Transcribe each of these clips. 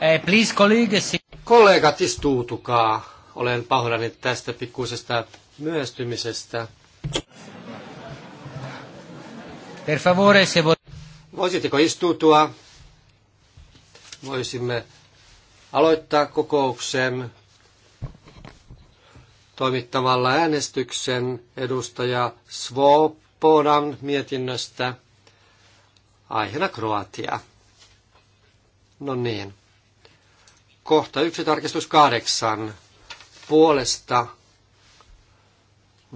Eh, please, Kollegat, istuutukaa. Olen pahoillani tästä pikkuisesta myöstymisestä. Per favore, se voi... Voisitteko istutua? Voisimme aloittaa kokouksen toimittamalla äänestyksen edustaja Svobodan mietinnöstä aiheena Kroatia. No niin. Kohta yksi tarkistus kahdeksan. Puolesta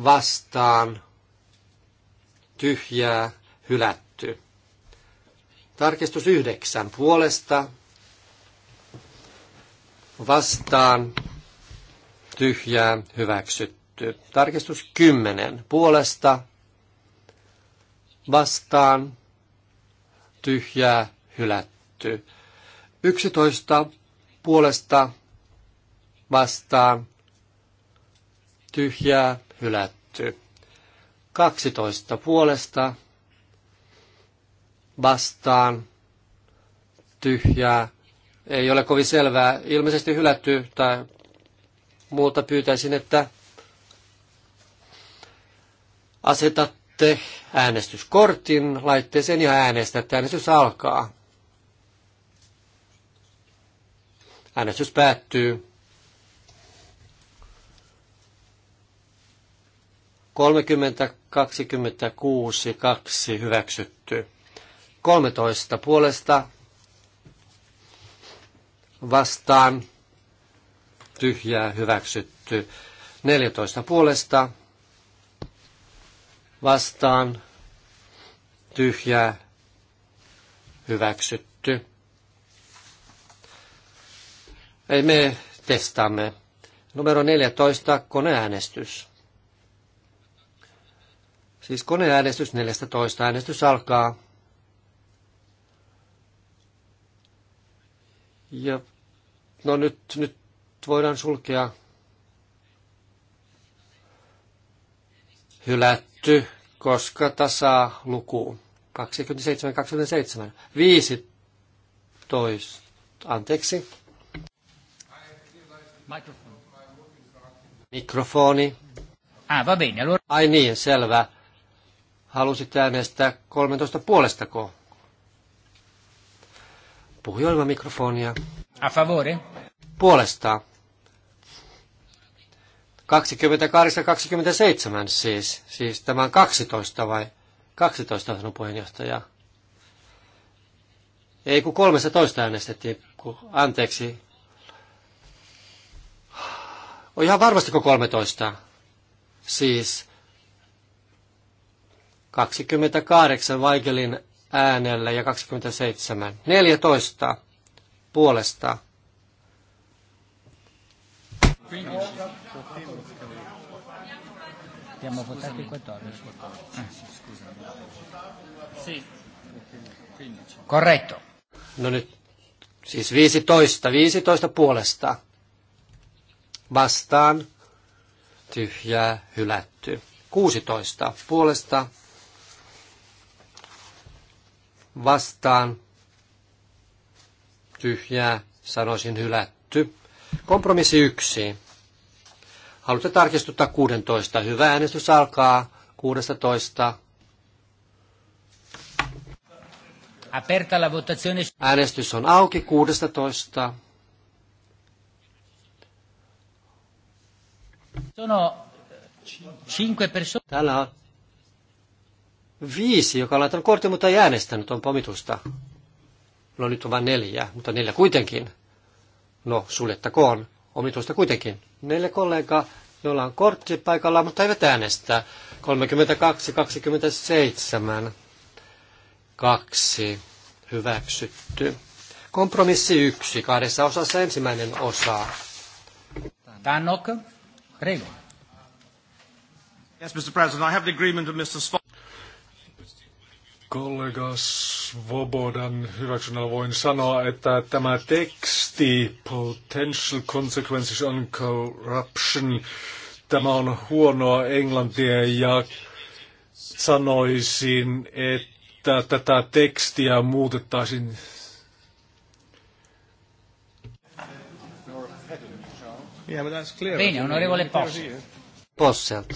vastaan tyhjää hylätty. Tarkistus yhdeksän. Puolesta vastaan tyhjää hyväksytty. Tarkistus kymmenen. Puolesta vastaan tyhjää hylätty. 11 puolesta vastaan tyhjää hylätty. 12 puolesta vastaan tyhjää. Ei ole kovin selvää. Ilmeisesti hylätty tai muuta pyytäisin, että asetatte äänestyskortin laitteeseen ja äänestätte. Äänestys alkaa. Äänestys päättyy. 30, 26, 2 hyväksytty. 13 puolesta vastaan tyhjää hyväksytty. 14 puolesta vastaan tyhjää hyväksytty. Ei me testaamme. Numero 14, koneäänestys. Siis koneäänestys 14, äänestys alkaa. Ja no nyt, nyt voidaan sulkea hylätty, koska tasa luku 27-27. 15. Anteeksi. Mikrofoni. Ah, va bene, allora... Ai niin, selvä. Halusit äänestää 13 puolestako? Puhuja ilman mikrofonia. A favore? Puolesta. 28-27 siis. Siis tämä on 12 vai? 12 on puheenjohtaja. Ei kun 13 äänestettiin. Anteeksi, on ihan varmasti kuin 13? Siis 28 Vaikelin äänellä ja 27. 14 puolesta. Abbiamo votato il 14. Corretto. No nyt, siis 15, 15 puolesta vastaan, tyhjää, hylätty. 16 puolesta, vastaan, tyhjää, sanoisin hylätty. Kompromissi 1. Haluatte tarkistuttaa 16. Hyvä äänestys alkaa 16. Äänestys on auki 16. Sono eh, cinque persone. Täällä on viisi, joka on laittanut kortin, mutta ei äänestänyt, on pomitusta. No nyt on vain neljä, mutta neljä kuitenkin. No, suljettakoon. Omituista kuitenkin. Neljä kollegaa, joilla on kortti paikalla, mutta eivät äänestä. 32, 27, 2 hyväksytty. Kompromissi yksi, kahdessa osassa ensimmäinen osa. Tannok. Prego. Yes, Mr. President, I have the agreement of Mr. Kollega Svobodan hyväksynnällä voin sanoa, että tämä teksti Potential Consequences on Corruption, tämä on huonoa englantia ja sanoisin, että tätä tekstiä muutettaisiin Yeah, but that's clear. Bene, onorevole Posselt.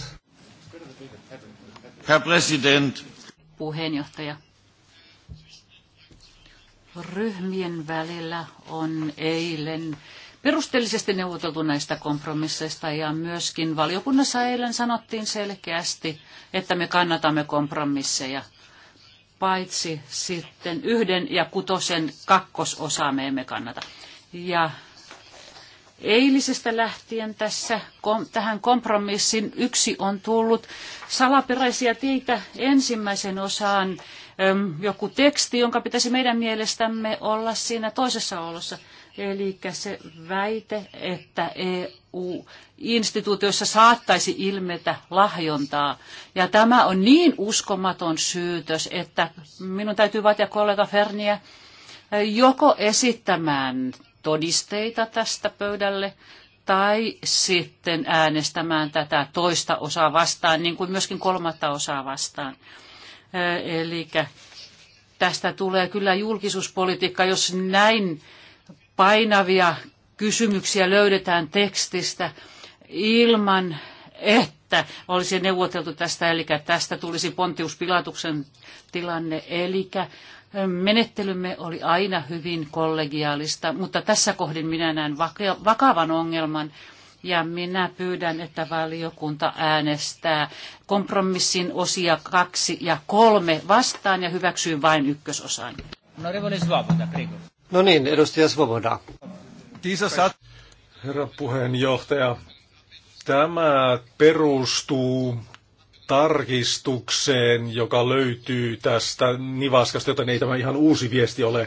Herr President. Puheenjohtaja. Ryhmien välillä on eilen perusteellisesti neuvoteltu näistä kompromisseista ja myöskin valiokunnassa eilen sanottiin selkeästi, että me kannatamme kompromisseja, paitsi sitten yhden ja kutosen kakkososaa me emme kannata. Ja eilisestä lähtien tässä kom, tähän kompromissin yksi on tullut salaperäisiä teitä ensimmäisen osaan äm, joku teksti, jonka pitäisi meidän mielestämme olla siinä toisessa olossa. Eli se väite, että EU-instituutioissa saattaisi ilmetä lahjontaa. Ja tämä on niin uskomaton syytös, että minun täytyy vaatia kollega Ferniä joko esittämään todisteita tästä pöydälle tai sitten äänestämään tätä toista osaa vastaan, niin kuin myöskin kolmatta osaa vastaan. Eli tästä tulee kyllä julkisuuspolitiikka, jos näin painavia kysymyksiä löydetään tekstistä ilman, että olisi neuvoteltu tästä, eli tästä tulisi Pontius Pilatuksen tilanne, eli Menettelymme oli aina hyvin kollegiaalista, mutta tässä kohdin minä näen vakavan ongelman ja minä pyydän, että valiokunta äänestää kompromissin osia kaksi ja kolme vastaan ja hyväksyy vain ykkösosan. No niin, edustaja Svoboda. Herra puheenjohtaja, tämä perustuu tarkistukseen, joka löytyy tästä nivaskasta, joten ei tämä ihan uusi viesti ole.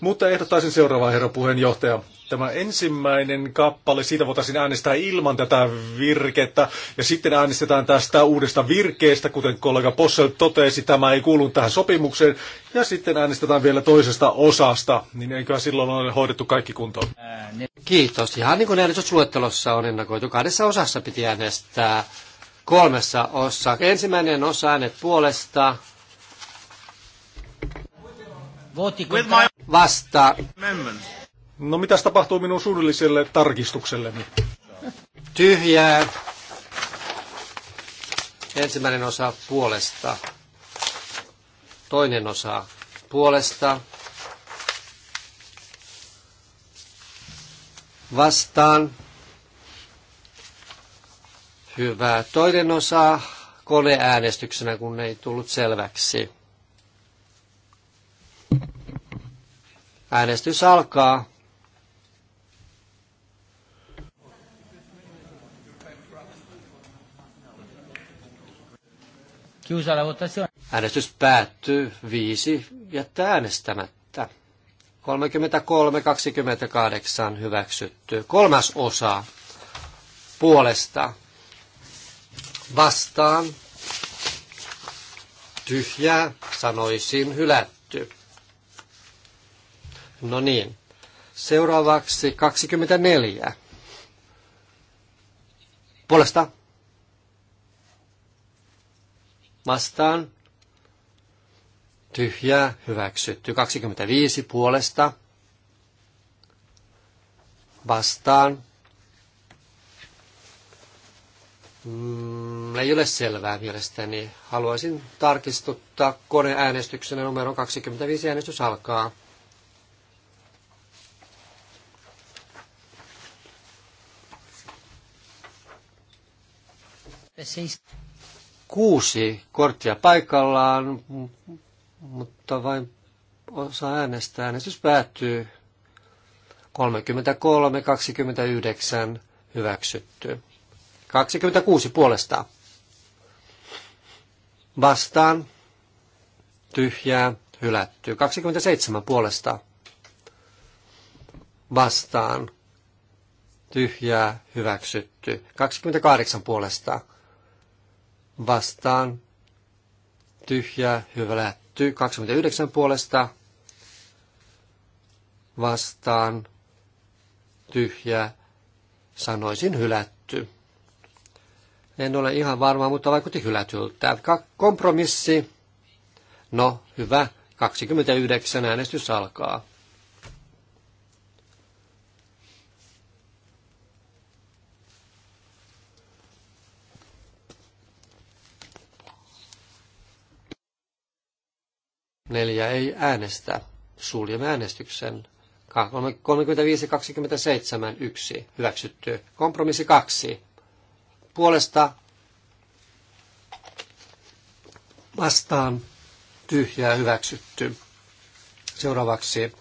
Mutta ehdottaisin seuraavaa, herra puheenjohtaja. Tämä ensimmäinen kappale, siitä voitaisiin äänestää ilman tätä virkettä, ja sitten äänestetään tästä uudesta virkeestä, kuten kollega Possel totesi, tämä ei kuulu tähän sopimukseen, ja sitten äänestetään vielä toisesta osasta, niin eiköhän silloin ole hoidettu kaikki kuntoon. Kiitos. Ihan niin kuin äänestysluettelossa on ennakoitu, kahdessa osassa piti äänestää kolmessa osassa. Ensimmäinen osa äänet puolesta. Vasta. No mitäs tapahtuu minun suunnilliselle tarkistukselleni? Tyhjää. Ensimmäinen osa puolesta. Toinen osa puolesta. Vastaan. Hyvä. Toinen osa koneäänestyksenä, kun ei tullut selväksi. Äänestys alkaa. Äänestys päättyy. Viisi jättää äänestämättä. 33-28 hyväksytty. Kolmas osa puolesta vastaan tyhjä, sanoisin hylätty. No niin. Seuraavaksi 24. Puolesta. Vastaan. tyhjä hyväksytty. 25 puolesta. Vastaan Mm, ei ole selvää mielestäni. Haluaisin tarkistuttaa koneäänestyksenä numero 25 äänestys alkaa. kuusi korttia paikallaan, mutta vain osa äänestää. Äänestys päättyy 33-29 hyväksytty. 26 puolesta. Vastaan. Tyhjää. Hylätty. 27 puolesta. Vastaan. Tyhjää. Hyväksytty. 28 puolesta. Vastaan. Tyhjää. Hylätty. 29 puolesta. Vastaan. Tyhjää. Sanoisin hylätty. En ole ihan varma, mutta vaikutti hylätyltä. Kompromissi. No, hyvä. 29 äänestys alkaa. Neljä ei äänestä. Suljemme äänestyksen. 35, 27, 1. Hyväksytty. Kompromissi 2 puolesta vastaan tyhjää hyväksytty. Seuraavaksi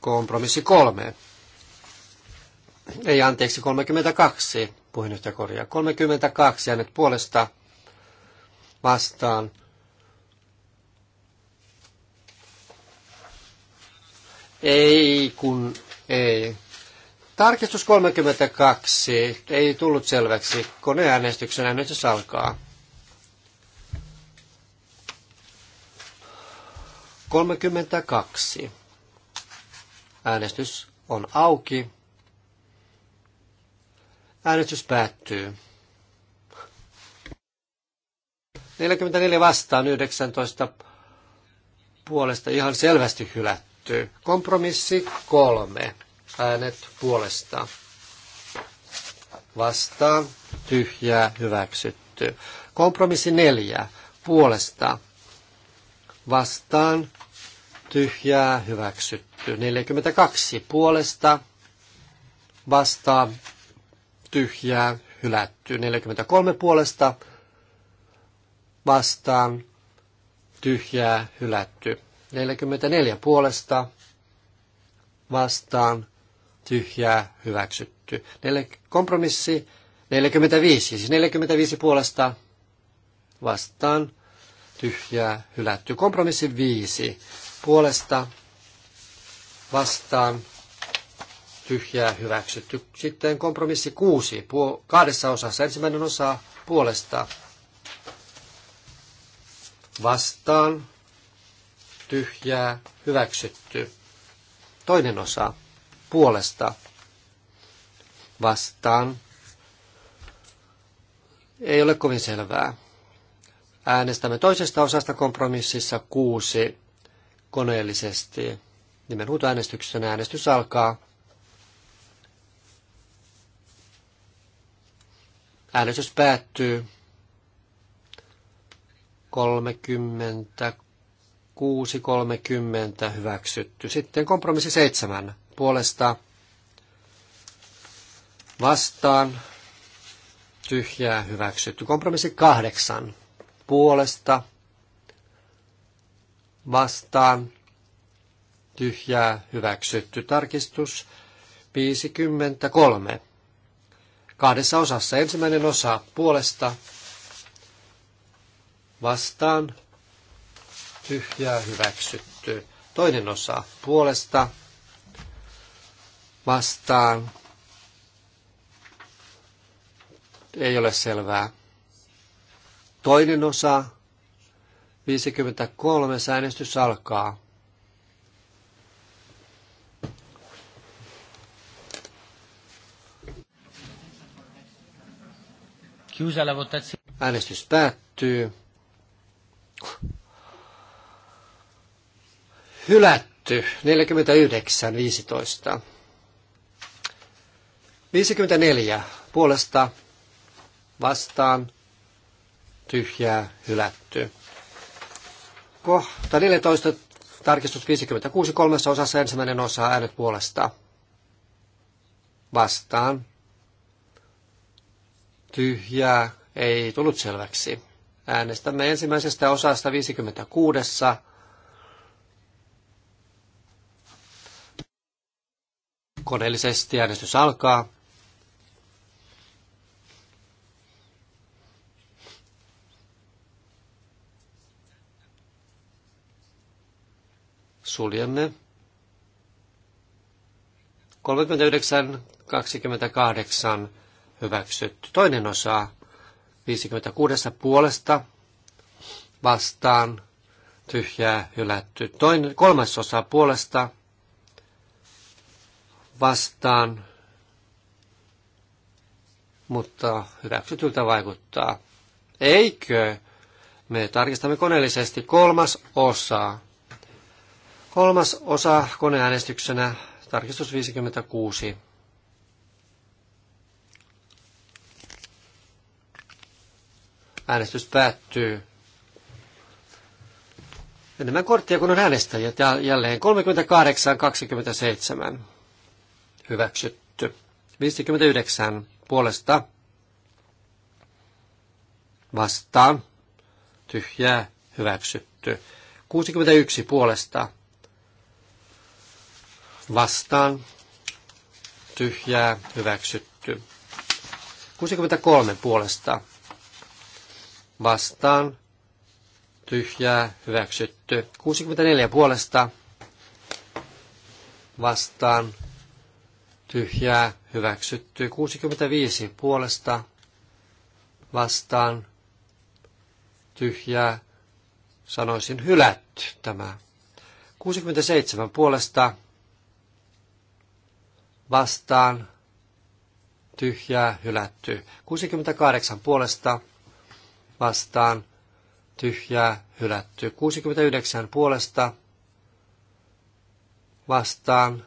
kompromissi kolme. Ei anteeksi, 32 puheenjohtaja korjaa. 32 nyt puolesta vastaan. Ei kun ei. Tarkistus 32. Ei tullut selväksi. Koneäänestyksenä nyt se alkaa. 32. Äänestys on auki. Äänestys päättyy. 44 vastaan 19 puolesta ihan selvästi hylätty. Kompromissi kolme äänet puolesta. Vastaan tyhjää hyväksytty. Kompromissi neljä puolesta. Vastaan tyhjää hyväksytty. 42 puolesta. Vastaan tyhjää hylätty. 43 puolesta. Vastaan tyhjää hylätty. 44 puolesta vastaan tyhjää hyväksytty. kompromissi 45, siis 45 puolesta vastaan tyhjää hylätty. Kompromissi 5 puolesta vastaan tyhjää hyväksytty. Sitten kompromissi 6 kahdessa osassa. Ensimmäinen osa puolesta vastaan tyhjää hyväksytty. Toinen osa puolesta vastaan. Ei ole kovin selvää. Äänestämme toisesta osasta kompromississa kuusi koneellisesti. äänestyksen äänestys alkaa. Äänestys päättyy 30 hyväksytty. Sitten kompromissi seitsemän puolesta vastaan tyhjää hyväksytty. Kompromissi kahdeksan puolesta vastaan tyhjää hyväksytty. Tarkistus 53. Kahdessa osassa. Ensimmäinen osa puolesta vastaan tyhjää hyväksytty. Toinen osa puolesta vastaan. Ei ole selvää. Toinen osa, 53, äänestys alkaa. Äänestys päättyy. Hylätty 49.15. 54 puolesta vastaan tyhjää hylätty. Kohta 14 tarkistus 56 kolmessa osassa ensimmäinen osa äänet puolesta vastaan tyhjää ei tullut selväksi. Äänestämme ensimmäisestä osasta 56. Koneellisesti äänestys alkaa. Suljemme. 39 28 hyväksytty. Toinen osa 56 puolesta vastaan tyhjää hylätty. Toinen, kolmas osa puolesta vastaan, mutta hyväksytyltä vaikuttaa. Eikö? Me tarkistamme koneellisesti kolmas osa. Kolmas osa koneäänestyksenä, tarkistus 56. Äänestys päättyy. Enemmän korttia kuin on äänestäjiä. Ja jälleen 38-27. Hyväksytty. 59 puolesta. Vastaan. Tyhjää. Hyväksytty. 61 puolesta vastaan tyhjää hyväksytty. 63 puolesta vastaan tyhjää hyväksytty. 64 puolesta vastaan tyhjää hyväksytty. 65 puolesta vastaan tyhjää sanoisin hylätty tämä. 67 puolesta vastaan, tyhjää, hylätty. 68 puolesta vastaan, tyhjää, hylätty. 69 puolesta vastaan,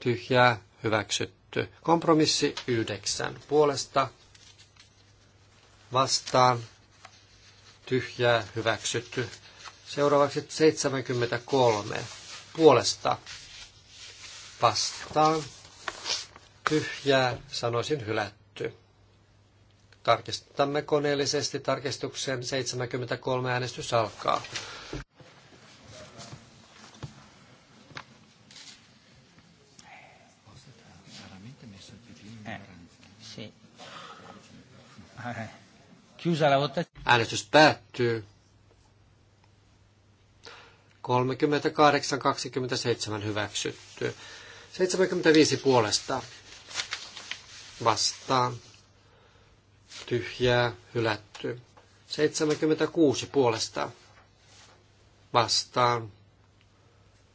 tyhjää, hyväksytty. Kompromissi 9 puolesta vastaan, tyhjää, hyväksytty. Seuraavaksi 73 puolesta vastaan. Tyhjää, sanoisin hylätty. Tarkistamme koneellisesti tarkistuksen 73 äänestys alkaa. Äänestys päättyy. 38-27 hyväksytty. 75 puolesta vastaan tyhjää hylätty. 76 puolesta vastaan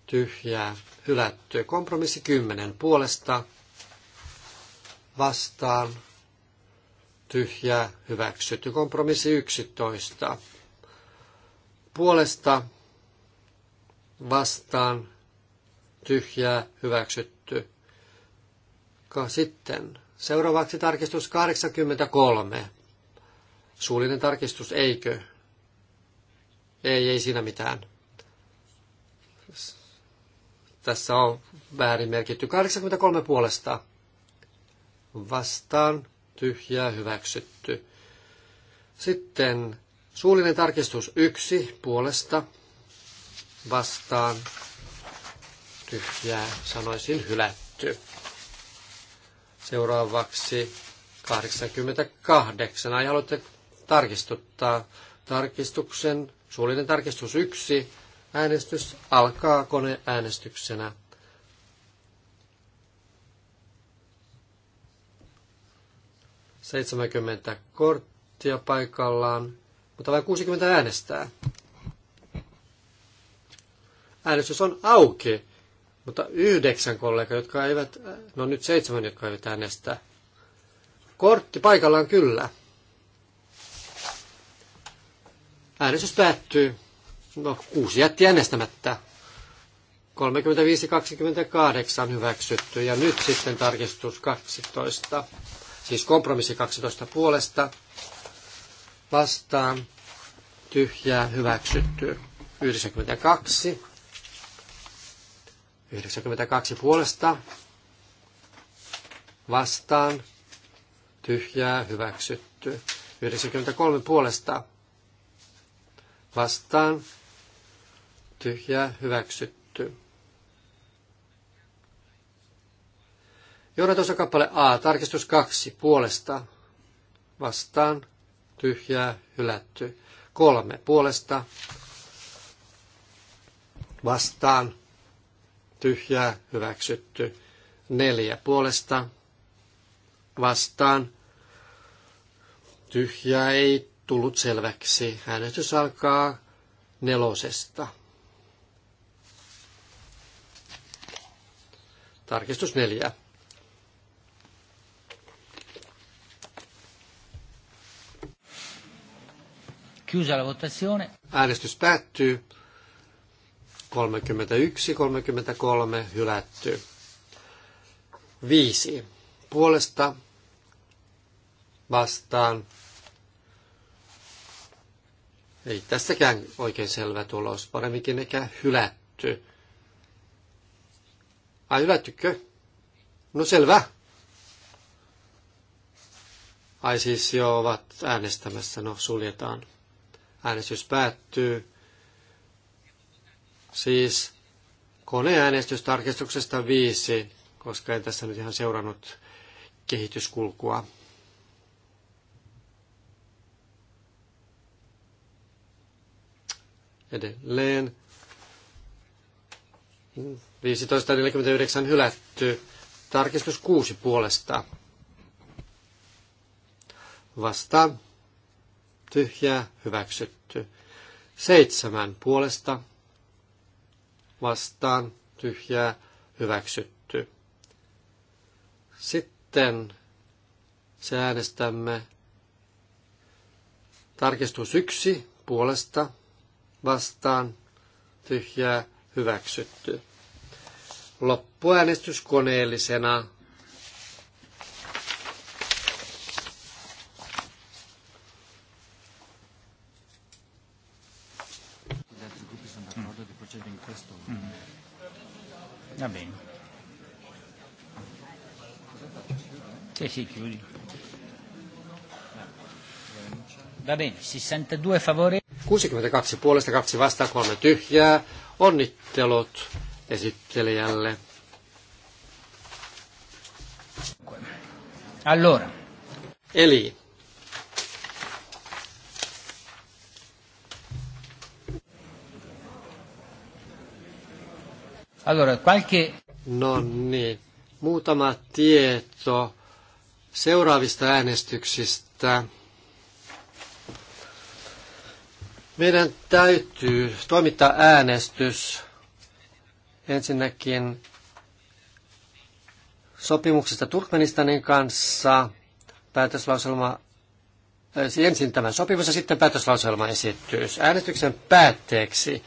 tyhjää hylätty. Kompromissi 10 puolesta vastaan tyhjää hyväksytty. Kompromissi 11 puolesta vastaan tyhjää, hyväksytty. Sitten seuraavaksi tarkistus 83. Suullinen tarkistus, eikö? Ei, ei siinä mitään. Tässä on väärin merkitty. 83 puolesta vastaan tyhjää hyväksytty. Sitten suullinen tarkistus 1 puolesta vastaan tyhjää, sanoisin hylätty. Seuraavaksi 88. Ai haluatte tarkistuttaa tarkistuksen, suullinen tarkistus 1. Äänestys alkaa koneäänestyksenä. Seitsemänkymmentä korttia paikallaan, mutta vain 60 äänestää. Äänestys on auki. Mutta yhdeksän kollega, jotka eivät, no nyt seitsemän, jotka eivät äänestä. Kortti paikallaan kyllä. Äänestys päättyy. No, kuusi jätti äänestämättä. 35-28 hyväksytty ja nyt sitten tarkistus 12, siis kompromissi 12 puolesta vastaan tyhjää hyväksytty 92 92 puolesta vastaan tyhjää hyväksytty. 93 puolesta vastaan tyhjää hyväksytty. Johdatossa kappale A, tarkistus 2, puolesta vastaan tyhjää hylätty. 3, puolesta vastaan tyhjää hyväksytty. Neljä puolesta vastaan tyhjää ei tullut selväksi. Äänestys alkaa nelosesta. Tarkistus neljä. Chiusa la votazione. Äänestys päättyy. 31, 33 hylätty. 5. Puolesta vastaan. Ei tästäkään oikein selvä tulos, paremminkin ehkä hylätty. Ai hylättykö? No selvä. Ai siis jo ovat äänestämässä, no suljetaan. Äänestys päättyy Siis koneäänestystarkistuksesta viisi, koska en tässä nyt ihan seurannut kehityskulkua. Edelleen. 15.49 hylätty. Tarkistus 6 puolesta. Vasta. Tyhjää hyväksytty. 7 puolesta vastaan tyhjää hyväksytty. Sitten se äänestämme tarkistus yksi puolesta vastaan tyhjää hyväksytty. Loppuäänestys koneellisena Sì, chiudi. Va bene, 62 favori. 62 puolesta, 2 vasta, 3 tyhjää. Onnittelut esittelijälle. Allora. Eli. Allora, qualche... No niin, muutama tieto seuraavista äänestyksistä. Meidän täytyy toimittaa äänestys ensinnäkin sopimuksesta Turkmenistanin kanssa. Päätöslauselma, äh, siis ensin tämä sopimus ja sitten päätöslauselma esittyy Äänestyksen päätteeksi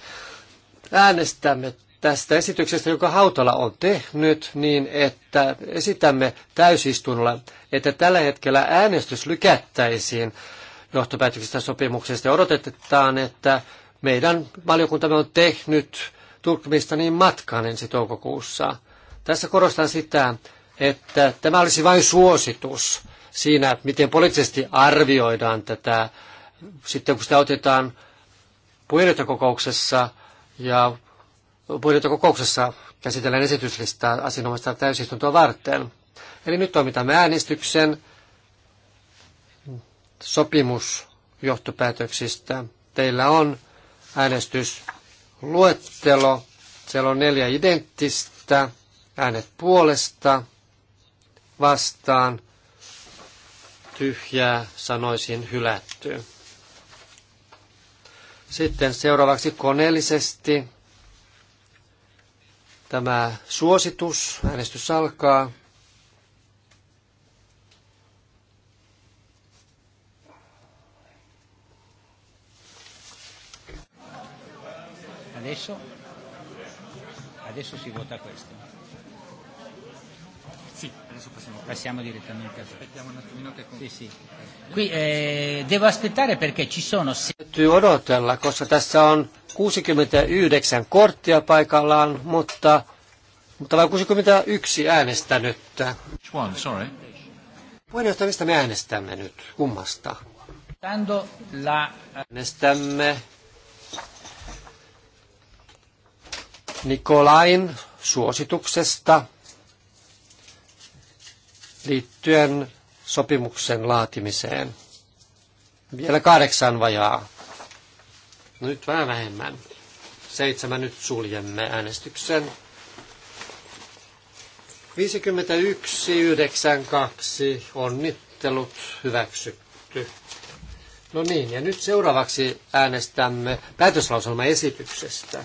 äänestämme tästä esityksestä, joka Hautala on tehnyt, niin että esitämme täysistunnolla, että tällä hetkellä äänestys lykättäisiin johtopäätöksistä sopimuksesta ja odotetaan, että meidän valiokuntamme on tehnyt niin matkan ensi toukokuussa. Tässä korostan sitä, että tämä olisi vain suositus siinä, miten poliittisesti arvioidaan tätä sitten kun sitä otetaan puheenjohtajakokouksessa ja budjettikokouksessa käsitellään esityslistaa asianomaista täysistuntoa varten. Eli nyt toimitamme äänestyksen sopimusjohtopäätöksistä. Teillä on äänestysluettelo. Siellä on neljä identtistä. Äänet puolesta, vastaan, tyhjää, sanoisin hylätty. Sitten seuraavaksi koneellisesti Tämä suositus, äänestys alkaa. Adesso, adesso si vota questo adesso passiamo, passiamo direttamente a Aspettiamo un attimino che... Sì, sì. Qui eh, devo aspettare perché ci sono... Täytyy odotella, koska tässä on 69 korttia paikallaan, mutta, mutta vain 61 äänestänyt. Which one, sorry? Puheenjohtaja, mistä me äänestämme nyt? Kummasta? Tando la... Äänestämme Nikolain suosituksesta liittyen sopimuksen laatimiseen. Vielä kahdeksan vajaa. Nyt vähän vähemmän. Seitsemän nyt suljemme äänestyksen. 51.92. Onnittelut hyväksytty. No niin, ja nyt seuraavaksi äänestämme päätöslauselmaesityksestä.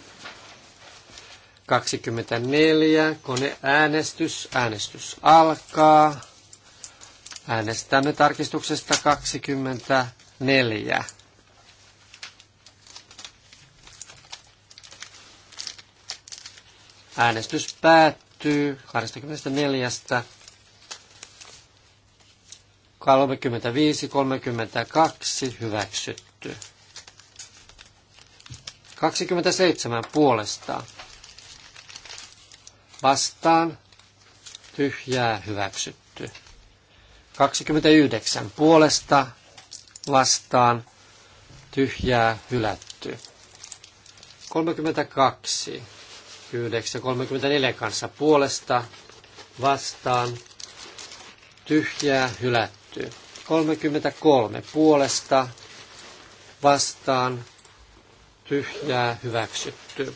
24, koneäänestys, äänestys alkaa. Äänestämme tarkistuksesta 24. Äänestys päättyy 24. 35, 32 hyväksytty. 27 puolesta vastaan tyhjää hyväksytty. 29 puolesta vastaan tyhjää hylätty. 32 9 34 kanssa puolesta vastaan tyhjää hylätty. 33 puolesta vastaan tyhjää hyväksytty.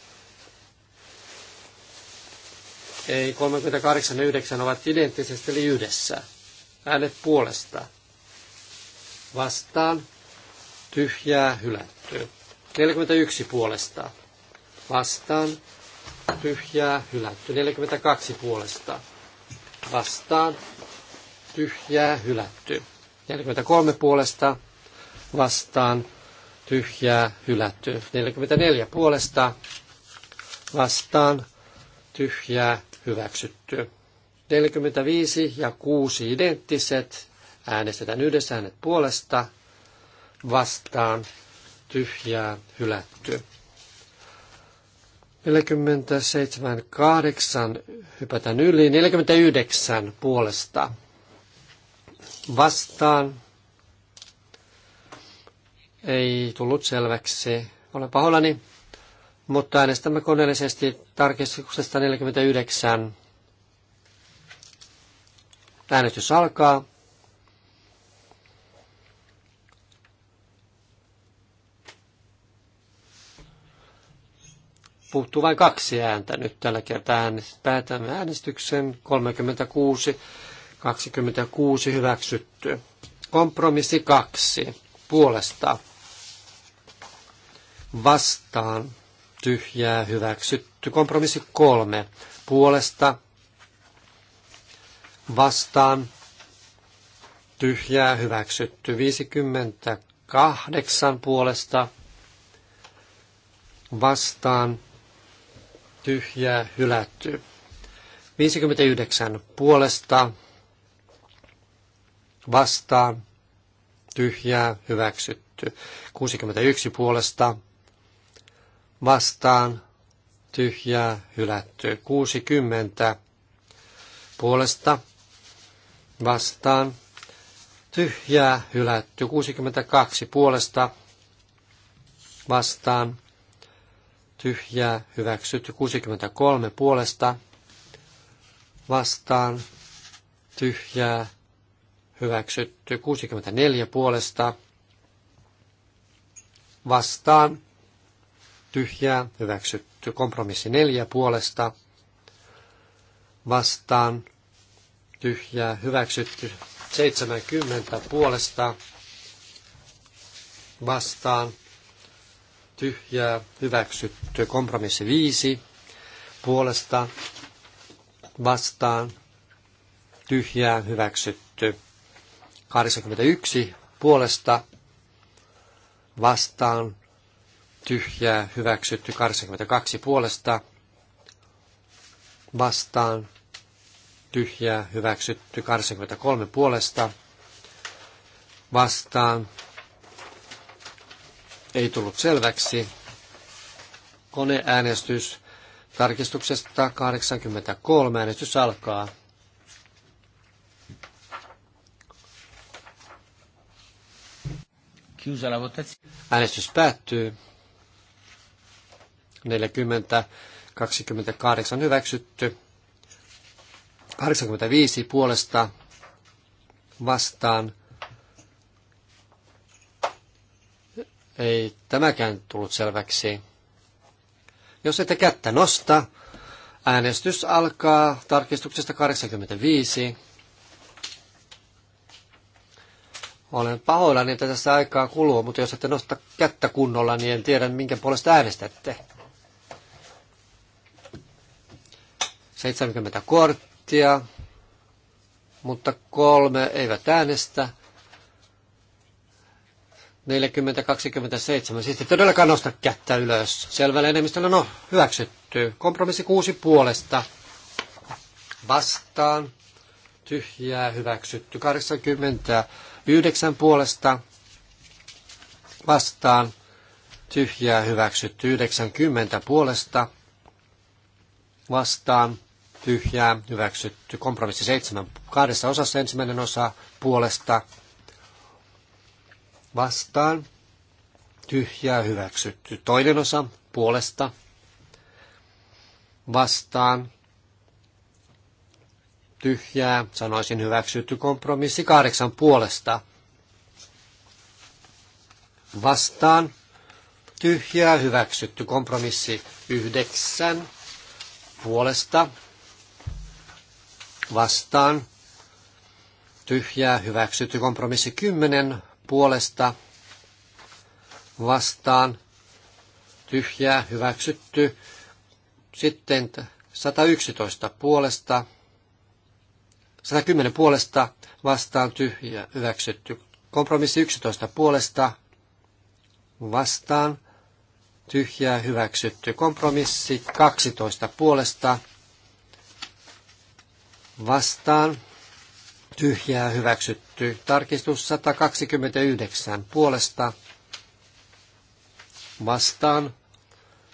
ei 38 ja 9 ovat identtisesti eli yhdessä. Äänet puolesta. Vastaan. Tyhjää hylätty. 41 puolesta. Vastaan. Tyhjää hylätty. 42 puolesta. Vastaan. Tyhjää hylätty. 43 puolesta. Vastaan. Tyhjää hylätty. 44 puolesta. Vastaan tyhjää, hyväksytty. 45 ja 6 identtiset. Äänestetään yhdessä hänet puolesta vastaan tyhjää hylätty. 47, 8, hypätään yli, 49 puolesta vastaan. Ei tullut selväksi. Olen pahoillani mutta äänestämme koneellisesti tarkistuksesta 49. Äänestys alkaa. Puuttuu vain kaksi ääntä nyt tällä kertaa. Päätämme äänestyksen 36, 26 hyväksytty. Kompromissi 2 puolesta vastaan tyhjää hyväksytty. Kompromissi kolme puolesta vastaan tyhjää hyväksytty. 58 puolesta vastaan tyhjää hylätty. 59 puolesta vastaan tyhjää hyväksytty. 61 puolesta vastaan tyhjää hylätty. 60 puolesta vastaan tyhjää hylätty. 62 puolesta vastaan tyhjää hyväksytty. 63 puolesta vastaan tyhjää hyväksytty. 64 puolesta vastaan tyhjää, hyväksytty. Kompromissi neljä puolesta vastaan, tyhjää, hyväksytty. 70 puolesta vastaan, tyhjää, hyväksytty. Kompromissi viisi puolesta vastaan, tyhjää, hyväksytty. 81 puolesta vastaan, tyhjää hyväksytty 82 puolesta vastaan tyhjää hyväksytty 83 puolesta vastaan ei tullut selväksi koneäänestys tarkistuksesta 83 äänestys alkaa Äänestys päättyy. 40, 28 hyväksytty. 85 puolesta vastaan. Ei tämäkään tullut selväksi. Jos ette kättä nosta, äänestys alkaa tarkistuksesta 85. Olen pahoillani, että tässä aikaa kuluu, mutta jos ette nosta kättä kunnolla, niin en tiedä, minkä puolesta äänestätte. 70 korttia, mutta kolme eivät äänestä. 40-27. Siis ei todellakaan nosta kättä ylös. Selvällä enemmistöllä no hyväksytty. Kompromissi kuusi puolesta. Vastaan. Tyhjää hyväksytty. 89 puolesta. Vastaan. Tyhjää hyväksytty. 90 puolesta. Vastaan tyhjää, hyväksytty. Kompromissi seitsemän kahdessa osassa ensimmäinen osa puolesta vastaan, tyhjää, hyväksytty. Toinen osa puolesta vastaan, tyhjää, sanoisin hyväksytty kompromissi kahdeksan puolesta vastaan, tyhjää, hyväksytty kompromissi yhdeksän puolesta vastaan, tyhjää hyväksytty. Kompromissi 10 puolesta vastaan, tyhjää hyväksytty. Sitten 111 puolesta, 110 puolesta vastaan tyhjä hyväksytty. Kompromissi 11 puolesta vastaan tyhjää hyväksytty. Kompromissi 12 puolesta vastaan, tyhjää hyväksytty. Tarkistus 129 puolesta vastaan,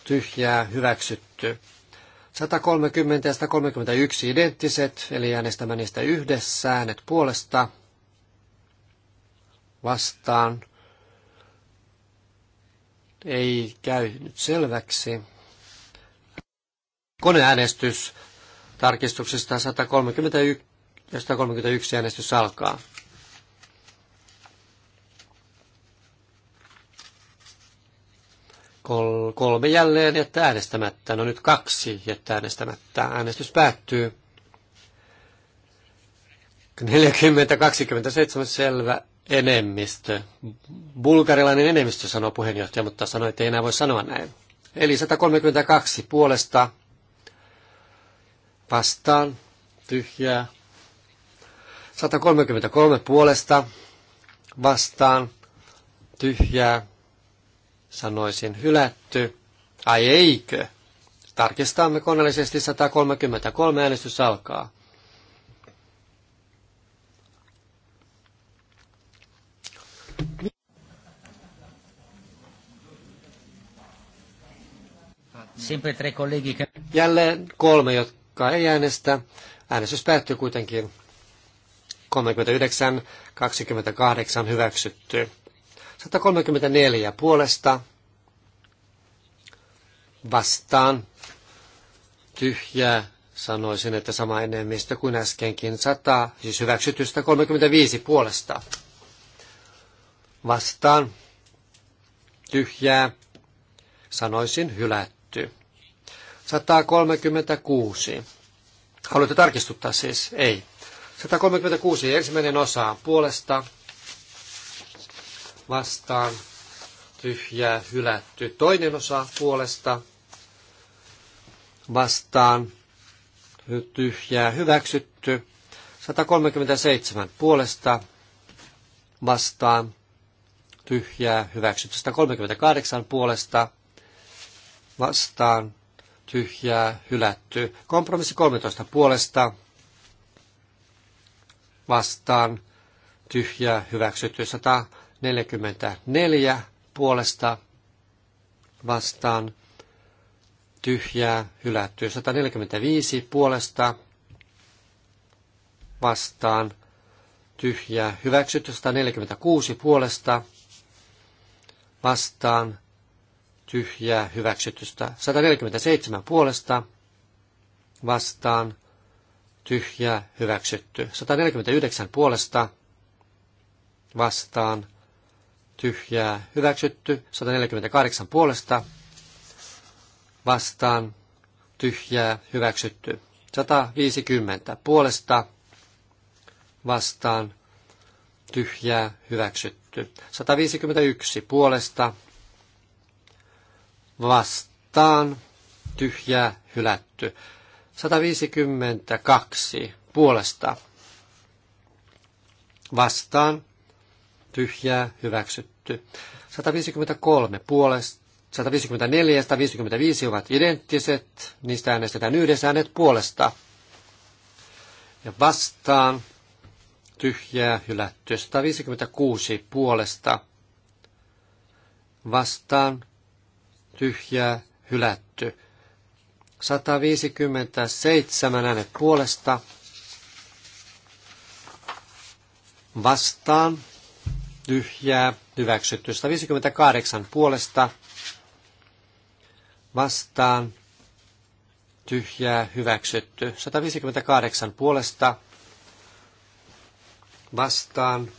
tyhjää hyväksytty. 130 ja 131 identtiset, eli äänestämä niistä yhdessä, äänet puolesta, vastaan. Ei käy nyt selväksi. Koneäänestys tarkistuksesta 131 ja 131 äänestys alkaa. Kol- kolme jälleen jättää äänestämättä. No nyt kaksi jättää äänestämättä. Äänestys päättyy. 40-27 selvä enemmistö. Bulgarilainen enemmistö sanoo puheenjohtaja, mutta sanoi, että ei enää voi sanoa näin. Eli 132 puolesta vastaan, tyhjää. 133 puolesta vastaan, tyhjää, sanoisin hylätty. Ai eikö? Tarkistamme koneellisesti 133 äänestys alkaa. Jälleen kolme, Kuka ei äänestä? Äänestys päättyy kuitenkin 39-28 hyväksytty. 134 puolesta vastaan tyhjää. Sanoisin, että sama enemmistö kuin äskenkin 100, siis hyväksytystä 35 puolesta. Vastaan tyhjää. Sanoisin hylät 136. Haluatte tarkistuttaa siis? Ei. 136. Ensimmäinen osa puolesta vastaan tyhjää hylätty. Toinen osa puolesta vastaan tyhjää hyväksytty. 137 puolesta vastaan tyhjää hyväksytty. 138 puolesta vastaan tyhjää, hylätty. Kompromissi 13 puolesta vastaan, tyhjää, hyväksytty. 144 puolesta vastaan, tyhjää, hylätty. 145 puolesta vastaan, tyhjää, hyväksytty. 146 puolesta vastaan, tyhjää hyväksytystä. 147 puolesta vastaan tyhjää hyväksytty. 149 puolesta vastaan tyhjää hyväksytty. 148 puolesta vastaan tyhjää hyväksytty. 150 puolesta vastaan tyhjää hyväksytty. 151 puolesta vastaan, tyhjä, hylätty. 152 puolesta vastaan, tyhjä hyväksytty. 153 puolesta, 154 ja 155 ovat identtiset, niistä äänestetään yhdessä äänet puolesta. Ja vastaan, tyhjää, hylätty. 156 puolesta, vastaan, tyhjää, hylätty. 157 äänet puolesta vastaan, tyhjää, hyväksytty. 158 puolesta vastaan, tyhjää, hyväksytty. 158 puolesta vastaan,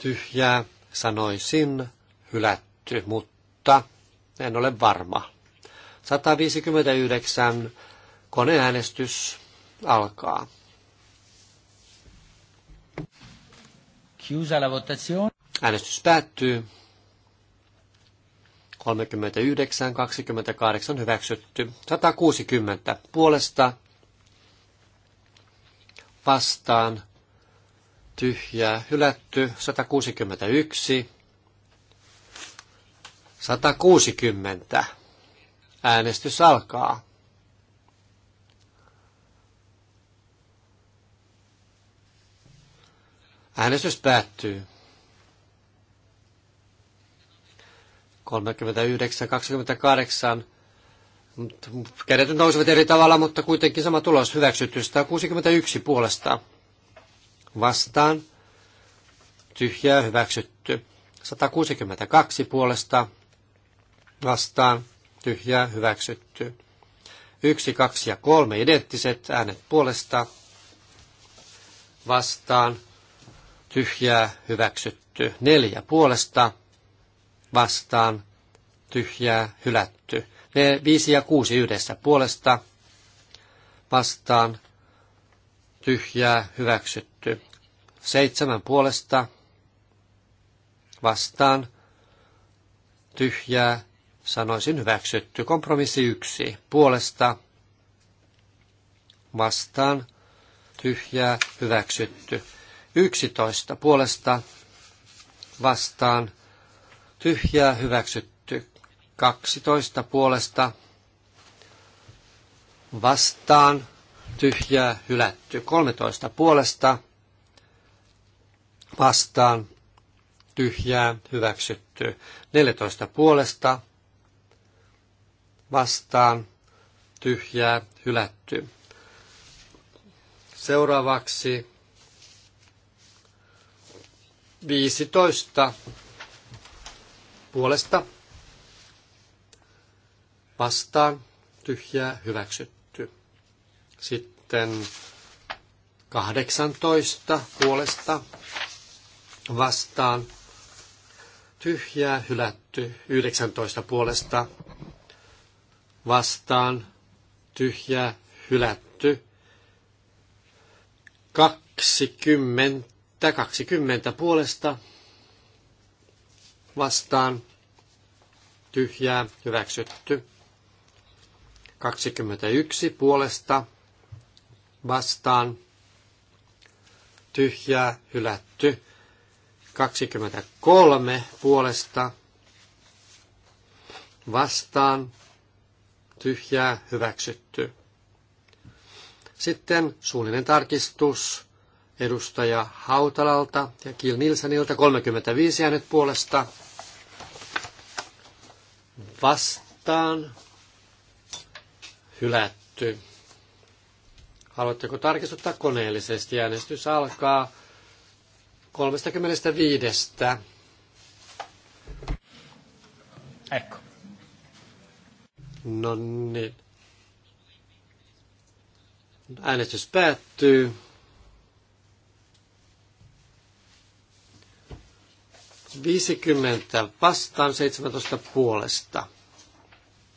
tyhjää, sanoisin, hylätty, mutta en ole varma. 159 koneäänestys alkaa. Chiusa la votazione. Äänestys päättyy. 39, 28 hyväksytty. 160 puolesta vastaan tyhjää hylätty. 161 160. Äänestys alkaa. Äänestys päättyy. 39-28. Kädet nousevat eri tavalla, mutta kuitenkin sama tulos hyväksytty. 161 puolesta vastaan. Tyhjää hyväksytty. 162 puolesta vastaan tyhjää hyväksytty. Yksi, kaksi ja kolme identtiset äänet puolesta vastaan tyhjää hyväksytty. Neljä puolesta vastaan tyhjää hylätty. Ne viisi ja kuusi yhdessä puolesta vastaan tyhjää hyväksytty. Seitsemän puolesta vastaan tyhjää sanoisin hyväksytty. Kompromissi yksi. Puolesta vastaan tyhjää hyväksytty. Yksitoista Puolesta vastaan tyhjää hyväksytty. Kaksitoista Puolesta vastaan tyhjää hylätty. Kolmetoista Puolesta vastaan tyhjää hyväksytty. Neljätoista Puolesta vastaan tyhjää hylätty. Seuraavaksi 15 puolesta vastaan tyhjää hyväksytty. Sitten 18 puolesta vastaan tyhjää hylätty. 19 puolesta vastaan, tyhjä, hylätty. 20, 20 puolesta vastaan, tyhjää, hyväksytty. 21 puolesta vastaan, tyhjää, hylätty. 23 puolesta vastaan, tyhjää hyväksytty. Sitten suullinen tarkistus edustaja Hautalalta ja Kil Nilsenilta 35 äänet puolesta vastaan hylätty. Haluatteko tarkistuttaa koneellisesti? Äänestys alkaa 35. Ecco. No niin. Äänestys päättyy. Viisikymmentä vastaan, 17 puolesta.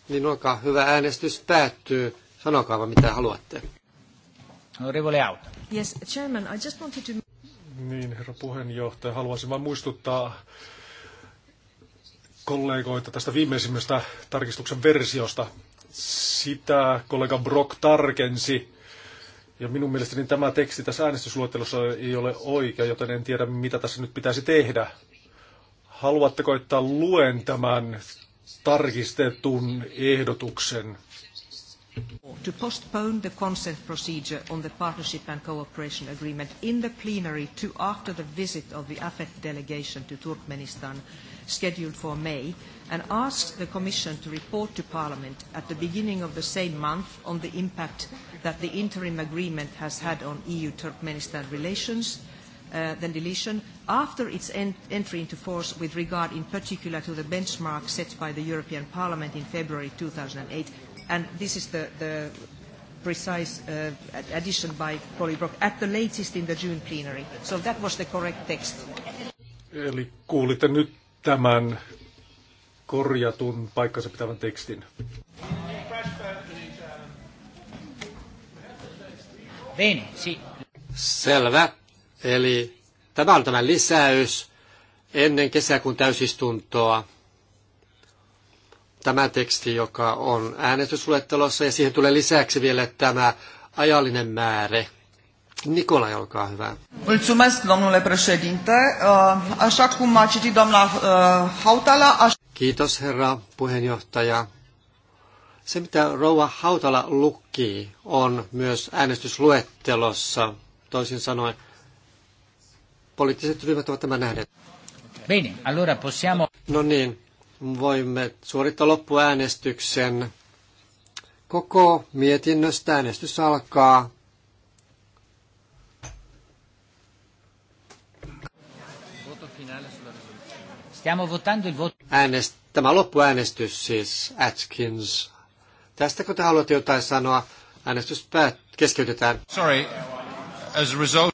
Niin olkaa hyvä, äänestys päättyy. Sanokaa, mitä haluatte. No, yes, Chairman, I just wanted to... Niin, herra puheenjohtaja, haluaisin vain muistuttaa kollegoita tästä viimeisimmästä tarkistuksen versiosta. Sitä kollega Brock tarkensi. Ja minun mielestäni tämä teksti tässä äänestysluettelossa ei ole oikea, joten en tiedä, mitä tässä nyt pitäisi tehdä. Haluatteko, että luen tämän tarkistetun ehdotuksen? To postpone the consent procedure on the partnership and cooperation agreement in the plenary to after the visit of the AFET delegation to Turkmenistan scheduled for May, and asked the Commission to report to Parliament at the beginning of the same month on the impact that the interim agreement has had on EU-Turkmenistan relations, uh, then deletion, after its ent entry into force with regard in particular to the benchmark set by the European Parliament in February 2008. And this is the, the precise uh, addition by Polybrock at the latest in the June plenary. So that was the correct text. Eli kuulitte nyt tämän korjatun paikkansa pitävän tekstin. Bene, niin, si. Selvä. Eli tämä on tämä lisäys ennen kesäkuun täysistuntoa. Tämä teksti, joka on äänestysluettelossa, ja siihen tulee lisäksi vielä tämä ajallinen määrä, Nicolae, olkaa hyvä. Mulțumesc, domnule președinte. Uh, așa cum a citit doamna uh, Hautala... Kiitos, herra puheenjohtaja. Se, mitä rouva Hautala lukki, on myös äänestysluettelossa. Toisin sanoen, poliittiset ryhmät ovat tämän nähneet. Bene, allora possiamo... No niin, voimme suorittaa loppuäänestyksen. Koko mietinnöstä äänestys alkaa. Stiamo votando il voto. Äänest, tämä loppuäänestys siis, Atkins. Tästäkö te haluatte jotain sanoa? Äänestys päät, keskeytetään. Sorry, as a result...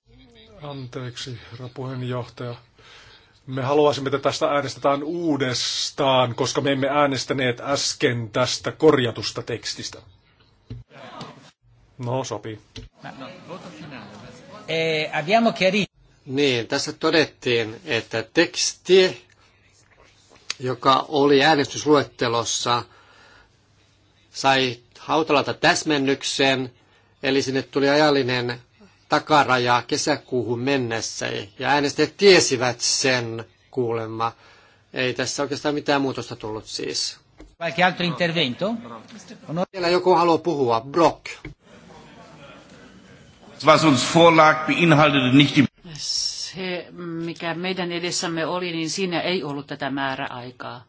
Anteeksi, herra puheenjohtaja. Me haluaisimme, että tästä äänestetään uudestaan, koska me emme äänestäneet äsken tästä korjatusta tekstistä. No, sopii. No, no. Eh, niin, tässä todettiin, että teksti joka oli äänestysluettelossa, sai hautalalta täsmennyksen, eli sinne tuli ajallinen takaraja kesäkuuhun mennessä, ja äänestäjät tiesivät sen kuulemma. Ei tässä oikeastaan mitään muutosta tullut siis. Qualche altro intervento? Vielä joku haluaa puhua. Brock. Was uns vorlag, beinhaltete nicht die se, mikä meidän edessämme oli, niin siinä ei ollut tätä määräaikaa.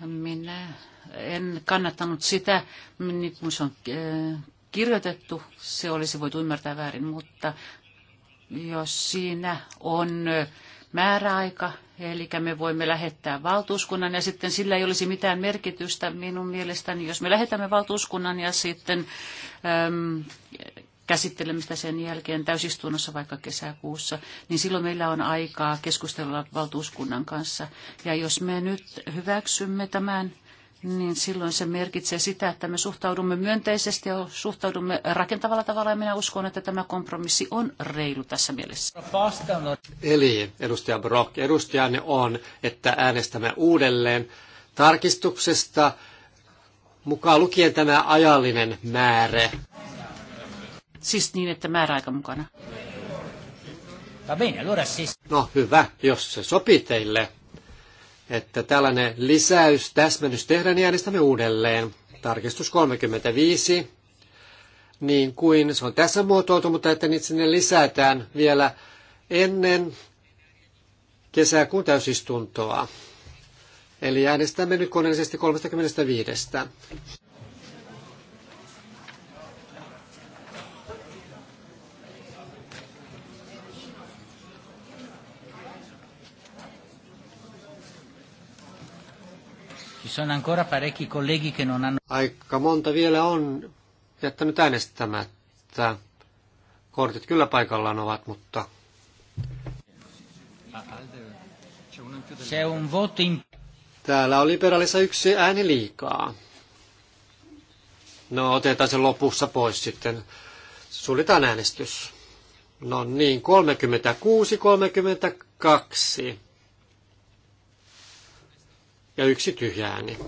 Minä en kannattanut sitä, niin kuin se on eh, kirjoitettu, se olisi voitu ymmärtää väärin, mutta jos siinä on eh, määräaika, eli me voimme lähettää valtuuskunnan ja sitten sillä ei olisi mitään merkitystä minun mielestäni, jos me lähetämme valtuuskunnan ja sitten äm, ehm, käsittelemistä sen jälkeen täysistunnossa vaikka kesäkuussa, niin silloin meillä on aikaa keskustella valtuuskunnan kanssa. Ja jos me nyt hyväksymme tämän, niin silloin se merkitsee sitä, että me suhtaudumme myönteisesti ja suhtaudumme rakentavalla tavalla, ja minä uskon, että tämä kompromissi on reilu tässä mielessä. Eli edustaja Brock, edustajanne on, että äänestämme uudelleen tarkistuksesta, mukaan lukien tämä ajallinen määrä. Siis niin, että määräaika mukana. No hyvä, jos se sopii teille, että tällainen lisäys, täsmennys tehdään, niin äänestämme uudelleen. Tarkistus 35, niin kuin se on tässä muotoiltu, mutta että niitä sinne lisätään vielä ennen kesäkuun täysistuntoa. Eli äänestämme nyt koneellisesti 35. sono ancora parecchi colleghi che non hanno... Aika monta vielä on jättänyt äänestämättä. Kortit kyllä paikallaan ovat, mutta... Se on votin... Täällä on liberaalissa yksi ääni liikaa. No, otetaan se lopussa pois sitten. Suljetaan äänestys. No niin, 36, 32 ja yksi tyhjä ääni.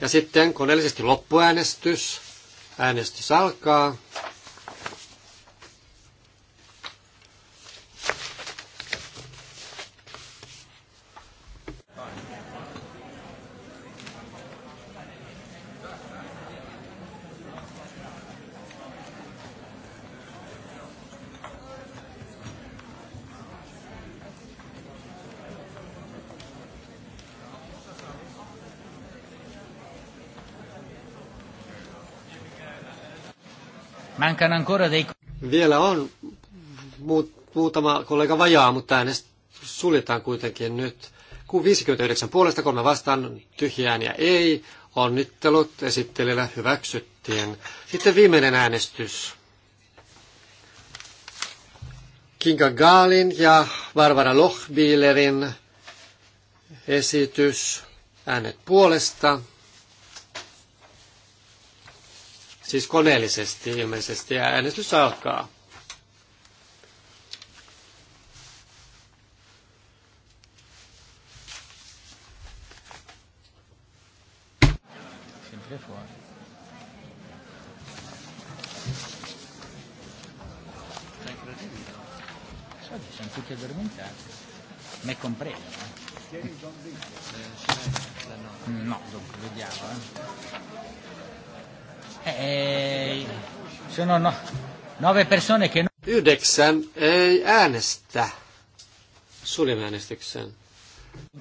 Ja sitten koneellisesti loppuäänestys. Äänestys alkaa. mancano ancora dei... Vielä on muut, muutama kollega vajaa, mutta äänest suljetaan kuitenkin nyt. Kun 59 puolesta kolme vastaan tyhjään ja ei, onnittelut esittelijällä hyväksyttiin. Sitten viimeinen äänestys. Kinga Gaalin ja Barbara Lochbielerin esitys. Äänet puolesta. Siis koneellisesti ilmeisesti ja äänestys alkaa. me compreso. Eh. No, dunque, vediamo. Eh. Ei. Eh, no, nove persone che... Yhdeksän ei äänestä. Suljemme äänestyksen.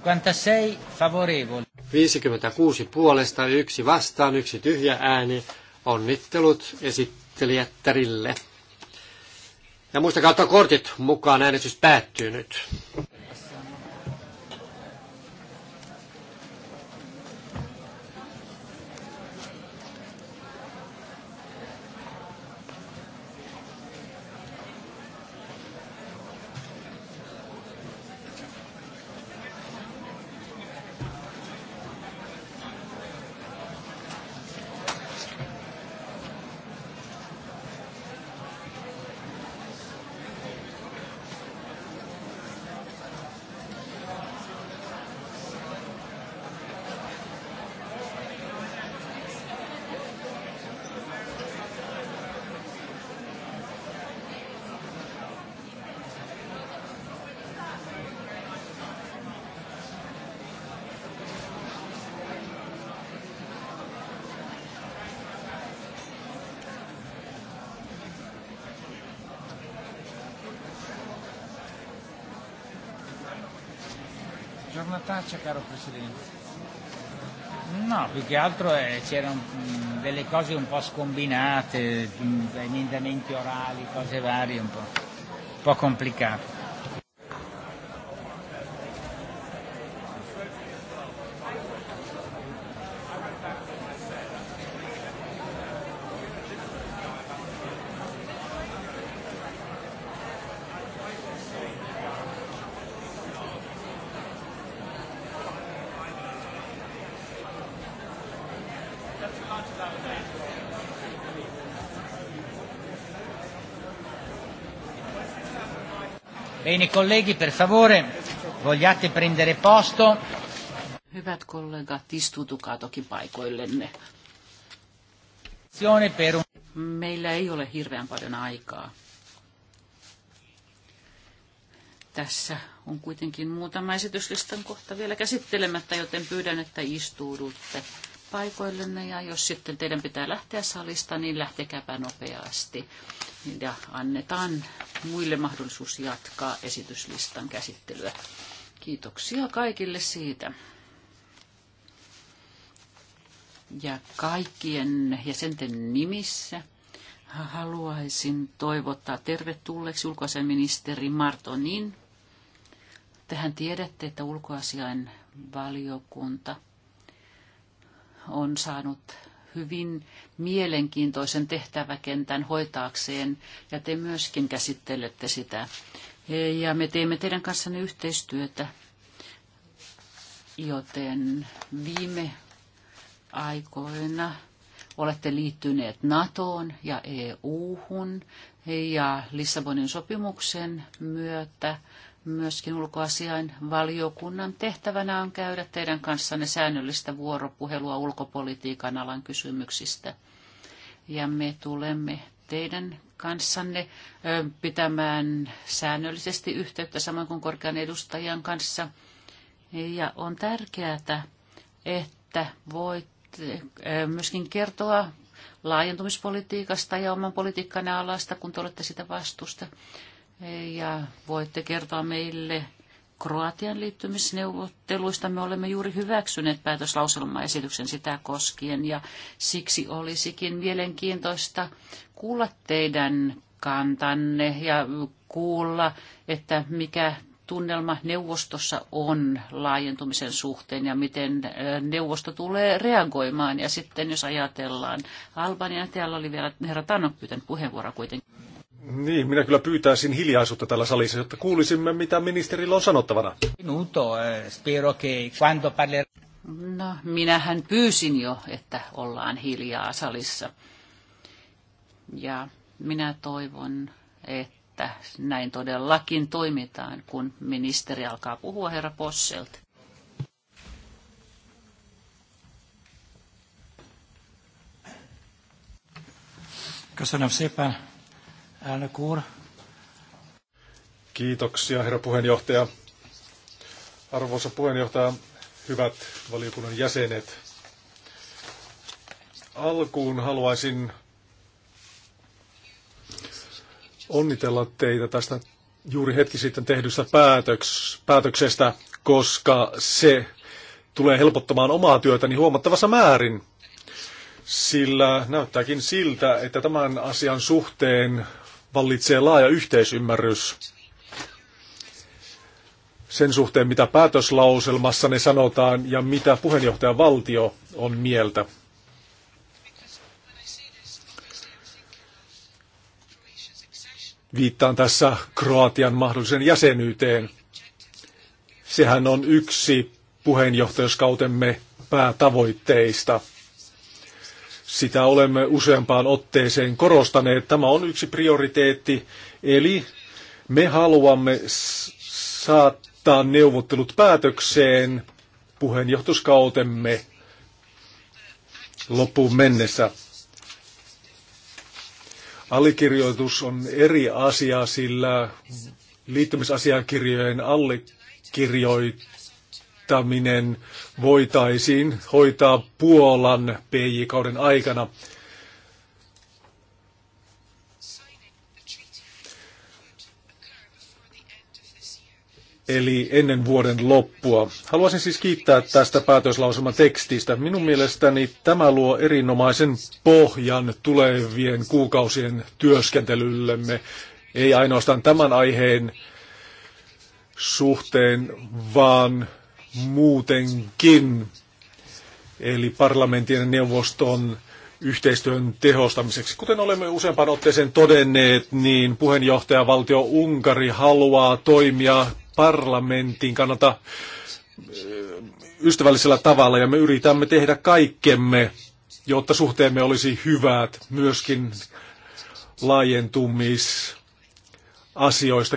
56 favorevoli. 56 puolesta, yksi vastaan, yksi tyhjä ääni. Onnittelut esittelijättärille. Ja muistakaa ottaa kortit mukaan, äänestys päättyy nyt. faccia, caro Presidente. No, più che altro eh, c'erano mh, mm, delle cose un po' scombinate, mh, mm, emendamenti orali, cose varie, un po', un po' complicate. Bene, colleghi, per favore, vogliate prendere posto. Hyvät kollegat, istutukaa toki paikoillenne. Meillä ei ole hirveän paljon aikaa. Tässä on kuitenkin muutama esityslistan kohta vielä käsittelemättä, joten pyydän, että istuudutte paikoillenne ja jos sitten teidän pitää lähteä salista, niin lähtekääpä nopeasti ja annetaan muille mahdollisuus jatkaa esityslistan käsittelyä. Kiitoksia kaikille siitä. Ja kaikkien jäsenten nimissä haluaisin toivottaa tervetulleeksi ulkoasiaministeri Martonin. Tehän tiedätte, että ulkoasiain valiokunta on saanut hyvin mielenkiintoisen tehtäväkentän hoitaakseen, ja te myöskin käsittelette sitä. Ja me teemme teidän kanssanne yhteistyötä, joten viime aikoina olette liittyneet NATOon ja EUhun ja Lissabonin sopimuksen myötä Myöskin ulkoasiain valiokunnan tehtävänä on käydä teidän kanssanne säännöllistä vuoropuhelua ulkopolitiikan alan kysymyksistä. Ja me tulemme teidän kanssanne pitämään säännöllisesti yhteyttä samoin kuin korkean edustajan kanssa. Ja on tärkeää, että voit myöskin kertoa laajentumispolitiikasta ja oman politiikkanne alasta, kun te olette sitä vastusta ja voitte kertoa meille Kroatian liittymisneuvotteluista. Me olemme juuri hyväksyneet päätöslauselmaesityksen sitä koskien ja siksi olisikin mielenkiintoista kuulla teidän kantanne ja kuulla, että mikä tunnelma neuvostossa on laajentumisen suhteen ja miten neuvosto tulee reagoimaan. Ja sitten jos ajatellaan Albania, täällä oli vielä herra Tanok pyytänyt puheenvuoroa kuitenkin. Niin, minä kyllä pyytäisin hiljaisuutta tällä salissa, jotta kuulisimme, mitä ministerillä on sanottavana. Minuto, eh, spero che quando parler... No, minähän pyysin jo, että ollaan hiljaa salissa. Ja minä toivon, että näin todellakin toimitaan, kun ministeri alkaa puhua herra Posselt. Köszönöm szépen elnök úr. Kiitoksia, herra puheenjohtaja. Arvoisa puheenjohtaja, hyvät valiokunnan jäsenet. Alkuun haluaisin onnitella teitä tästä juuri hetki sitten tehdystä päätöks, päätöksestä, koska se tulee helpottamaan omaa työtäni huomattavassa määrin. Sillä näyttääkin siltä, että tämän asian suhteen vallitsee laaja yhteisymmärrys sen suhteen, mitä päätöslauselmassa ne sanotaan ja mitä puheenjohtaja valtio on mieltä. Viittaan tässä Kroatian mahdollisen jäsenyyteen. Sehän on yksi puheenjohtajuuskautemme päätavoitteista – sitä olemme useampaan otteeseen korostaneet. Tämä on yksi prioriteetti, eli me haluamme saattaa neuvottelut päätökseen puheenjohtoskautemme loppuun mennessä. Allekirjoitus on eri asia, sillä liittymisasiakirjojen allekirjoittaminen voitaisiin hoitaa Puolan PJ-kauden aikana. eli ennen vuoden loppua. Haluaisin siis kiittää tästä päätöslauselman tekstistä. Minun mielestäni tämä luo erinomaisen pohjan tulevien kuukausien työskentelyllemme, ei ainoastaan tämän aiheen suhteen, vaan muutenkin, eli parlamentin ja neuvoston yhteistyön tehostamiseksi. Kuten olemme useampaan otteeseen todenneet, niin Valtio Unkari haluaa toimia parlamentin kannalta eh, ystävällisellä tavalla ja me yritämme tehdä kaikkemme, jotta suhteemme olisi hyvät myöskin laajentumisasioista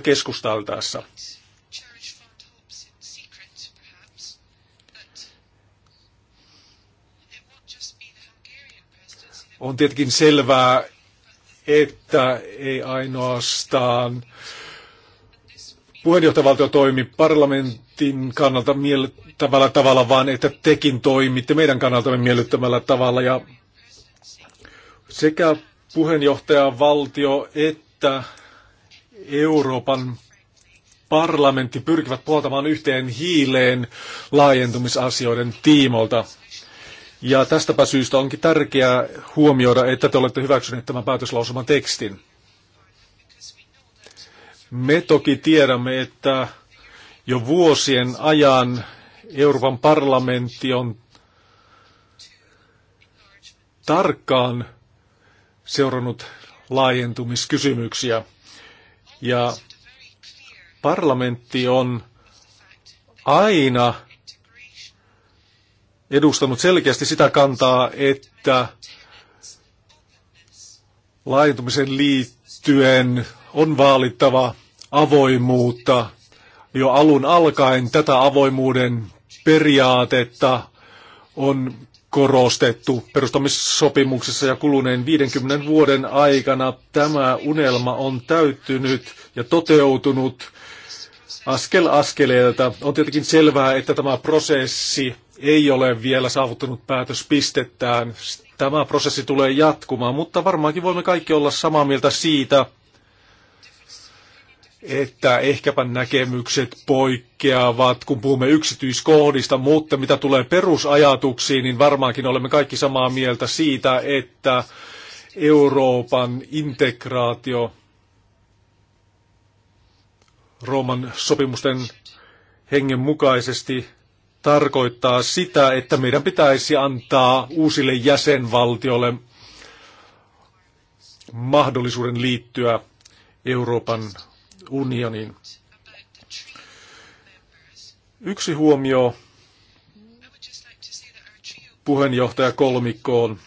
keskusteltaessa. On tietenkin selvää, että ei ainoastaan puheenjohtajavaltio toimi parlamentin kannalta miellyttävällä tavalla, vaan että tekin toimitte meidän kannaltamme miellyttävällä tavalla. Ja sekä puheenjohtajavaltio että Euroopan parlamentti pyrkivät puoltamaan yhteen hiileen laajentumisasioiden tiimolta. Ja tästäpä syystä onkin tärkeää huomioida, että te olette hyväksyneet tämän päätöslausuman tekstin. Me toki tiedämme, että jo vuosien ajan Euroopan parlamentti on tarkkaan seurannut laajentumiskysymyksiä. Ja parlamentti on aina edustanut selkeästi sitä kantaa, että laajentumisen liittyen on vaalittava avoimuutta jo alun alkaen. Tätä avoimuuden periaatetta on korostettu perustamissopimuksessa ja kuluneen 50 vuoden aikana tämä unelma on täyttynyt ja toteutunut askel askeleelta. On tietenkin selvää, että tämä prosessi ei ole vielä saavuttanut päätöspistettään. Tämä prosessi tulee jatkumaan, mutta varmaankin voimme kaikki olla samaa mieltä siitä, että ehkäpä näkemykset poikkeavat, kun puhumme yksityiskohdista, mutta mitä tulee perusajatuksiin, niin varmaankin olemme kaikki samaa mieltä siitä, että Euroopan integraatio Rooman sopimusten hengen mukaisesti tarkoittaa sitä, että meidän pitäisi antaa uusille jäsenvaltioille mahdollisuuden liittyä Euroopan unioniin. Yksi huomio puheenjohtaja kolmikkoon.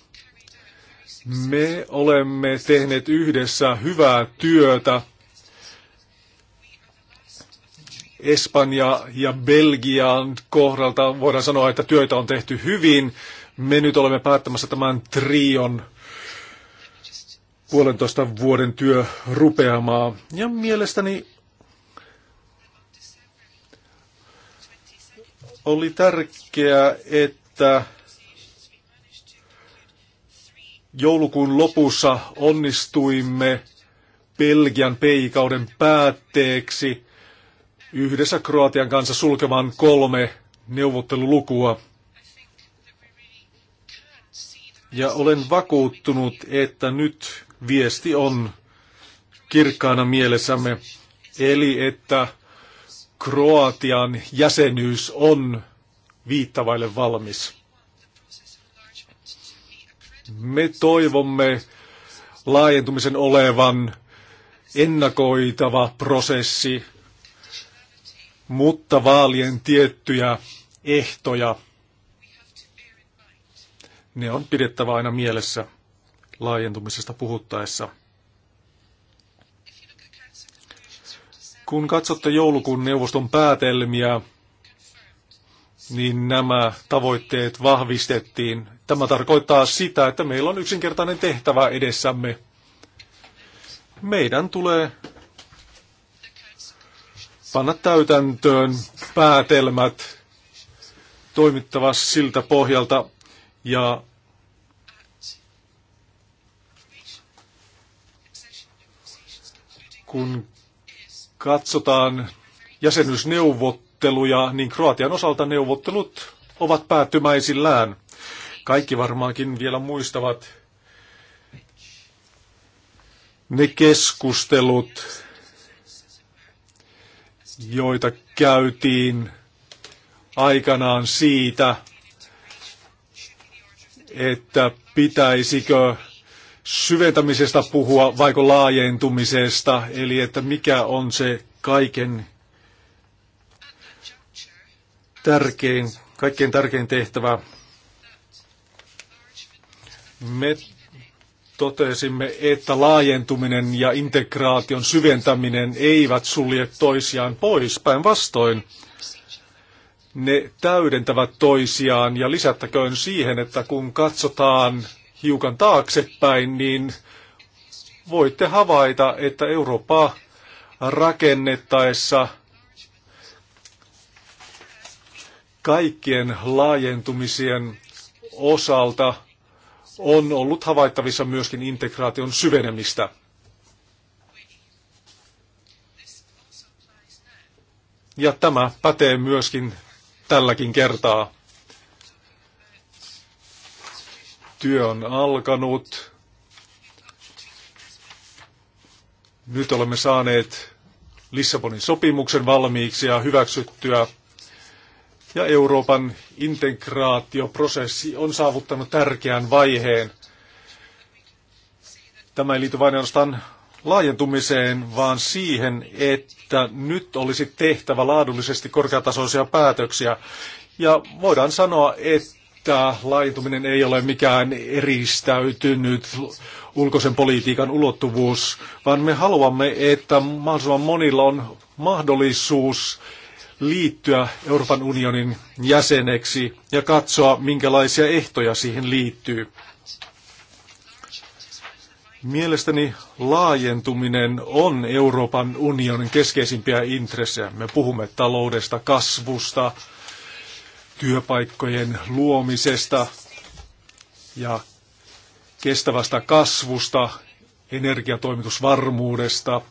Me olemme tehneet yhdessä hyvää työtä Espanja ja Belgian kohdalta voidaan sanoa, että työtä on tehty hyvin. Me nyt olemme päättämässä tämän trion puolentoista vuoden työ rupeamaa. Ja mielestäni oli tärkeää, että joulukuun lopussa onnistuimme Belgian peikauden päätteeksi – yhdessä Kroatian kanssa sulkemaan kolme neuvottelulukua. Ja olen vakuuttunut, että nyt viesti on kirkkaana mielessämme, eli että Kroatian jäsenyys on viittavaille valmis. Me toivomme laajentumisen olevan ennakoitava prosessi, mutta vaalien tiettyjä ehtoja, ne on pidettävä aina mielessä laajentumisesta puhuttaessa. Kun katsotte joulukuun neuvoston päätelmiä, niin nämä tavoitteet vahvistettiin. Tämä tarkoittaa sitä, että meillä on yksinkertainen tehtävä edessämme. Meidän tulee panna täytäntöön päätelmät toimittava siltä pohjalta ja kun katsotaan jäsenyysneuvotteluja, niin Kroatian osalta neuvottelut ovat päättymäisillään. Kaikki varmaankin vielä muistavat ne keskustelut, joita käytiin aikanaan siitä, että pitäisikö syventämisestä puhua vaiko laajentumisesta, eli että mikä on se kaiken tärkein, kaikkein tärkein tehtävä. Me totesimme, että laajentuminen ja integraation syventäminen eivät sulje toisiaan pois, päinvastoin ne täydentävät toisiaan ja lisättäköön siihen, että kun katsotaan hiukan taaksepäin, niin voitte havaita, että Eurooppaa rakennettaessa kaikkien laajentumisien osalta – on ollut havaittavissa myöskin integraation syvenemistä. Ja tämä pätee myöskin tälläkin kertaa. Työ on alkanut. Nyt olemme saaneet Lissabonin sopimuksen valmiiksi ja hyväksyttyä ja Euroopan integraatioprosessi on saavuttanut tärkeän vaiheen. Tämä ei liity vain ainoastaan laajentumiseen, vaan siihen, että nyt olisi tehtävä laadullisesti korkeatasoisia päätöksiä. Ja voidaan sanoa, että laajentuminen ei ole mikään eristäytynyt ulkoisen politiikan ulottuvuus, vaan me haluamme, että mahdollisimman monilla on mahdollisuus liittyä Euroopan unionin jäseneksi ja katsoa, minkälaisia ehtoja siihen liittyy. Mielestäni laajentuminen on Euroopan unionin keskeisimpiä intressejä. Me puhumme taloudesta, kasvusta, työpaikkojen luomisesta ja kestävästä kasvusta, energiatoimitusvarmuudesta,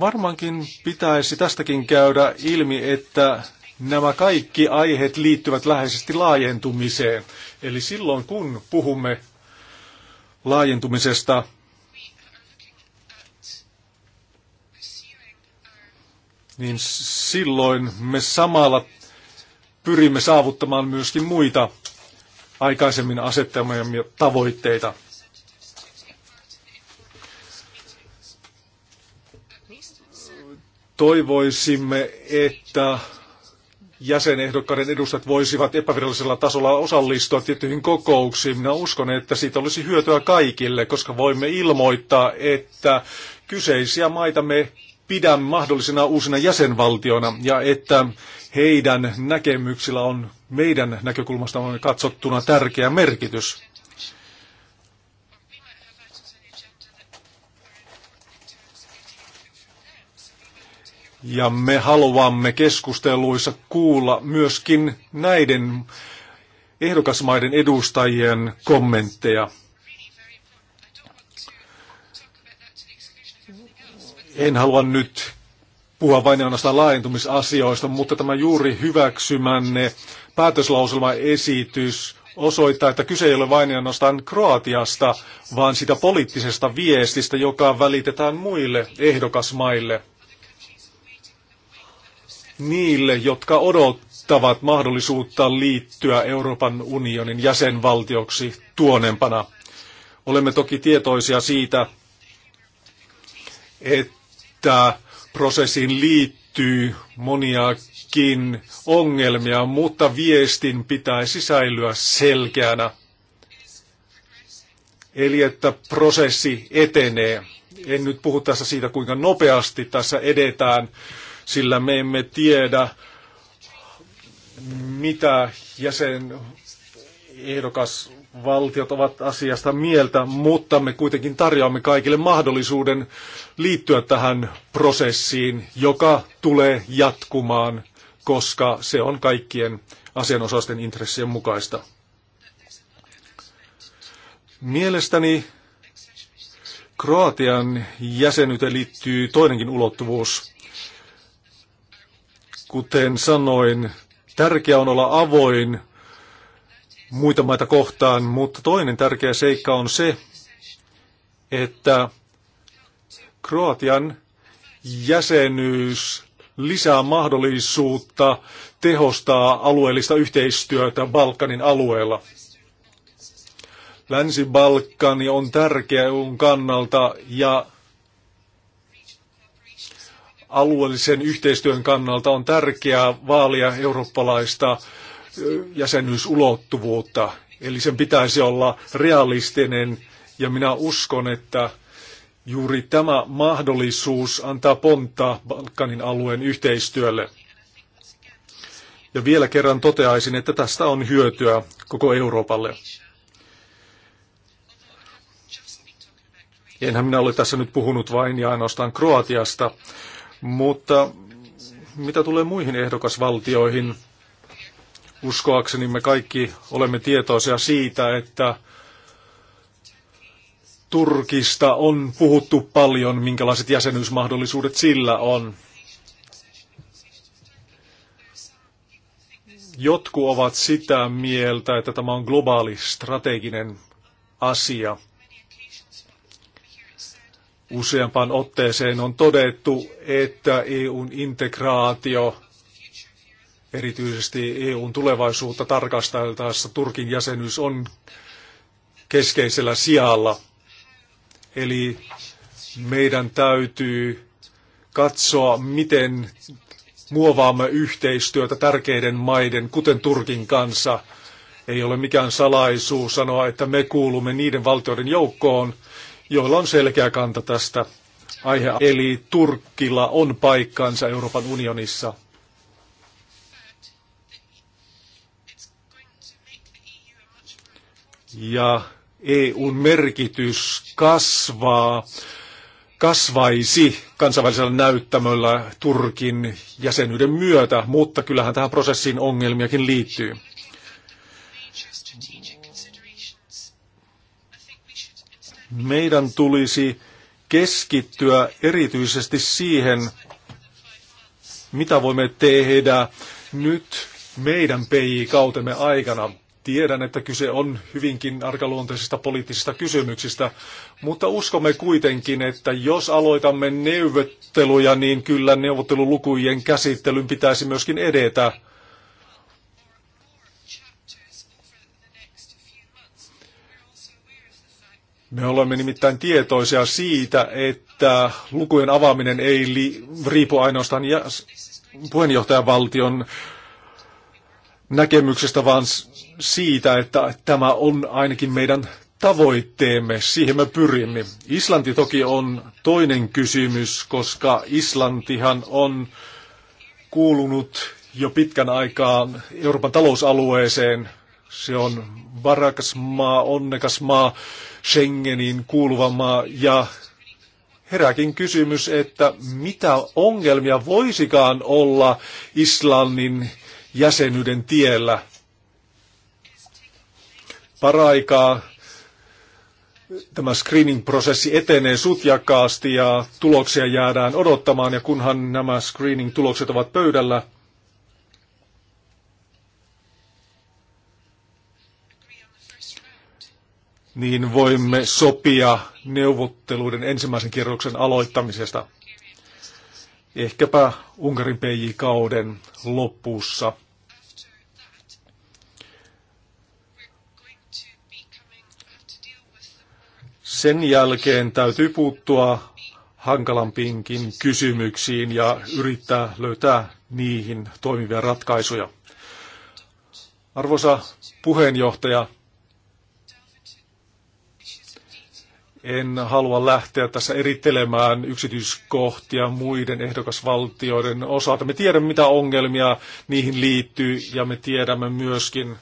Varmaankin pitäisi tästäkin käydä ilmi, että nämä kaikki aiheet liittyvät läheisesti laajentumiseen. Eli silloin kun puhumme laajentumisesta, niin silloin me samalla pyrimme saavuttamaan myöskin muita aikaisemmin asettamia tavoitteita. Toivoisimme, että jäsenehdokkaiden edustajat voisivat epävirallisella tasolla osallistua tiettyihin kokouksiin. Minä uskon, että siitä olisi hyötyä kaikille, koska voimme ilmoittaa, että kyseisiä maita me pidämme mahdollisina uusina jäsenvaltioina ja että heidän näkemyksillä on meidän näkökulmastamme katsottuna tärkeä merkitys. Ja me haluamme keskusteluissa kuulla myöskin näiden ehdokasmaiden edustajien kommentteja. En halua nyt puhua vain ainoastaan laajentumisasioista, mutta tämä juuri hyväksymänne päätöslauselmaesitys osoittaa, että kyse ei ole vain ainoastaan Kroatiasta, vaan sitä poliittisesta viestistä, joka välitetään muille ehdokasmaille niille, jotka odottavat mahdollisuutta liittyä Euroopan unionin jäsenvaltioksi tuonempana. Olemme toki tietoisia siitä, että prosessiin liittyy moniakin ongelmia, mutta viestin pitäisi säilyä selkeänä. Eli että prosessi etenee. En nyt puhu tässä siitä, kuinka nopeasti tässä edetään, sillä me emme tiedä, mitä jäsen ehdokas valtiot ovat asiasta mieltä, mutta me kuitenkin tarjoamme kaikille mahdollisuuden liittyä tähän prosessiin, joka tulee jatkumaan, koska se on kaikkien asianosaisten intressien mukaista. Mielestäni Kroatian jäsenyyteen liittyy toinenkin ulottuvuus. Kuten sanoin, tärkeää on olla avoin muita maita kohtaan, mutta toinen tärkeä seikka on se, että Kroatian jäsenyys lisää mahdollisuutta tehostaa alueellista yhteistyötä Balkanin alueella. Länsi-Balkani on tärkeä EUn kannalta ja alueellisen yhteistyön kannalta on tärkeää vaalia eurooppalaista jäsenyysulottuvuutta. Eli sen pitäisi olla realistinen ja minä uskon, että juuri tämä mahdollisuus antaa pontta Balkanin alueen yhteistyölle. Ja vielä kerran toteaisin, että tästä on hyötyä koko Euroopalle. Enhän minä ole tässä nyt puhunut vain ja ainoastaan Kroatiasta, mutta mitä tulee muihin ehdokasvaltioihin, uskoakseni me kaikki olemme tietoisia siitä, että Turkista on puhuttu paljon, minkälaiset jäsenyysmahdollisuudet sillä on. Jotkut ovat sitä mieltä, että tämä on globaali strateginen asia – Useampaan otteeseen on todettu, että EUn integraatio, erityisesti EUn tulevaisuutta tarkasteltaessa Turkin jäsenyys on keskeisellä sijalla. Eli meidän täytyy katsoa, miten muovaamme yhteistyötä tärkeiden maiden, kuten Turkin kanssa. Ei ole mikään salaisuus sanoa, että me kuulumme niiden valtioiden joukkoon, joilla on selkeä kanta tästä aihe. Eli Turkkilla on paikkansa Euroopan unionissa. Ja EUn merkitys kasvaa, kasvaisi kansainvälisellä näyttämöllä Turkin jäsenyyden myötä, mutta kyllähän tähän prosessiin ongelmiakin liittyy. meidän tulisi keskittyä erityisesti siihen, mitä voimme tehdä nyt meidän PI-kautemme aikana. Tiedän, että kyse on hyvinkin arkaluonteisista poliittisista kysymyksistä, mutta uskomme kuitenkin, että jos aloitamme neuvotteluja, niin kyllä neuvottelulukujen käsittelyn pitäisi myöskin edetä. Me olemme nimittäin tietoisia siitä, että lukujen avaaminen ei li- riipu ainoastaan puheenjohtajavaltion näkemyksestä, vaan siitä, että tämä on ainakin meidän tavoitteemme, siihen me pyrimme. Islanti toki on toinen kysymys, koska Islantihan on kuulunut jo pitkän aikaan Euroopan talousalueeseen – se on varakas maa, onnekas maa, Schengenin kuuluva maa ja herääkin kysymys, että mitä ongelmia voisikaan olla Islannin jäsenyyden tiellä. Paraikaa tämä screening-prosessi etenee sutjakkaasti ja tuloksia jäädään odottamaan ja kunhan nämä screening-tulokset ovat pöydällä, niin voimme sopia neuvotteluiden ensimmäisen kierroksen aloittamisesta ehkäpä Unkarin PJ-kauden lopussa. Sen jälkeen täytyy puuttua hankalampiinkin kysymyksiin ja yrittää löytää niihin toimivia ratkaisuja. Arvoisa puheenjohtaja, En halua lähteä tässä erittelemään yksityiskohtia muiden ehdokasvaltioiden osalta. Me tiedämme, mitä ongelmia niihin liittyy, ja me tiedämme myöskin,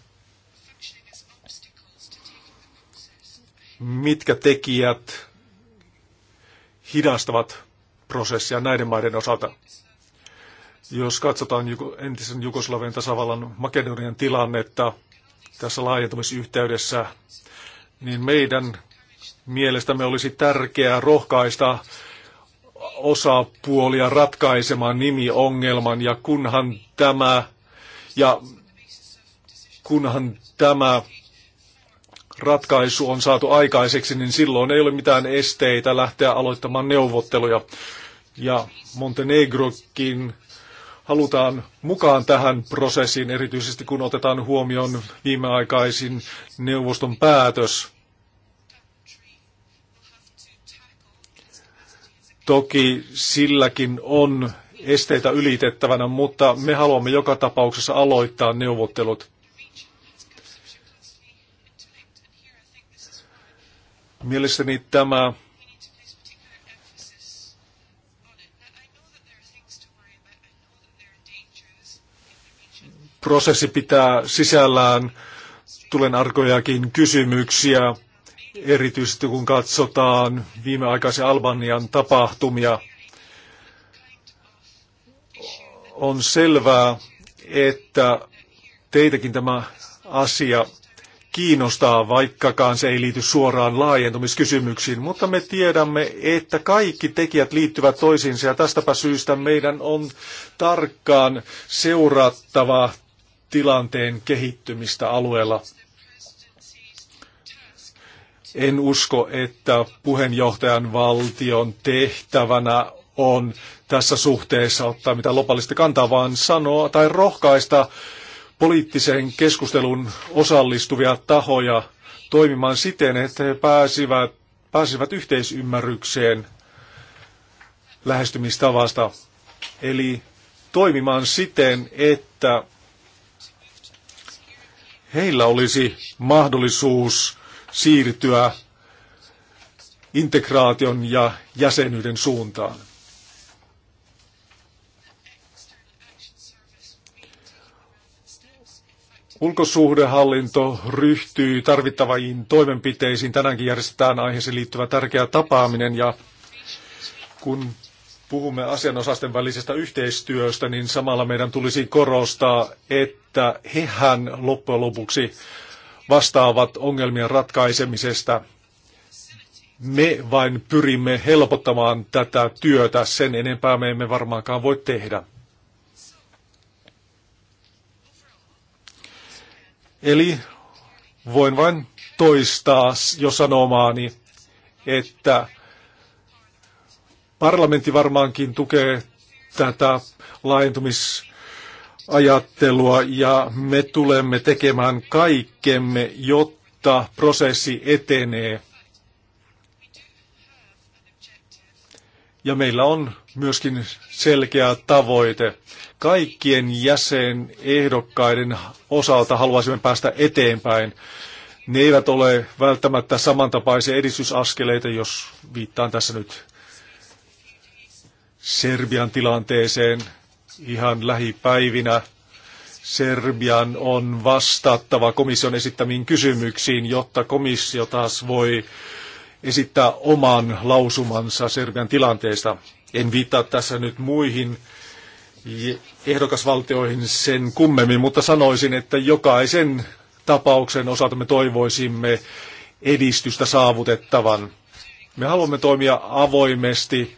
mitkä tekijät hidastavat prosessia näiden maiden osalta. Jos katsotaan entisen Jugoslavian tasavallan Makedonian tilannetta tässä laajentumisyhteydessä, niin meidän Mielestämme olisi tärkeää rohkaista osapuolia ratkaisemaan nimiongelman ja kunhan tämä ja kunhan tämä ratkaisu on saatu aikaiseksi, niin silloin ei ole mitään esteitä lähteä aloittamaan neuvotteluja. Ja Montenegrokin halutaan mukaan tähän prosessiin, erityisesti kun otetaan huomioon viimeaikaisin neuvoston päätös Toki silläkin on esteitä ylitettävänä, mutta me haluamme joka tapauksessa aloittaa neuvottelut. Mielestäni tämä prosessi pitää sisällään tulen arkojakin kysymyksiä, erityisesti kun katsotaan viimeaikaisia Albanian tapahtumia, on selvää, että teitäkin tämä asia kiinnostaa, vaikkakaan se ei liity suoraan laajentumiskysymyksiin, mutta me tiedämme, että kaikki tekijät liittyvät toisiinsa ja tästäpä syystä meidän on tarkkaan seurattava tilanteen kehittymistä alueella. En usko, että puheenjohtajan valtion tehtävänä on tässä suhteessa ottaa mitä lopallista kantaa, vaan sanoa tai rohkaista poliittiseen keskustelun osallistuvia tahoja toimimaan siten, että he pääsivät, pääsivät yhteisymmärrykseen lähestymistavasta. Eli toimimaan siten, että heillä olisi mahdollisuus siirtyä integraation ja jäsenyyden suuntaan. Ulkosuhdehallinto ryhtyy tarvittaviin toimenpiteisiin. Tänäänkin järjestetään aiheeseen liittyvä tärkeä tapaaminen ja kun puhumme asianosasten välisestä yhteistyöstä, niin samalla meidän tulisi korostaa, että hehän loppujen lopuksi vastaavat ongelmien ratkaisemisesta. Me vain pyrimme helpottamaan tätä työtä, sen enempää me emme varmaankaan voi tehdä. Eli voin vain toistaa jo sanomaani, että parlamentti varmaankin tukee tätä laajentumis- ajattelua ja me tulemme tekemään kaikkemme, jotta prosessi etenee. Ja meillä on myöskin selkeä tavoite. Kaikkien jäsenehdokkaiden osalta haluaisimme päästä eteenpäin. Ne eivät ole välttämättä samantapaisia edistysaskeleita, jos viittaan tässä nyt Serbian tilanteeseen – ihan lähipäivinä Serbian on vastattava komission esittämiin kysymyksiin, jotta komissio taas voi esittää oman lausumansa Serbian tilanteesta. En viittaa tässä nyt muihin ehdokasvaltioihin sen kummemmin, mutta sanoisin, että jokaisen tapauksen osalta me toivoisimme edistystä saavutettavan. Me haluamme toimia avoimesti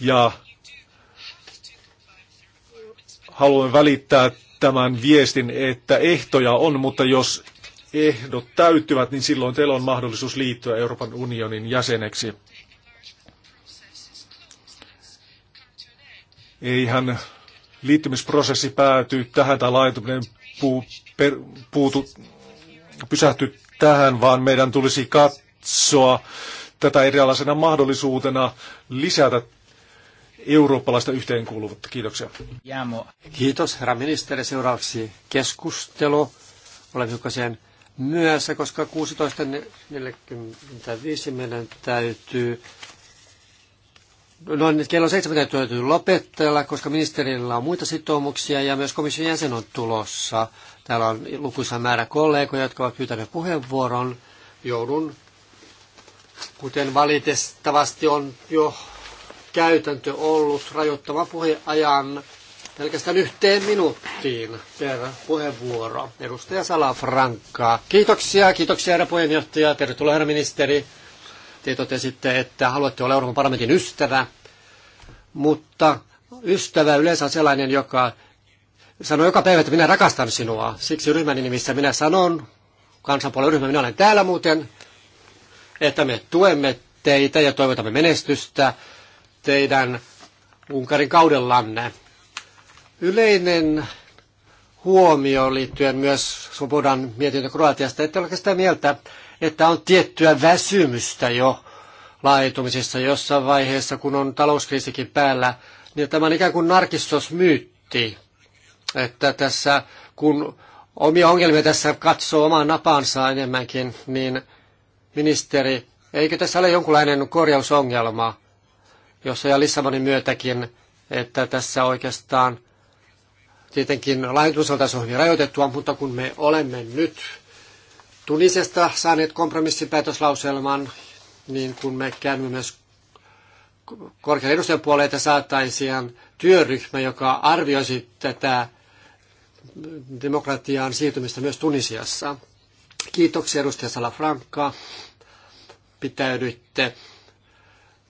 ja haluan välittää tämän viestin, että ehtoja on, mutta jos ehdot täyttyvät, niin silloin teillä on mahdollisuus liittyä Euroopan unionin jäseneksi. Eihän liittymisprosessi pääty tähän tai laajentuminen puu, per, puutu, pysähty tähän, vaan meidän tulisi katsoa tätä erilaisena mahdollisuutena lisätä eurooppalaista yhteenkuuluvuutta. Kiitoksia. Jaamo. Kiitos, herra ministeri. Seuraavaksi keskustelu. Olemme sen myöhässä, koska 16.45 meidän täytyy No niin kello 7 täytyy lopetella, koska ministerillä on muita sitoumuksia ja myös komission jäsen on tulossa. Täällä on lukuisa määrä kollegoja, jotka ovat pyytäneet puheenvuoron. Joudun, kuten valitettavasti on jo käytäntö ollut rajoittava puheajan pelkästään yhteen minuuttiin per puheenvuoro. Edustaja Salafrankkaa. Kiitoksia, kiitoksia herra puheenjohtaja. Tervetuloa herra ministeri. Te totesitte, että haluatte olla Euroopan parlamentin ystävä, mutta ystävä yleensä on sellainen, joka sanoo joka päivä, että minä rakastan sinua. Siksi ryhmäni nimissä minä sanon, kansanpuolen ryhmä, minä olen täällä muuten, että me tuemme teitä ja toivotamme menestystä teidän Unkarin kaudellanne. Yleinen huomio liittyen myös Svobodan mietintö Kroatiasta, että ole sitä mieltä, että on tiettyä väsymystä jo laajentumisessa jossain vaiheessa, kun on talouskriisikin päällä, niin tämä on ikään kuin myytti, että tässä kun omia ongelmia tässä katsoo omaan napaansa enemmänkin, niin ministeri, eikö tässä ole jonkunlainen korjausongelma? jos ja Lissabonin myötäkin, että tässä oikeastaan tietenkin laajentumiselta se on hyvin rajoitettua, mutta kun me olemme nyt Tunisesta saaneet kompromissipäätöslauselman, niin kun me käymme myös korkean edustajan että saataisiin työryhmä, joka arvioisi tätä demokratiaan siirtymistä myös Tunisiassa. Kiitoksia edustaja Salafranca. Pitäydytte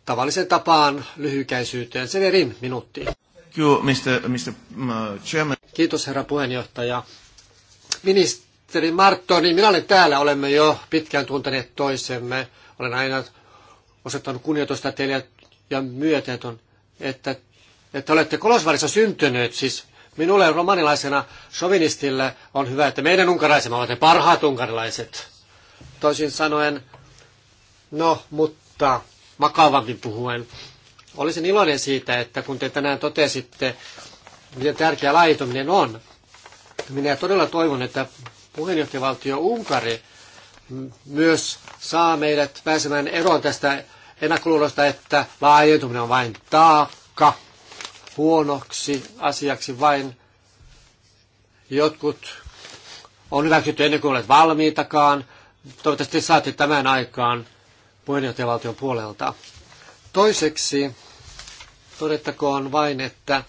tavallisen tapaan lyhykäisyyteen. Severin minuutti. Uh, Kiitos herra puheenjohtaja. Ministeri Marttoni, niin minä olen täällä, olemme jo pitkään tunteneet toisemme. Olen aina osoittanut kunnioitusta teille ja myötätön, että, että olette Kolosvarissa syntynyt. Siis minulle romanilaisena sovinistille on hyvä, että meidän unkaraisemme ovat parhaat unkarilaiset. Toisin sanoen, no, mutta vakavammin puhuen. Olisin iloinen siitä, että kun te tänään totesitte, miten tärkeä laitominen on, minä todella toivon, että puheenjohtajavaltio Unkari myös saa meidät pääsemään eroon tästä ennakkoluulosta, että laajentuminen on vain taakka huonoksi asiaksi vain. Jotkut on hyväksytty ennen kuin olet valmiitakaan. Toivottavasti saatte tämän aikaan puheenjohtajavaltion puolelta. Toiseksi todettakoon vain, että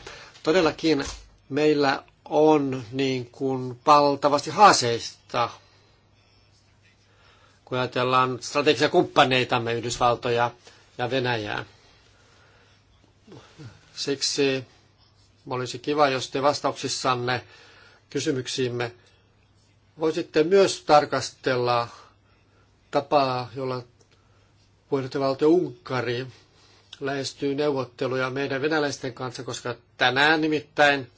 todellakin meillä on niin kuin valtavasti haaseista, kun ajatellaan strategisia kumppaneitamme Yhdysvaltoja ja Venäjää. Siksi olisi kiva, jos te vastauksissanne kysymyksiimme voisitte myös tarkastella tapaa, jolla puheenjohtajavaltio Unkari lähestyy neuvotteluja meidän venäläisten kanssa, koska tänään nimittäin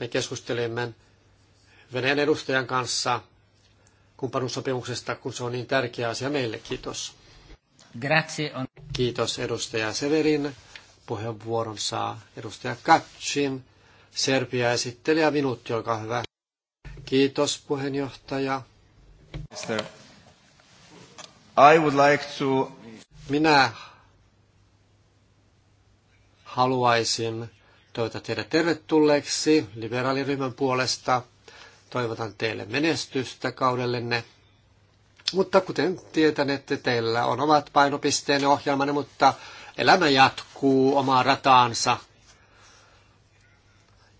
me keskustelimme Venäjän edustajan kanssa kumppanuussopimuksesta, kun se on niin tärkeä asia meille. Kiitos. Grazie. Kiitos edustaja Severin. Puheenvuoron saa edustaja Katsin. Serbia esittelijä minuutti, olkaa hyvä. Kiitos puheenjohtaja. Mister. I would like to minä haluaisin toivottaa teidät tervetulleeksi liberaaliryhmän puolesta. Toivotan teille menestystä kaudellenne. Mutta kuten että teillä on omat painopisteenne ohjelmanne, mutta elämä jatkuu omaa rataansa.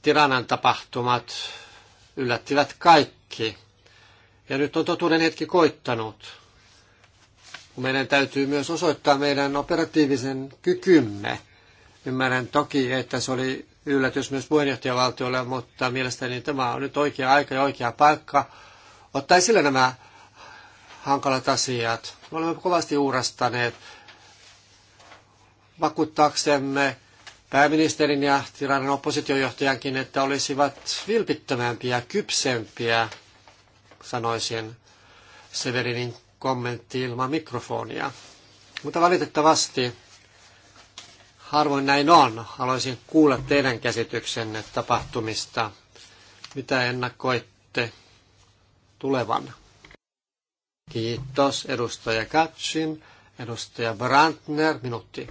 Tiranan tapahtumat yllättivät kaikki. Ja nyt on totuuden hetki koittanut meidän täytyy myös osoittaa meidän operatiivisen kykymme. Ymmärrän toki, että se oli yllätys myös puheenjohtajavaltiolle, mutta mielestäni tämä on nyt oikea aika ja oikea paikka ottaa esille nämä hankalat asiat. Me olemme kovasti uurastaneet vakuuttaaksemme pääministerin ja tilannan oppositiojohtajankin, että olisivat vilpittömämpiä, kypsempiä, sanoisin Severinin kommentti ilman mikrofonia. Mutta valitettavasti harvoin näin on. Haluaisin kuulla teidän käsityksenne tapahtumista. Mitä ennakoitte tulevan? Kiitos edustaja Katsin, edustaja Brandner, minuutti.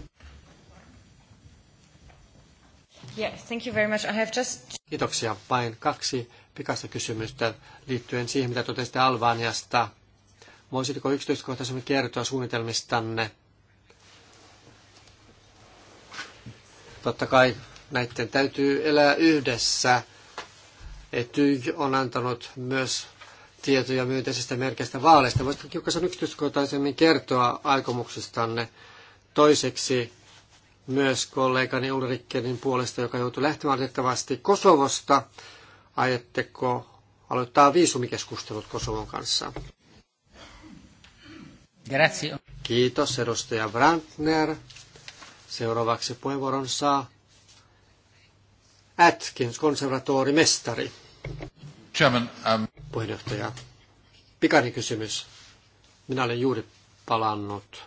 Yes, thank you very much. I have just... Kiitoksia. Vain kaksi pikasta kysymystä liittyen siihen, mitä totesitte Albaniasta. Voisitko yksityiskohtaisemmin kertoa suunnitelmistanne? Totta kai näiden täytyy elää yhdessä. Etyj on antanut myös tietoja myönteisestä merkeistä vaaleista. Voisitko hiukan yksityiskohtaisemmin kertoa aikomuksistanne? Toiseksi myös kollegani Ulrikkenin puolesta, joka joutui lähtemään valitettavasti Kosovosta. Aiotteko aloittaa viisumikeskustelut Kosovon kanssa? Grazie. Kiitos edustaja Brantner, Seuraavaksi puheenvuoron saa Atkins, konservatorimestari. Chairman, um... Puheenjohtaja, pikainen kysymys. Minä olen juuri palannut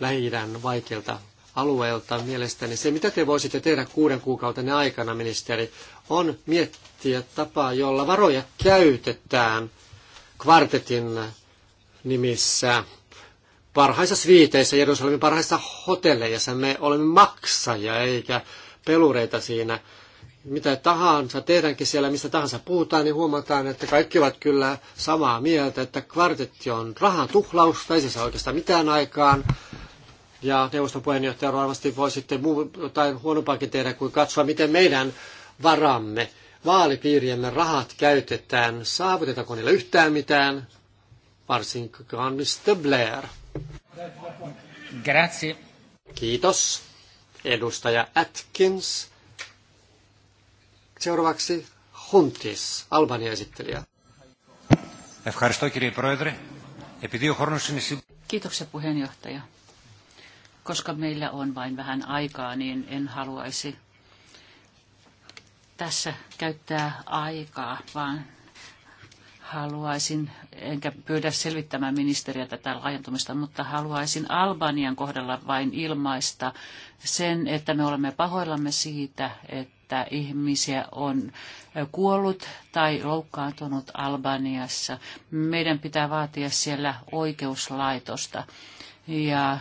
lähi vaikealta alueelta. Mielestäni se, mitä te voisitte tehdä kuuden kuukauden aikana, ministeri, on miettiä tapaa, jolla varoja käytetään kvartetin nimissä parhaissa sviiteissä, Jerusalemin parhaissa hotelleissa. Me olemme maksajia eikä pelureita siinä. Mitä tahansa tehdäänkin siellä, mistä tahansa puhutaan, niin huomataan, että kaikki ovat kyllä samaa mieltä, että kvartetti on rahan tuhlausta, ei se saa oikeastaan mitään aikaan. Ja neuvoston puheenjohtaja varmasti voi sitten muu, jotain huonompaakin tehdä kuin katsoa, miten meidän varamme, vaalipiiriemme rahat käytetään. Saavutetaanko niillä yhtään mitään? varsinkaan Mr. Blair. Grazie. Kiitos. Edustaja Atkins. Seuraavaksi Huntis, Albania esittelijä. Kiitoksia puheenjohtaja. Koska meillä on vain vähän aikaa, niin en haluaisi tässä käyttää aikaa, vaan haluaisin, enkä pyydä selvittämään ministeriä tätä laajentumista, mutta haluaisin Albanian kohdalla vain ilmaista sen, että me olemme pahoillamme siitä, että ihmisiä on kuollut tai loukkaantunut Albaniassa. Meidän pitää vaatia siellä oikeuslaitosta ja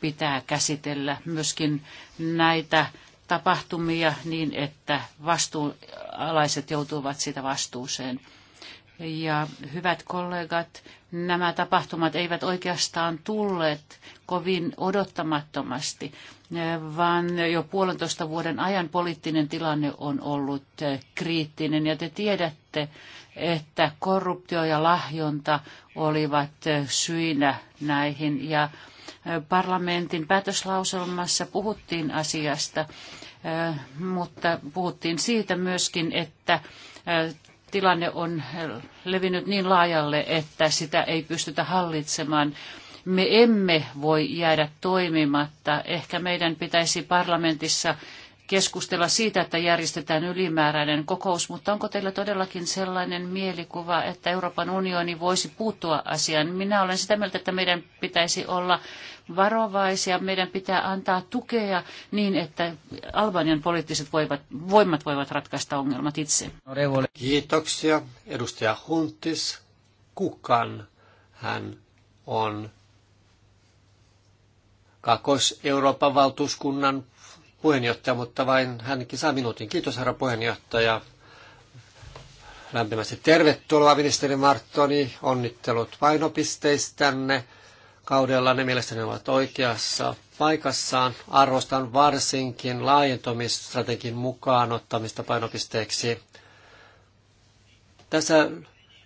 pitää käsitellä myöskin näitä tapahtumia niin, että vastuualaiset joutuvat siitä vastuuseen. Ja hyvät kollegat, nämä tapahtumat eivät oikeastaan tulleet kovin odottamattomasti, eh, vaan jo puolentoista vuoden ajan poliittinen tilanne on ollut eh, kriittinen. Ja te tiedätte, että korruptio ja lahjonta olivat eh, syinä näihin. Ja parlamentin päätöslauselmassa puhuttiin asiasta, mutta puhuttiin siitä myöskin, että tilanne on levinnyt niin laajalle, että sitä ei pystytä hallitsemaan. Me emme voi jäädä toimimatta. Ehkä meidän pitäisi parlamentissa keskustella siitä, että järjestetään ylimääräinen kokous, mutta onko teillä todellakin sellainen mielikuva, että Euroopan unioni voisi puuttua asiaan? Minä olen sitä mieltä, että meidän pitäisi olla varovaisia, meidän pitää antaa tukea niin, että Albanian poliittiset voivat, voimat voivat ratkaista ongelmat itse. Kiitoksia. Edustaja Huntis Kukan. Hän on Kakos-Euroopan valtuuskunnan puheenjohtaja, mutta vain hänkin saa minuutin. Kiitos herra puheenjohtaja. Lämpimästi tervetuloa ministeri Marttoni. Onnittelut painopisteistänne kaudella. Ne mielestäni ovat oikeassa paikassaan. Arvostan varsinkin laajentumistrategin mukaan ottamista painopisteeksi. Tässä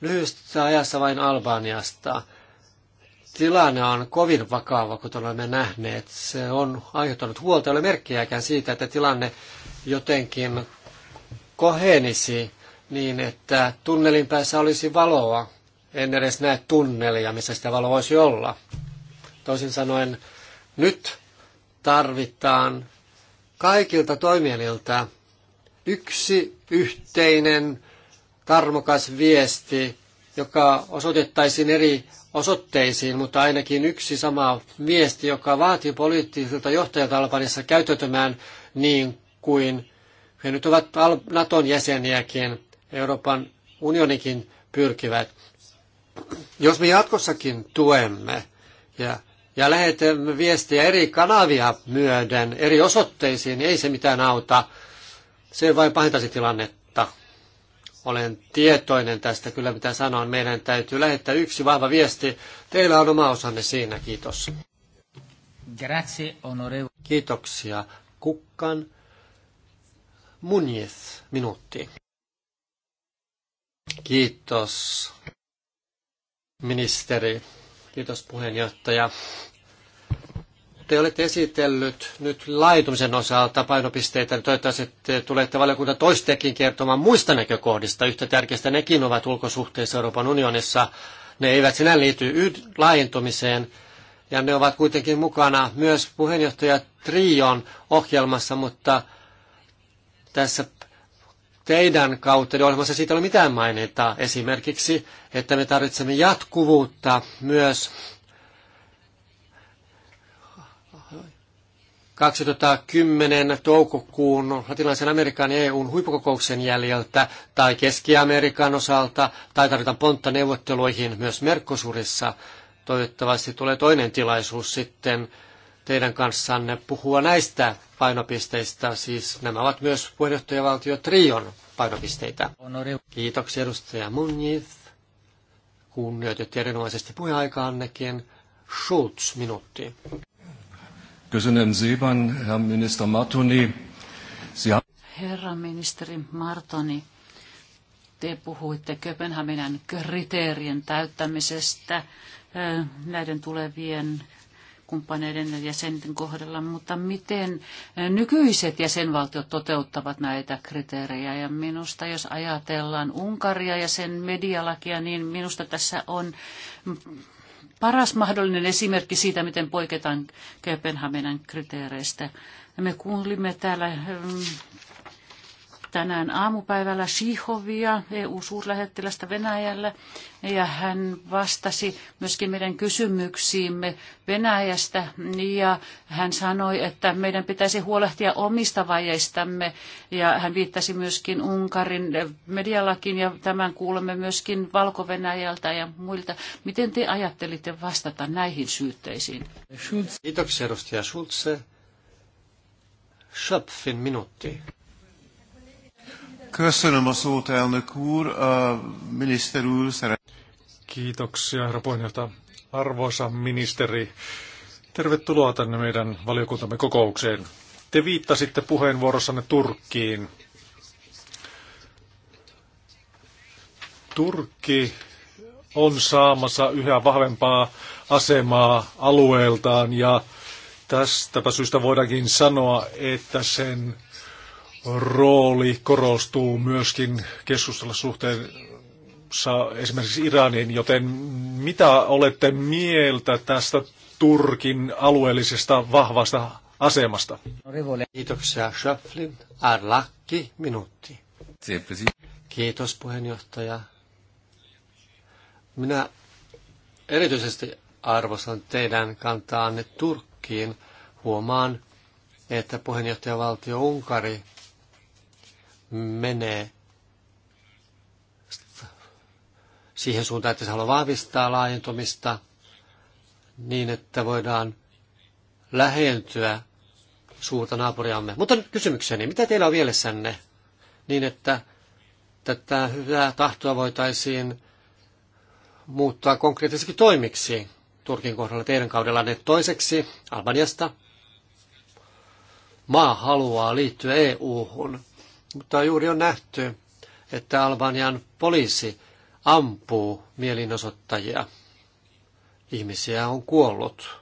lyhyestä ajassa vain Albaniasta tilanne on kovin vakava, kuten olemme nähneet. Se on aiheuttanut huolta, ei ole siitä, että tilanne jotenkin kohenisi niin, että tunnelin päässä olisi valoa. En edes näe tunnelia, missä sitä valoa voisi olla. Toisin sanoen, nyt tarvitaan kaikilta toimieliltä yksi yhteinen tarmokas viesti, joka osoitettaisiin eri osoitteisiin, mutta ainakin yksi sama viesti, joka vaatii poliittisilta johtajilta Albanissa käyttäytymään niin kuin he nyt ovat Naton jäseniäkin, Euroopan unionikin pyrkivät. Jos me jatkossakin tuemme ja, ja lähetämme viestiä eri kanavia myöden, eri osoitteisiin, niin ei se mitään auta. Se vain pahentaisi tilannetta. Olen tietoinen tästä kyllä, mitä sanon. Meidän täytyy lähettää yksi vahva viesti. Teillä on oma osanne siinä. Kiitos. Grazie, onorevo. Kiitoksia. Kukkan Munjes, minuutti. Kiitos, ministeri. Kiitos, puheenjohtaja te olette esitellyt nyt laitumisen osalta painopisteitä, niin toivottavasti te tulette valiokunta toistekin kertomaan muista näkökohdista. Yhtä tärkeistä nekin ovat ulkosuhteissa Euroopan unionissa. Ne eivät sinä liity laajentumiseen, ja ne ovat kuitenkin mukana myös puheenjohtaja Trion ohjelmassa, mutta tässä teidän kautta ohjelmassa siitä ei ole mitään mainintaa. Esimerkiksi, että me tarvitsemme jatkuvuutta myös 2010 toukokuun latinalaisen Amerikan ja EUn huippukokouksen jäljeltä tai Keski-Amerikan osalta tai tarvitaan pontta neuvotteluihin myös Merkosurissa. Toivottavasti tulee toinen tilaisuus sitten teidän kanssanne puhua näistä painopisteistä. Siis nämä ovat myös puheenjohtajavaltio Trion painopisteitä. Kiitoksia edustaja Munjith. Kunnioitettiin erinomaisesti puheaikaannekin. Schultz minuutti. Herr Minister Martoni. Herra ministeri Martoni, te puhuitte Köpenhaminan kriteerien täyttämisestä eh, näiden tulevien kumppaneiden ja jäsenten kohdalla, mutta miten eh, nykyiset jäsenvaltiot toteuttavat näitä kriteerejä? Ja minusta, jos ajatellaan Unkaria ja sen medialakia, niin minusta tässä on paras mahdollinen esimerkki siitä, miten poiketaan Kööpenhaminan kriteereistä. Me kuulimme täällä mm, tänään aamupäivällä siihovia EU-suurlähettilästä Venäjällä, ja hän vastasi myöskin meidän kysymyksiimme Venäjästä, ja hän sanoi, että meidän pitäisi huolehtia omista vajeistamme, ja hän viittasi myöskin Unkarin medialakin, ja tämän kuulemme myöskin valko ja muilta. Miten te ajattelitte vastata näihin syytteisiin? Kiitoksia, edustaja Schulze. Schöpfin minuutti. Köszönöm a szót, elnök úr. A miniszter úr szeret... Kiitoksia, herra puheenjohtaja. Arvoisa ministeri, tervetuloa tänne meidän valiokuntamme kokoukseen. Te viittasitte puheenvuorossanne Turkkiin. Turkki on saamassa yhä vahvempaa asemaa alueeltaan ja tästäpä syystä voidaankin sanoa, että sen rooli korostuu myöskin keskustella suhteen esimerkiksi Iranin, joten mitä olette mieltä tästä Turkin alueellisesta vahvasta asemasta? Kiitoksia, Schöflin. Arlakki, minuutti. Kiitos, puheenjohtaja. Minä erityisesti arvostan teidän kantaanne Turkkiin. Huomaan, että puheenjohtajavaltio Unkari menee siihen suuntaan, että se haluaa vahvistaa laajentumista niin, että voidaan lähentyä suurta naapuriamme. Mutta nyt kysymykseni, mitä teillä on mielessänne niin, että tätä hyvää tahtoa voitaisiin muuttaa konkreettisesti toimiksi Turkin kohdalla teidän kaudella, ne Toiseksi Albaniasta maa haluaa liittyä EU-hun. Mutta juuri on nähty, että Albanian poliisi ampuu mielinosoittajia. Ihmisiä on kuollut.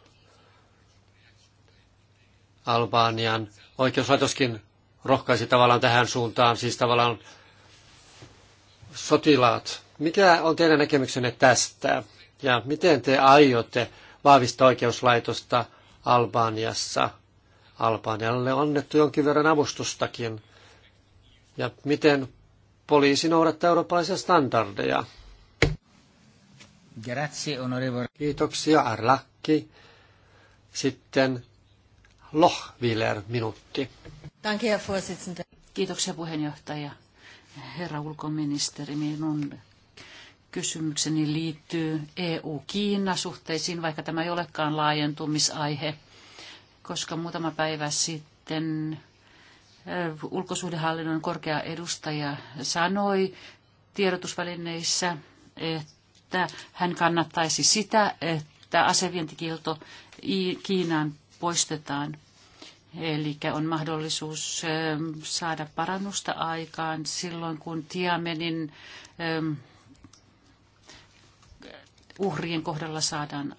Albanian oikeuslaitoskin rohkaisi tavallaan tähän suuntaan, siis tavallaan sotilaat. Mikä on teidän näkemyksenne tästä? Ja miten te aiotte vahvistaa oikeuslaitosta Albaniassa? Albanialle on annettu jonkin verran avustustakin ja miten poliisi noudattaa eurooppalaisia standardeja. Grazie, onorevole. Kiitoksia, Arlakki. Sitten Lohviler, minuutti. Danke, Herr Kiitoksia, puheenjohtaja. Herra ulkoministeri, minun kysymykseni liittyy EU-Kiina-suhteisiin, vaikka tämä ei olekaan laajentumisaihe, koska muutama päivä sitten ulkosuhdehallinnon korkea edustaja sanoi tiedotusvälineissä, että hän kannattaisi sitä, että asevientikilto Kiinaan poistetaan. Eli on mahdollisuus saada parannusta aikaan silloin, kun Tiamenin uhrien kohdalla saadaan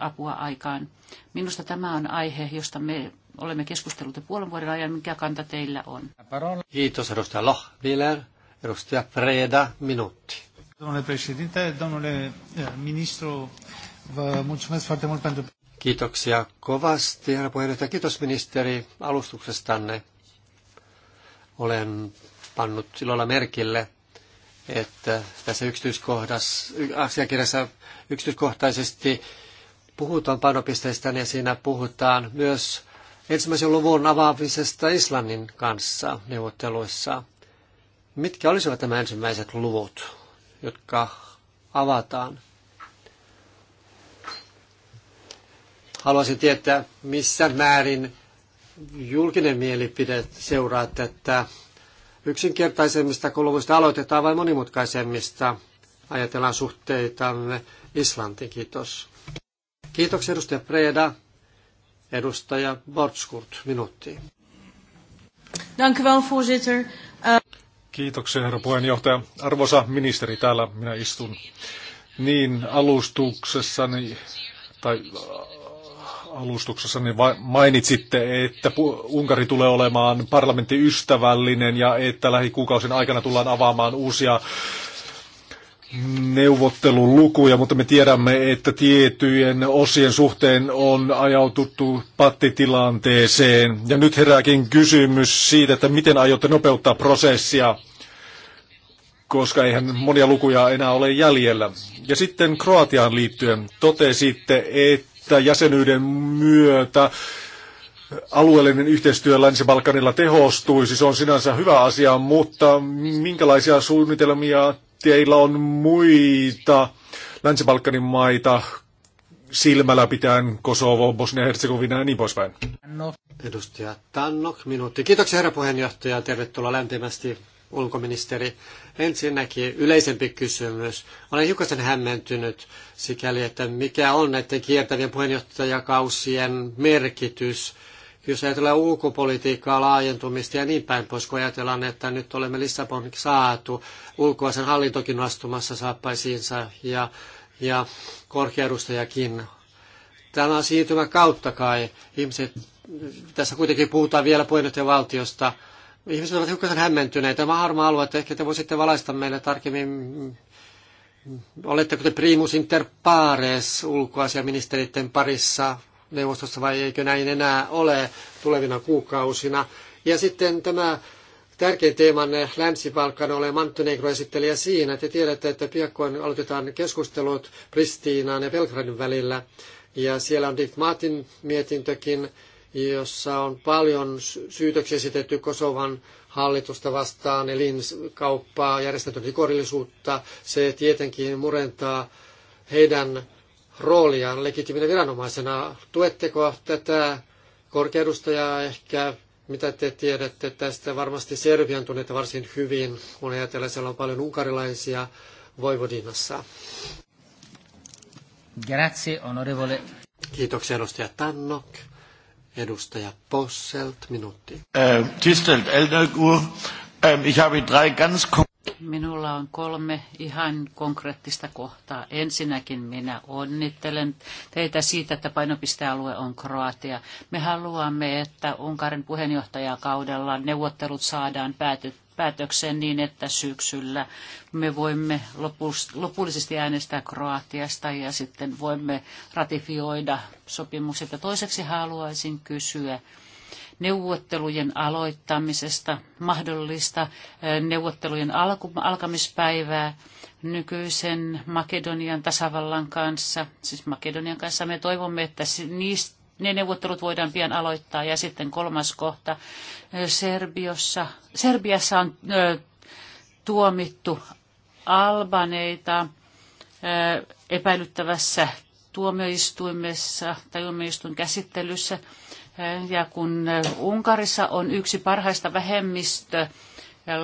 apua aikaan. Minusta tämä on aihe, josta me olemme keskustelleet puolen vuoden ajan. Mikä kanta teillä on? Kiitos edustaja Lohviler. Edustaja Preda, minuutti. Eh, Kiitoksia kovasti, herra puheenjohtaja. Kiitos ministeri alustuksestanne. Olen pannut ilolla merkille, että tässä yksityiskohdassa, asiakirjassa yksityiskohtaisesti puhutaan painopisteistä ja siinä puhutaan myös ensimmäisen luvun avaamisesta Islannin kanssa neuvotteluissa. Mitkä olisivat nämä ensimmäiset luvut, jotka avataan? Haluaisin tietää, missä määrin julkinen mielipide seuraa tätä yksinkertaisemmista kuluvuista aloitetaan vai monimutkaisemmista. Ajatellaan suhteitamme Islantiin. Kiitos. Kiitoksia edustaja Preda. Edustaja Bortskurt, minuutti. Dank u wel, voorzitter. Eh, Kiitoksia, herra puheenjohtaja. Arvoisa ministeri, täällä minä istun. Niin alustuksessani tai äh, alustuksessani mainitsitte, että Unkari tulee olemaan parlamenttiystävällinen ja että lähikuukausien aikana tullaan avaamaan uusia neuvottelun lukuja, mutta me tiedämme, että tiettyjen osien suhteen on ajaututtu pattitilanteeseen. Ja nyt herääkin kysymys siitä, että miten aiotte nopeuttaa prosessia, koska eihän monia lukuja enää ole jäljellä. Ja sitten Kroatiaan liittyen totesitte, että jäsenyyden myötä alueellinen yhteistyö Länsi-Balkanilla tehostuisi. Se on sinänsä hyvä asia, mutta minkälaisia suunnitelmia teillä on muita Länsi-Balkanin maita silmällä pitäen Kosovo, Bosnia-Herzegovina ja niin poispäin? No. Edustaja Tannok, minuutti. Kiitoksia herra puheenjohtaja. Tervetuloa lämpimästi ulkoministeri. Ensinnäkin yleisempi kysymys. Olen hiukan hämmentynyt sikäli, että mikä on näiden kiertävien puheenjohtajakausien merkitys – jos ajatellaan ulkopolitiikkaa, laajentumista ja niin päin pois, kun ajatellaan, että nyt olemme Lissabon saatu, ulkoisen hallintokin astumassa saappaisiinsa ja, ja korkeadustajakin. Tämä on siirtymä kautta kai. Ihmiset, tässä kuitenkin puhutaan vielä valtiosta. Ihmiset ovat hiukan hämmentyneitä. Tämä harma alue, että ehkä te voisitte valaista meille tarkemmin, Oletteko te primus inter pares ulkoasiaministeriiden parissa neuvostossa vai eikö näin enää ole tulevina kuukausina. Ja sitten tämä tärkein teemanne Länsi-Balkan ole Montenegro esittelijä siinä. Te tiedätte, että piakkoin aloitetaan keskustelut Pristiinaan ja Belgradin välillä. Ja siellä on Dick Martin mietintökin, jossa on paljon syytöksiä esitetty Kosovan hallitusta vastaan, elinkauppaa, järjestetyn rikollisuutta. Se tietenkin murentaa heidän roolia legitiiminä viranomaisena. Tuetteko tätä korkeudustajaa ehkä? Mitä te tiedätte tästä? Varmasti Serbian tunnette varsin hyvin, kun ajatellaan, siellä on paljon unkarilaisia Voivodinassa. Grazie, onorevole. Kiitoksia edustaja Tannok. Edustaja Posselt, minuutti. Äh, Tistelt, Elder ähm, ich habe drei ganz Minulla on kolme ihan konkreettista kohtaa. Ensinnäkin minä onnittelen teitä siitä, että painopistealue on Kroatia. Me haluamme, että Unkarin puheenjohtajakaudella neuvottelut saadaan päätyt, päätökseen niin, että syksyllä me voimme lopullisesti äänestää Kroatiasta ja sitten voimme ratifioida sopimukset. Ja toiseksi haluaisin kysyä, neuvottelujen aloittamisesta, mahdollista neuvottelujen alkamispäivää nykyisen Makedonian tasavallan kanssa. Siis Makedonian kanssa me toivomme, että niistä ne neuvottelut voidaan pian aloittaa. Ja sitten kolmas kohta. Serbiossa, Serbiassa on ö, tuomittu albaneita ö, epäilyttävässä tuomioistuimessa tai tuomioistuin käsittelyssä. Ja kun Unkarissa on yksi parhaista vähemmistö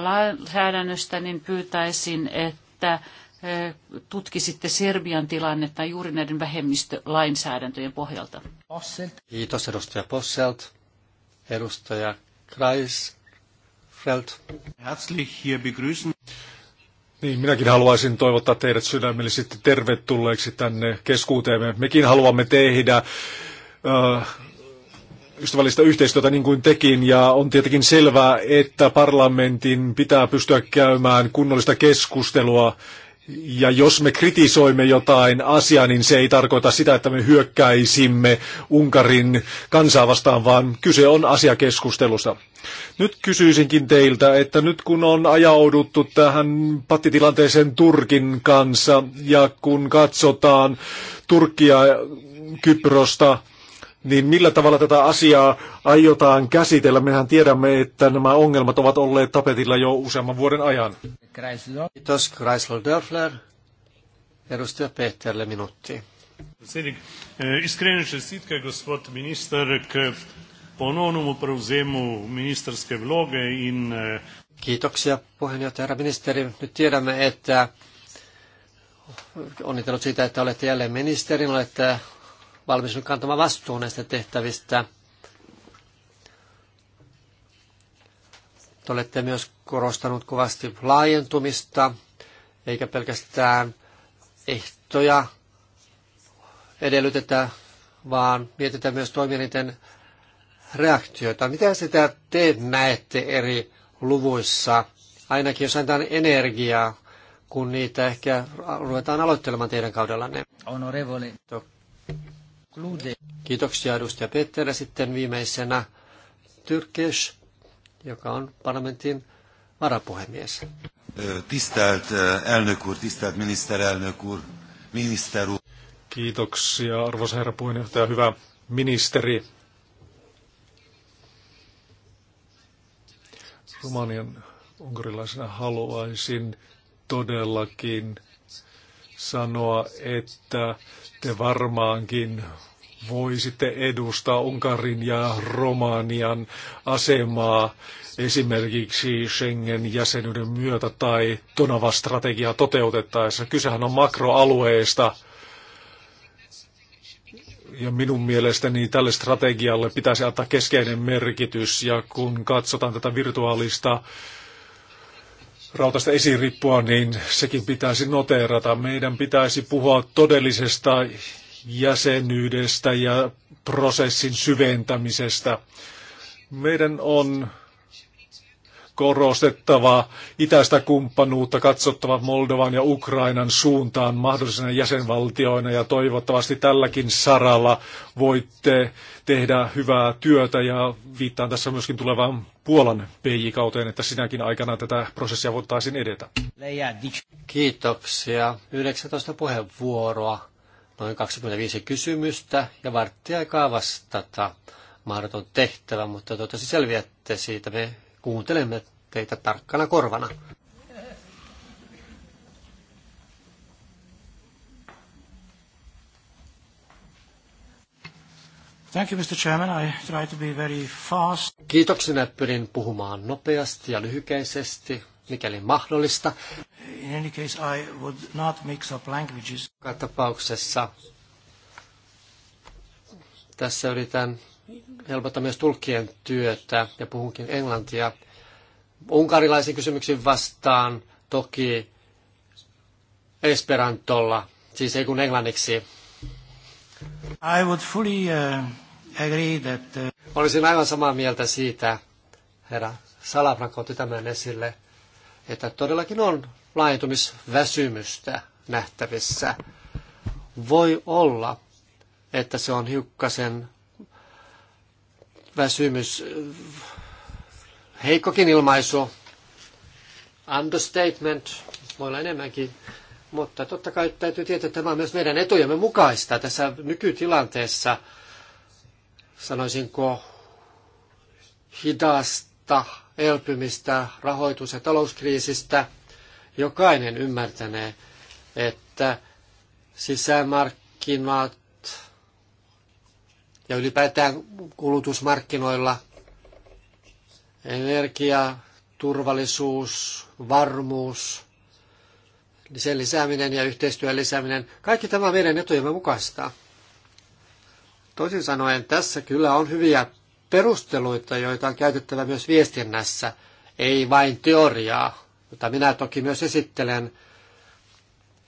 lainsäädännöstä, niin pyytäisin, että eh, tutkisitte Serbian tilannetta juuri näiden vähemmistölainsäädäntöjen pohjalta. Posselt. Kiitos edustaja Posselt. Edustaja Kreis. Herzlich hier begrüßen. Niin, minäkin haluaisin toivottaa teidät sydämellisesti tervetulleeksi tänne keskuuteemme. Mekin haluamme tehdä äh, ystävällistä yhteistyötä niin kuin tekin, ja on tietenkin selvää, että parlamentin pitää pystyä käymään kunnollista keskustelua, ja jos me kritisoimme jotain asiaa, niin se ei tarkoita sitä, että me hyökkäisimme Unkarin kansaa vastaan, vaan kyse on asiakeskustelusta. Nyt kysyisinkin teiltä, että nyt kun on ajauduttu tähän pattitilanteeseen Turkin kanssa, ja kun katsotaan Turkia, Kyprosta, niin millä tavalla tätä asiaa aiotaan käsitellä? Mehän tiedämme, että nämä ongelmat ovat olleet tapetilla jo useamman vuoden ajan. Kiitos Chrysler Dörfler. Edustaja Pehterle minuutti. Predsednik, eh, iskrene gospod minister, k ponovnemu prevzemu ministerske vloge in... Eh, Kiitoksia puheenjohtaja herra ministeri. Nyt tiedämme, että onnitellut siitä, että olette jälleen ministerin, olette valmis kantamaan vastuu näistä tehtävistä. Te olette myös korostanut kovasti laajentumista, eikä pelkästään ehtoja edellytetä, vaan mietitään myös toimielinten reaktioita. Mitä sitä te näette eri luvuissa, ainakin jos antaa energiaa, kun niitä ehkä ruvetaan aloittelemaan teidän kaudellanne? Honorevoli. Klude. Kiitoksia edustaja Petter ja sitten viimeisenä Tyrkes, joka on parlamentin varapuhemies. Tisztelt eh, elnök úr, tisztelt miniszterelnök úr, miniszter úr. Kiitoksia arvoisa herra puheenjohtaja, hyvä ministeri. Romanian unkarilaisena haluaisin todellakin sanoa, että te varmaankin voisitte edustaa Unkarin ja Romanian asemaa esimerkiksi Schengen-jäsenyyden myötä tai Tonava-strategiaa toteutettaessa. Kysehän on makroalueesta. Ja minun mielestäni tälle strategialle pitäisi antaa keskeinen merkitys. Ja kun katsotaan tätä virtuaalista rautasta esirippua, niin sekin pitäisi noteerata. Meidän pitäisi puhua todellisesta jäsenyydestä ja prosessin syventämisestä. Meidän on korostettava itäistä kumppanuutta, katsottava Moldovan ja Ukrainan suuntaan mahdollisena jäsenvaltioina ja toivottavasti tälläkin saralla voitte tehdä hyvää työtä ja viittaan tässä myöskin tulevaan Puolan PJ-kauteen, että sinäkin aikana tätä prosessia voitaisiin edetä. Kiitoksia. 19 puheenvuoroa, noin 25 kysymystä ja varttiaikaa vastata mahdoton tehtävä, mutta toivottavasti selviätte siitä. Me kuuntelemme teitä tarkkana korvana. Thank you, Mr. Chairman. I try to be very fast. Kiitoksena pyrin puhumaan nopeasti ja lyhykäisesti, mikäli mahdollista. In any case, I would not mix up languages. tapauksessa tässä yritän helpottaa myös tulkkien työtä ja puhunkin englantia. Unkarilaisiin kysymyksiin vastaan toki esperantolla, siis ei kun englanniksi. I would fully, uh, agree that, uh... Olisin aivan samaa mieltä siitä, herra Salafranko otti tämän esille, että todellakin on laajentumisväsymystä nähtävissä. Voi olla, että se on hiukkasen väsymys, heikkokin ilmaisu, understatement, voi olla enemmänkin, mutta totta kai täytyy tietää, että tämä on myös meidän etujemme mukaista tässä nykytilanteessa, sanoisinko, hidasta elpymistä rahoitus- ja talouskriisistä. Jokainen ymmärtänee, että sisämarkkinat ja ylipäätään kulutusmarkkinoilla. Energia, turvallisuus, varmuus, niin sen lisääminen ja yhteistyön lisääminen, kaikki tämä meidän etujemme mukaista. Toisin sanoen tässä kyllä on hyviä perusteluita, joita on käytettävä myös viestinnässä, ei vain teoriaa, jota minä toki myös esittelen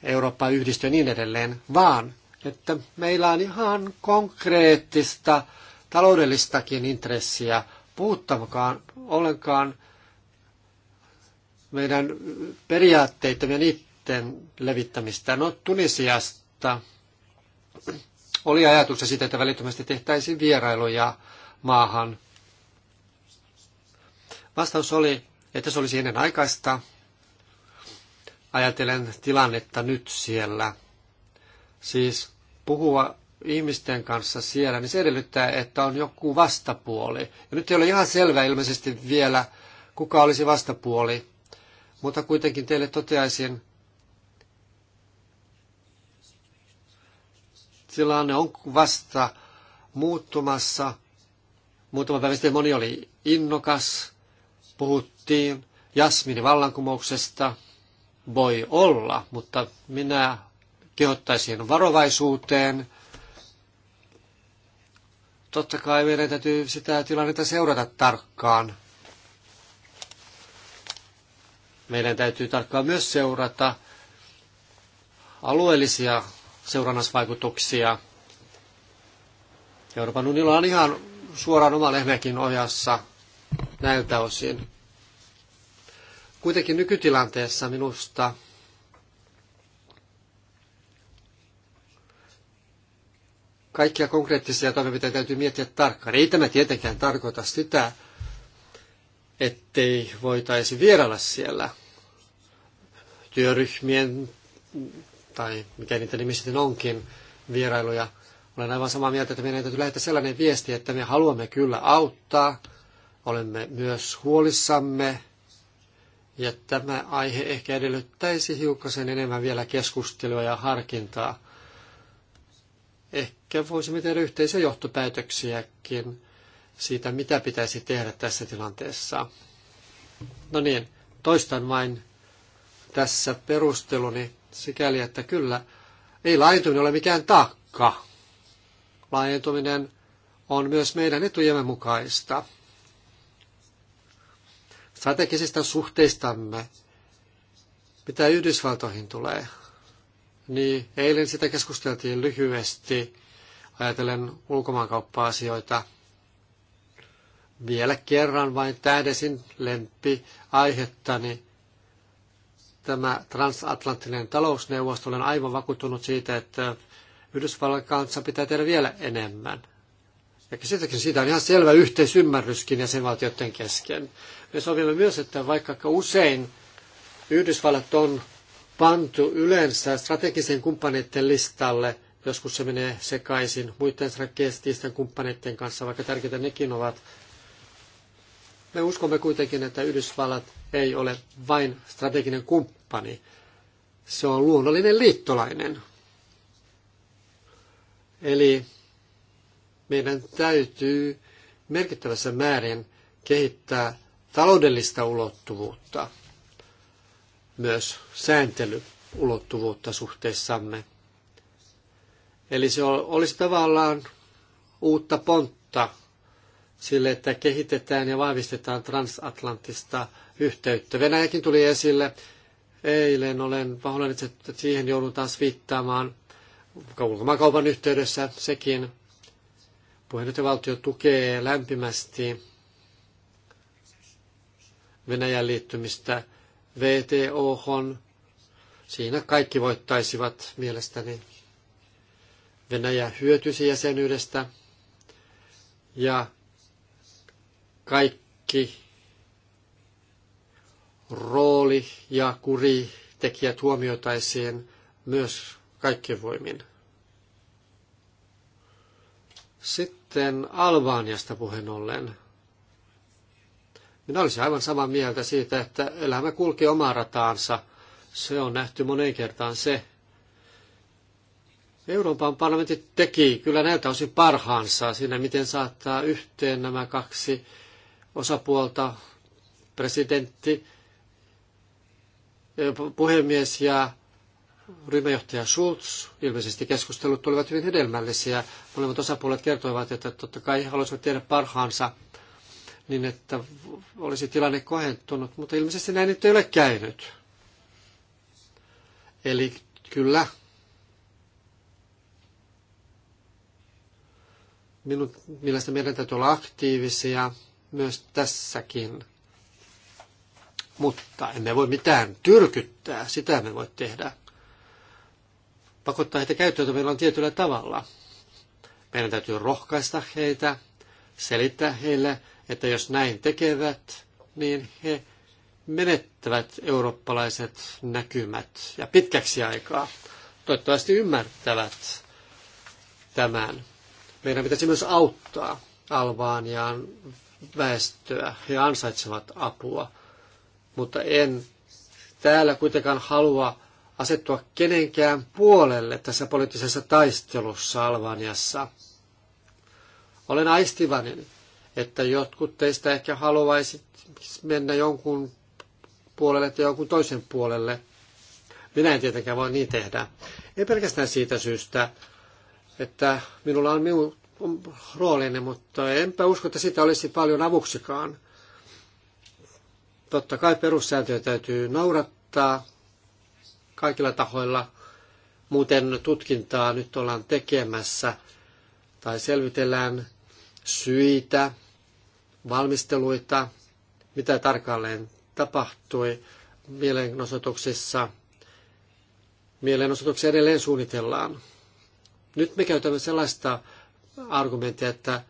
Eurooppa yhdistö niin edelleen, vaan että meillä on ihan konkreettista taloudellistakin intressiä, puhuttakaan ollenkaan meidän periaatteita ja niiden levittämistä. No Tunisiasta oli ajatus siitä, että välittömästi tehtäisiin vierailuja maahan. Vastaus oli, että se olisi ennen aikaista. Ajatellen tilannetta nyt siellä. Siis puhua ihmisten kanssa siellä, niin se edellyttää, että on joku vastapuoli. Ja nyt ei ole ihan selvää ilmeisesti vielä, kuka olisi vastapuoli, mutta kuitenkin teille toteaisin, tilanne on vasta muuttumassa. Muutama päivä sitten moni oli innokas, puhuttiin Jasminin vallankumouksesta, voi olla, mutta minä kehottaisin varovaisuuteen. Totta kai meidän täytyy sitä tilannetta seurata tarkkaan. Meidän täytyy tarkkaan myös seurata alueellisia seurannasvaikutuksia. Euroopan unionilla on ihan suoraan oma lehmäkin ojassa näiltä osin. Kuitenkin nykytilanteessa minusta kaikkia konkreettisia toimenpiteitä täytyy miettiä tarkkaan. Ei tämä tietenkään tarkoita sitä, ettei voitaisi vierailla siellä työryhmien tai mikä niitä nimi sitten onkin, vierailuja. Olen aivan samaa mieltä, että meidän täytyy lähettää sellainen viesti, että me haluamme kyllä auttaa, olemme myös huolissamme, ja tämä aihe ehkä edellyttäisi hiukkasen enemmän vielä keskustelua ja harkintaa Ehkä voisimme tehdä yhteisiä johtopäätöksiäkin siitä, mitä pitäisi tehdä tässä tilanteessa. No niin, toistan vain tässä perusteluni sikäli, että kyllä ei laajentuminen ole mikään takka. Laajentuminen on myös meidän etujemme mukaista. Strategisista suhteistamme, mitä Yhdysvaltoihin tulee, niin eilen sitä keskusteltiin lyhyesti ajatellen ulkomaankauppa-asioita. Vielä kerran vain tähdesin lempi aihettani tämä transatlanttinen talousneuvosto. Olen aivan vakuuttunut siitä, että Yhdysvallan kanssa pitää tehdä vielä enemmän. Ja sitäkin siitä on ihan selvä yhteisymmärryskin jäsenvaltioiden kesken. Me sovimme myös, että vaikka usein Yhdysvallat on pantu yleensä strategisen kumppaneiden listalle. Joskus se menee sekaisin muiden strategisten kumppaneiden kanssa, vaikka tärkeitä nekin ovat. Me uskomme kuitenkin, että Yhdysvallat ei ole vain strateginen kumppani. Se on luonnollinen liittolainen. Eli meidän täytyy merkittävässä määrin kehittää taloudellista ulottuvuutta – myös sääntelyulottuvuutta suhteessamme. Eli se olisi tavallaan uutta pontta sille, että kehitetään ja vahvistetaan transatlanttista yhteyttä. Venäjäkin tuli esille eilen. Olen pahoillani, että siihen joudun taas viittaamaan ulkomaankaupan yhteydessä sekin. Puheenjohtajavaltio tukee lämpimästi Venäjän liittymistä VTOhon. Siinä kaikki voittaisivat mielestäni. Venäjä hyötyisi jäsenyydestä ja kaikki rooli ja kuritekijät huomioitaisiin myös kaikkien voimin. Sitten Albaaniasta puheen ollen. Minä olisin aivan samaa mieltä siitä, että elämä kulkee omaa rataansa. Se on nähty moneen kertaan se. Euroopan parlamentti teki kyllä näiltä osin parhaansa siinä, miten saattaa yhteen nämä kaksi osapuolta, presidentti, eh, puhemies ja ryhmäjohtaja Schulz. Ilmeisesti keskustelut olivat hyvin hedelmällisiä. Molemmat osapuolet kertoivat, että totta kai haluaisivat tehdä parhaansa niin että olisi tilanne kohentunut, mutta ilmeisesti näin nyt ei ole käynyt. Eli kyllä, minun mielestä meidän täytyy olla aktiivisia myös tässäkin. Mutta emme voi mitään tyrkyttää, sitä me voi tehdä. Pakottaa heitä käyttäytymään tietyllä tavalla. Meidän täytyy rohkaista heitä, selittää heille, että jos näin tekevät, niin he menettävät eurooppalaiset näkymät ja pitkäksi aikaa. Toivottavasti ymmärtävät tämän. Meidän pitäisi myös auttaa Albaanian väestöä. He ansaitsevat apua, mutta en täällä kuitenkaan halua asettua kenenkään puolelle tässä poliittisessa taistelussa Albaniassa. Olen aistivainen että jotkut teistä ehkä haluaisit mennä jonkun puolelle tai jonkun toisen puolelle. Minä en tietenkään voi niin tehdä. Ei pelkästään siitä syystä, että minulla on minun roolini, mutta enpä usko, että sitä olisi paljon avuksikaan. Totta kai perussääntöjä täytyy noudattaa kaikilla tahoilla. Muuten tutkintaa nyt ollaan tekemässä tai selvitellään syitä, valmisteluita, mitä tarkalleen tapahtui mielenosoituksissa. Mielenosoituksia edelleen suunnitellaan. Nyt me käytämme sellaista argumenttia, että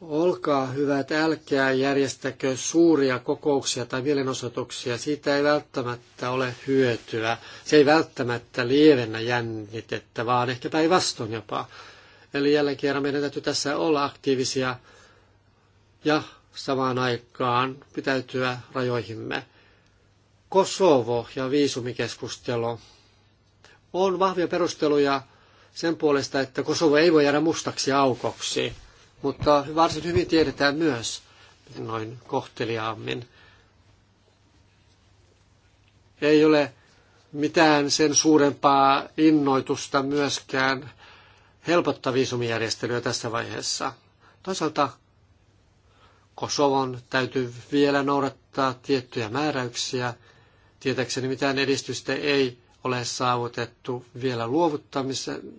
olkaa hyvät, älkää järjestäkö suuria kokouksia tai mielenosoituksia. Siitä ei välttämättä ole hyötyä. Se ei välttämättä lievennä jännitettä, vaan ehkä päinvastoin jopa. Eli jälleen kerran meidän täytyy tässä olla aktiivisia ja samaan aikaan pitäytyä rajoihimme. Kosovo ja viisumikeskustelu on vahvia perusteluja sen puolesta, että Kosovo ei voi jäädä mustaksi aukoksi, mutta varsin hyvin tiedetään myös noin kohteliaammin. Ei ole mitään sen suurempaa innoitusta myöskään helpottaa viisumijärjestelyä tässä vaiheessa. Toisaalta Kosovon täytyy vielä noudattaa tiettyjä määräyksiä. Tietääkseni mitään edistystä ei ole saavutettu vielä luovuttamisen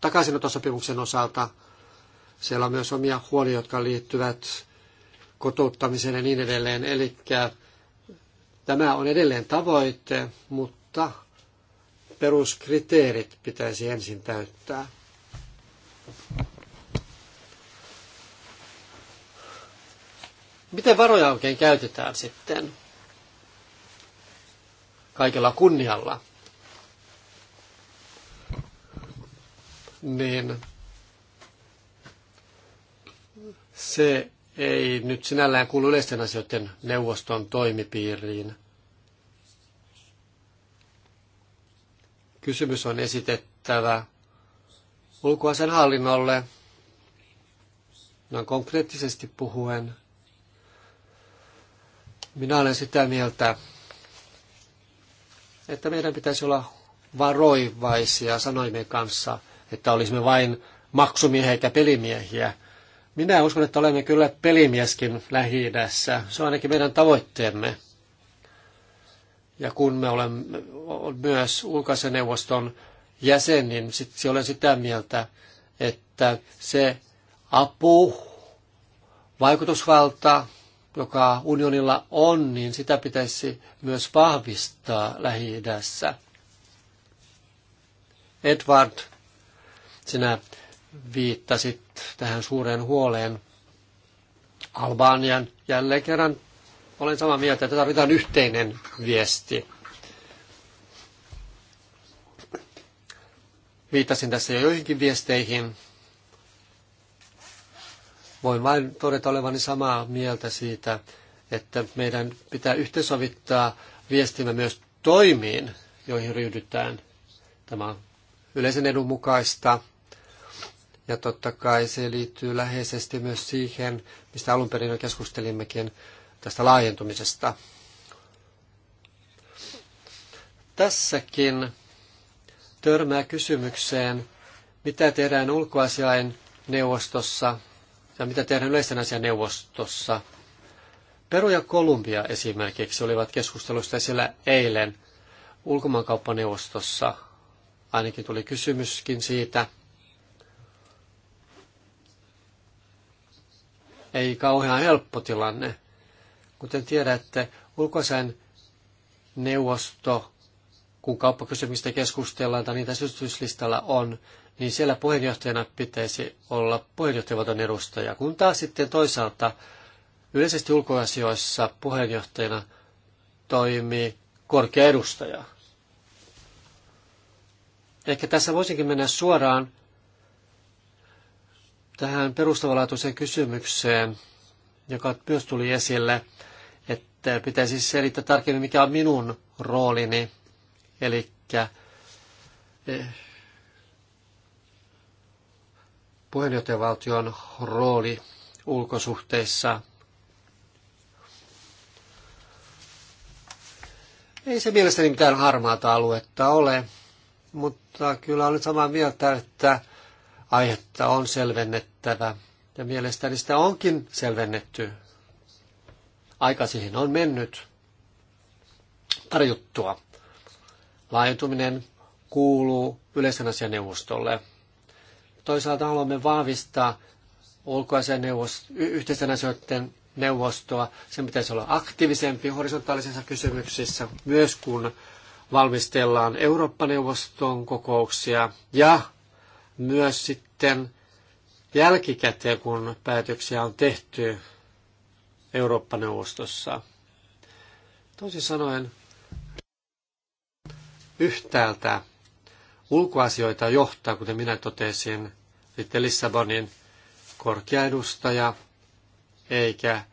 takaisinotosopimuksen osalta. Siellä on myös omia huolia, jotka liittyvät kotouttamiseen ja niin edelleen. Eli tämä on edelleen tavoite, mutta peruskriteerit pitäisi ensin täyttää. Miten varoja oikein käytetään sitten? Kaikella kunnialla. Niin se ei nyt sinällään kuulu yleisten asioiden neuvoston toimipiiriin – Kysymys on esitettävä ulkoasen hallinnolle, noin konkreettisesti puhuen. Minä olen sitä mieltä, että meidän pitäisi olla varoivaisia sanoimme kanssa, että olisimme vain maksumiehiä eikä pelimiehiä. Minä uskon, että olemme kyllä pelimieskin lähi -idässä. Se on ainakin meidän tavoitteemme. Ja kun me olemme myös ulkoaseneuvoston jäsen, niin sit, olen sitä mieltä, että se apu, vaikutusvalta, joka unionilla on, niin sitä pitäisi myös vahvistaa Lähi-idässä. Edward, sinä viittasit tähän suureen huoleen Albanian jälleen kerran olen samaa mieltä, että tarvitaan yhteinen viesti. Viittasin tässä jo joihinkin viesteihin. Voin vain todeta olevani samaa mieltä siitä, että meidän pitää yhteensovittaa viestimme myös toimiin, joihin ryhdytään. Tämä on yleisen edun mukaista. Ja totta kai se liittyy läheisesti myös siihen, mistä alun perin jo keskustelimmekin, tästä laajentumisesta. Tässäkin törmää kysymykseen, mitä tehdään ulkoasiain neuvostossa ja mitä tehdään yleisten asian neuvostossa. Peru ja Kolumbia esimerkiksi olivat keskustelusta esillä eilen ulkomaankauppaneuvostossa. Ainakin tuli kysymyskin siitä. Ei kauhean helppo tilanne. Kuten tiedätte, ulkoisen neuvosto, kun kauppakysymyksistä keskustellaan tai niitä syystyslistalla on, niin siellä puheenjohtajana pitäisi olla puheenjohtajavaltion edustaja, kun taas sitten toisaalta yleisesti ulkoasioissa puheenjohtajana toimii korkea edustaja. Ehkä tässä voisinkin mennä suoraan tähän perustavanlaatuiseen kysymykseen, joka myös tuli esille, että pitäisi selittää tarkemmin, mikä on minun roolini. Eli eh, puheenjohtajavaltion rooli ulkosuhteissa. Ei se mielestäni mitään harmaata aluetta ole, mutta kyllä olen samaa mieltä, että aihetta on selvennettävä ja mielestäni sitä onkin selvennetty. Aika siihen on mennyt tarjottua. Laajentuminen kuuluu yleisen asianeuvostolle. Toisaalta haluamme vahvistaa yhteisten asioiden neuvostoa. Sen pitäisi olla aktiivisempi horisontaalisissa kysymyksissä, myös kun valmistellaan Eurooppa-neuvoston kokouksia ja myös sitten jälkikäteen, kun päätöksiä on tehty Eurooppa-neuvostossa. Toisin sanoen yhtäältä ulkoasioita johtaa, kuten minä totesin, sitten Lissabonin korkea edustaja, eikä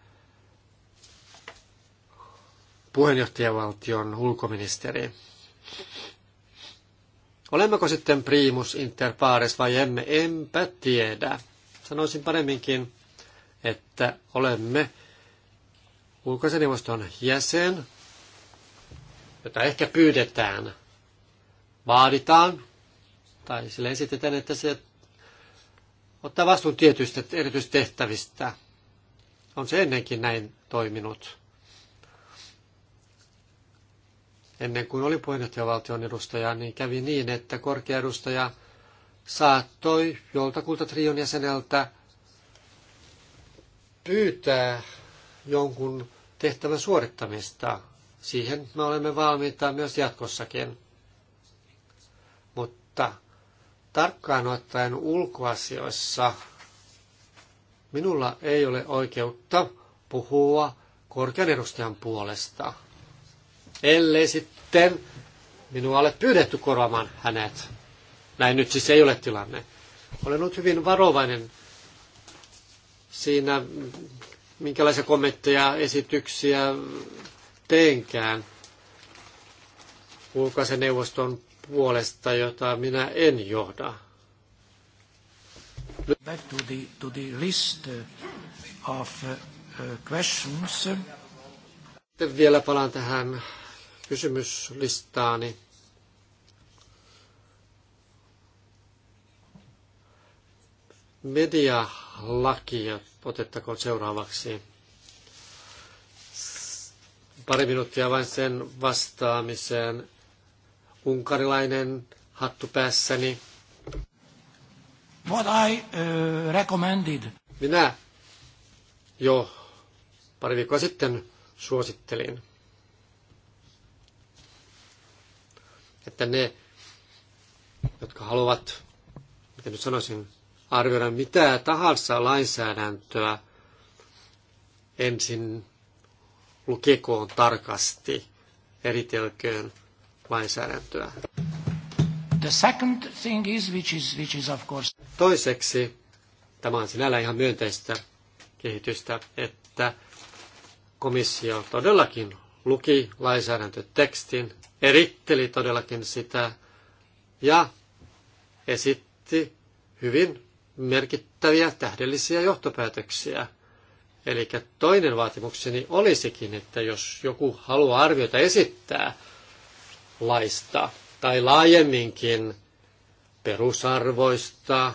puheenjohtajavaltion ulkoministeri. Olemmeko sitten primus inter pares vai emme, enpä tiedä. Sanoisin paremminkin, että olemme ulkoisen jäsen, jota ehkä pyydetään, vaaditaan, tai sille esitetään, että se ottaa vastuun tietyistä erityistehtävistä. On se ennenkin näin toiminut. Ennen kuin olin puheenjohtajavaltion edustaja, niin kävi niin, että korkea edustaja – saattoi joltakulta trion jäseneltä pyytää jonkun tehtävän suorittamista. Siihen me olemme valmiita myös jatkossakin. Mutta tarkkaan ottaen ulkoasioissa minulla ei ole oikeutta puhua korkean edustajan puolesta, ellei sitten minua ole pyydetty korvaamaan hänet. Näin nyt siis ei ole tilanne. Olen ollut hyvin varovainen siinä, minkälaisia kommentteja, esityksiä teenkään ulkoisen neuvoston puolesta, jota minä en johda. Back to the, to the list uh, of uh, questions. Sitten vielä palaan tähän kysymyslistaani. medialakia otettakoon seuraavaksi. Pari minuuttia vain sen vastaamiseen. Unkarilainen hattu päässäni. What I uh, recommended. Minä jo pari viikkoa sitten suosittelin, että ne, jotka haluavat, miten nyt sanoisin, arvioida mitä tahansa lainsäädäntöä ensin lukekoon tarkasti, eritelköön lainsäädäntöä. The second thing is, which is, which is of course... Toiseksi, tämä on sinällä ihan myönteistä kehitystä, että komissio todellakin luki lainsäädäntötekstin, eritteli todellakin sitä ja esitti hyvin merkittäviä tähdellisiä johtopäätöksiä. Eli toinen vaatimukseni olisikin, että jos joku haluaa arvioita esittää laista tai laajemminkin perusarvoista,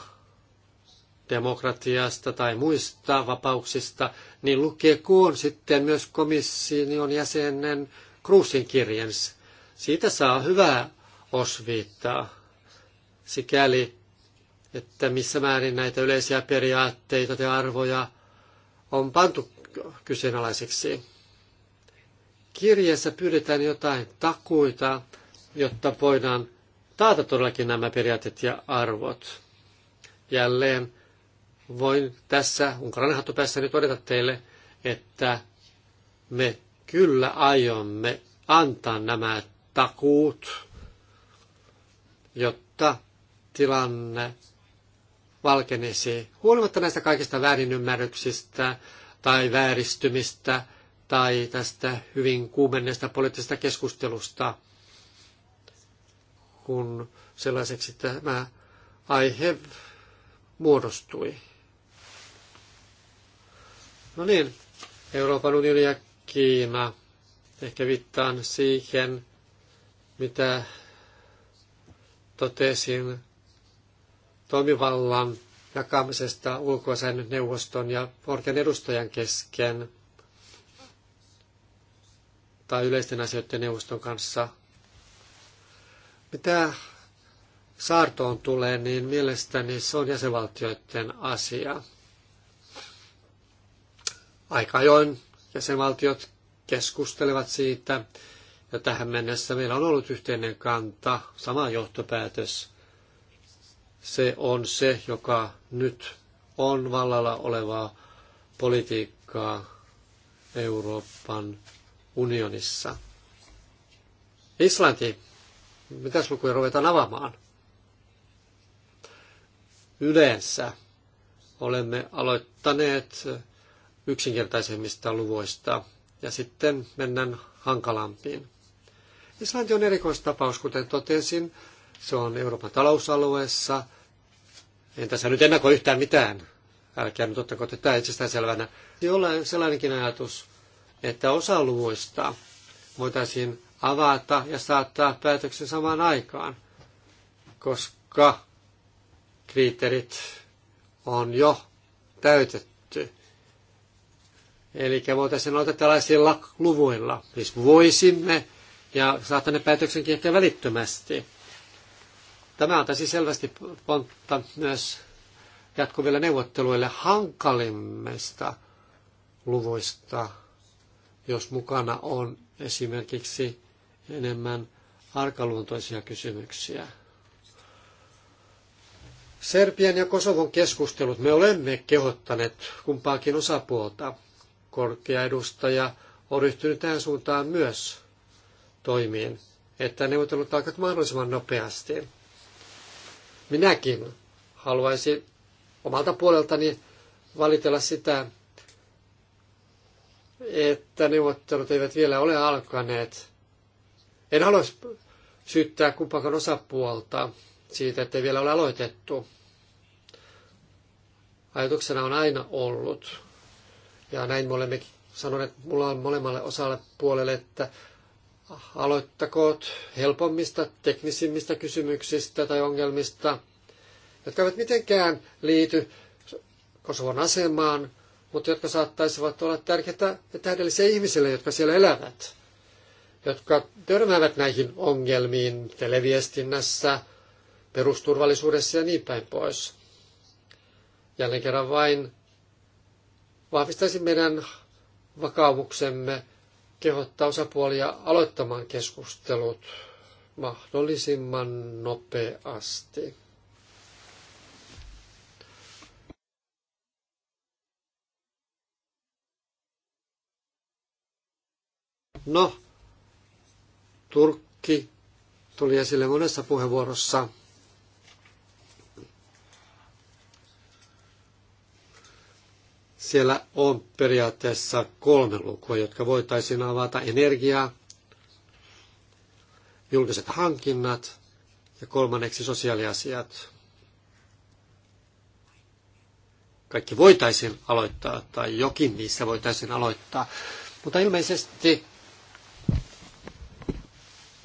demokratiasta tai muista vapauksista, niin lukekoon sitten myös komission jäsenen Kruusin kirjens. Siitä saa hyvää osviittaa. Sikäli että missä määrin näitä yleisiä periaatteita ja arvoja on pantu kyseenalaiseksi. Kirjeessä pyydetään jotain takuita, jotta voidaan taata todellakin nämä periaatteet ja arvot. Jälleen voin tässä Unkarin päässä nyt todeta teille, että me kyllä aiomme antaa nämä takuut, jotta tilanne valkenisi huolimatta näistä kaikista väärinymmärryksistä tai vääristymistä tai tästä hyvin kuumenneesta poliittisesta keskustelusta, kun sellaiseksi tämä aihe muodostui. No niin, Euroopan unioni ja Kiina. Ehkä viittaan siihen, mitä totesin toimivallan jakamisesta ulkoasiainneuvoston ja korkean edustajan kesken tai yleisten asioiden neuvoston kanssa. Mitä saartoon tulee, niin mielestäni se on jäsenvaltioiden asia. Aika ajoin jäsenvaltiot keskustelevat siitä, ja tähän mennessä meillä on ollut yhteinen kanta, sama johtopäätös – se on se, joka nyt on vallalla olevaa politiikkaa Euroopan unionissa. Islanti, mitäs lukuja ruvetaan avaamaan? Yleensä olemme aloittaneet yksinkertaisemmista luvuista ja sitten mennään hankalampiin. Islanti on erikoistapaus, kuten totesin. Se on Euroopan talousalueessa. En tässä nyt ennakoi yhtään mitään. Älkää nyt ottako tätä itsestäänselvänä. Jollain sellainenkin ajatus, että osa luvuista voitaisiin avata ja saattaa päätöksen samaan aikaan, koska kriteerit on jo täytetty. Eli voitaisiin olla tällaisilla luvuilla. Siis voisimme ja saattaa ne päätöksenkin ehkä välittömästi. Tämä antaisi selvästi pontta myös jatkuville neuvotteluille hankalimmista luvuista, jos mukana on esimerkiksi enemmän arkaluontoisia kysymyksiä. Serbian ja Kosovon keskustelut me olemme kehottaneet kumpaakin osapuolta. Korkea edustaja on ryhtynyt tähän suuntaan myös toimiin, että neuvottelut alkavat mahdollisimman nopeasti. Minäkin haluaisin omalta puoleltani valitella sitä, että neuvottelut eivät vielä ole alkaneet. En halua syyttää kumpakaan osapuolta siitä, että ei vielä ole aloitettu. Ajatuksena on aina ollut, ja näin me olemme sanoneet mulla on molemmalle osalle puolelle, että aloittakoot helpommista, teknisimmistä kysymyksistä tai ongelmista, jotka eivät mitenkään liity Kosovon asemaan, mutta jotka saattaisivat olla tärkeitä ja tähdellisiä ihmisille, jotka siellä elävät, jotka törmäävät näihin ongelmiin televiestinnässä, perusturvallisuudessa ja niin päin pois. Jälleen kerran vain vahvistaisin meidän vakaumuksemme kehottaa osapuolia aloittamaan keskustelut mahdollisimman nopeasti. No, Turkki tuli esille monessa puheenvuorossa. Siellä on periaatteessa kolme lukua, jotka voitaisiin avata. Energiaa, julkiset hankinnat ja kolmanneksi sosiaaliasiat. Kaikki voitaisiin aloittaa tai jokin niissä voitaisiin aloittaa. Mutta ilmeisesti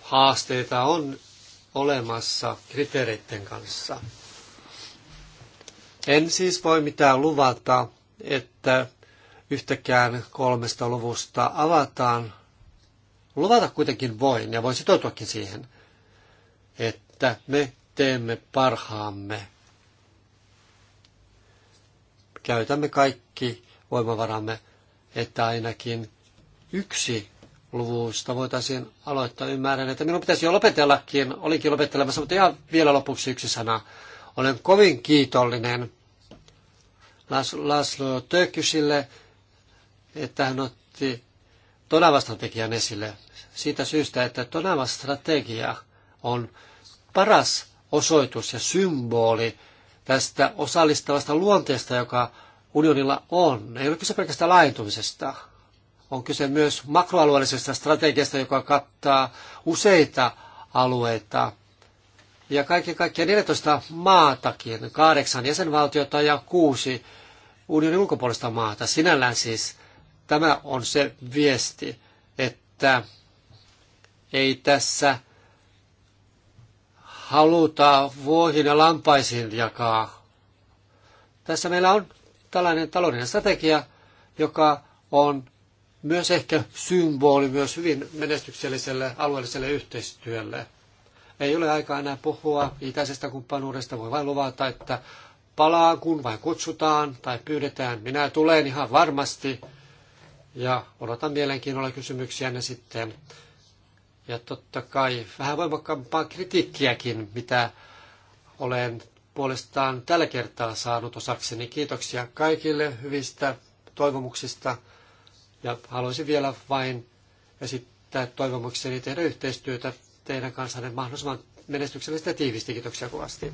haasteita on olemassa kriteereiden kanssa. En siis voi mitään luvata, että yhtäkään kolmesta luvusta avataan. Luvata kuitenkin voin ja voin sitoutuakin siihen, että me teemme parhaamme. Käytämme kaikki voimavaramme, että ainakin yksi luvusta voitaisiin aloittaa. Ymmärrän, että minun pitäisi jo lopetellakin, olinkin lopettelemassa, mutta ihan vielä lopuksi yksi sana. Olen kovin kiitollinen Laszlo Tökysille, että hän otti Tonavan strategian esille siitä syystä, että Tonavan strategia on paras osoitus ja symboli tästä osallistavasta luonteesta, joka unionilla on. Ei ole kyse pelkästään laajentumisesta. On kyse myös makroalueellisesta strategiasta, joka kattaa useita alueita. Ja kaiken kaikkiaan 14 maatakin, kahdeksan jäsenvaltiota ja kuusi unionin ulkopuolista maata. Sinällään siis tämä on se viesti, että ei tässä haluta vuohin ja lampaisiin jakaa. Tässä meillä on tällainen taloudellinen strategia, joka on myös ehkä symboli myös hyvin menestykselliselle alueelliselle yhteistyölle. Ei ole aikaa enää puhua itäisestä kumppanuudesta, voi vain luvata, että palaa, kun vain kutsutaan tai pyydetään. Minä tulen ihan varmasti ja odotan mielenkiinnolla ne sitten. Ja totta kai vähän voimakkaampaa kritiikkiäkin, mitä olen puolestaan tällä kertaa saanut osakseni. Kiitoksia kaikille hyvistä toivomuksista ja haluaisin vielä vain esittää toivomukseni tehdä yhteistyötä teidän kanssanne mahdollisimman menestyksellistä tiivisti. Kiitoksia kovasti.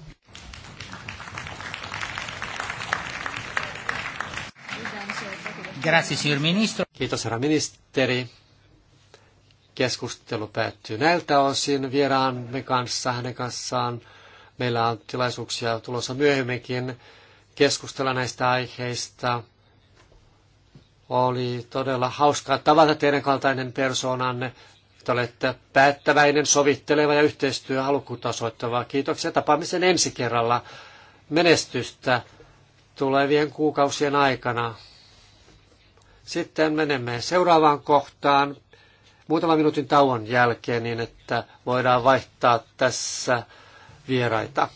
Grazie, signor ministro. Kiitos, herra ministeri. Keskustelu päättyy näiltä osin vieraamme kanssa, hänen kanssaan. Meillä on tilaisuuksia tulossa myöhemminkin keskustella näistä aiheista. Oli todella hauskaa tavata teidän kaltainen persoonanne. Te olette päättäväinen, sovitteleva ja yhteistyöhalukkuutta osoittava. Kiitoksia tapaamisen ensi kerralla. Menestystä tulevien kuukausien aikana. Sitten menemme seuraavaan kohtaan muutaman minuutin tauon jälkeen niin, että voidaan vaihtaa tässä vieraita.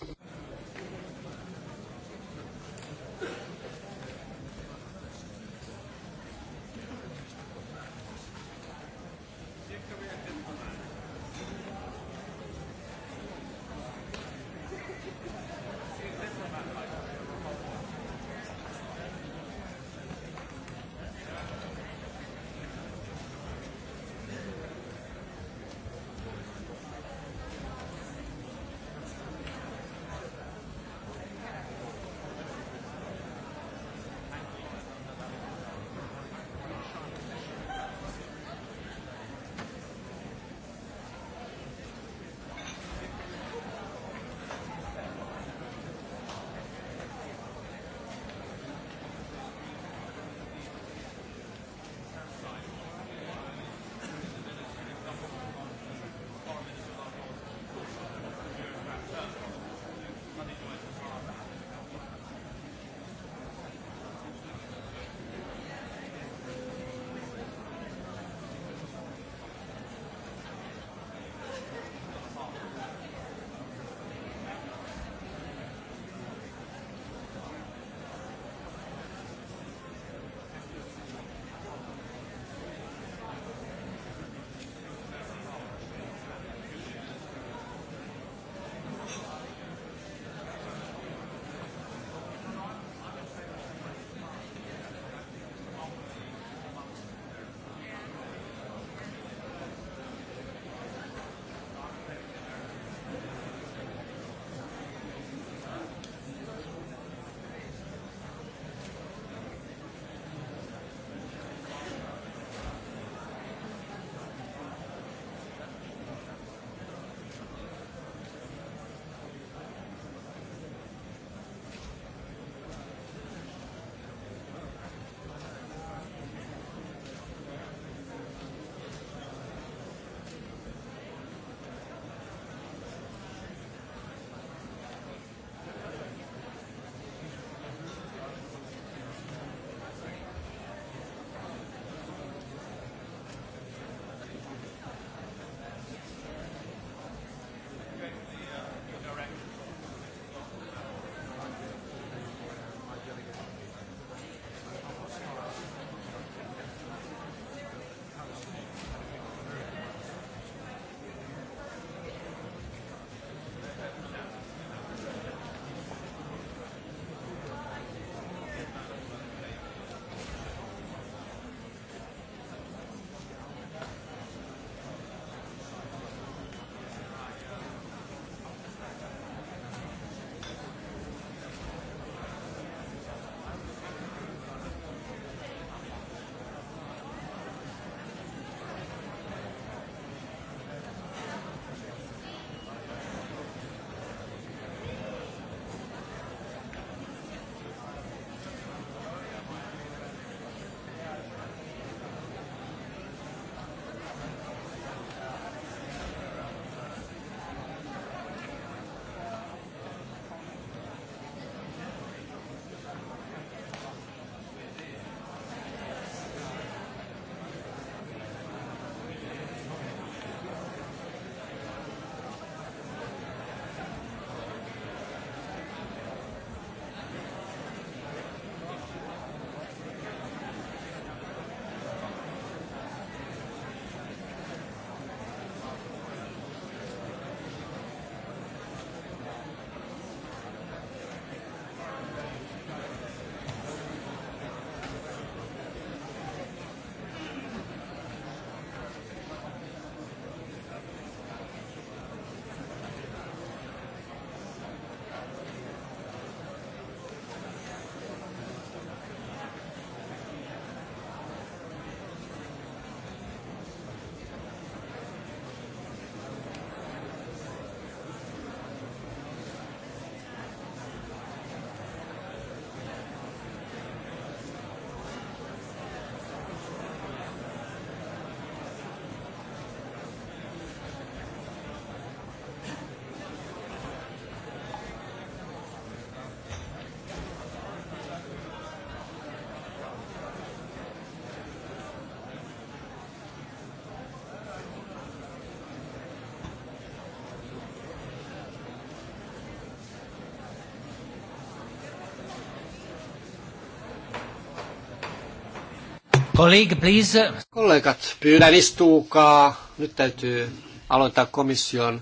Colleague, please. Kollegat, pyydän istuukaa. Nyt täytyy aloittaa komission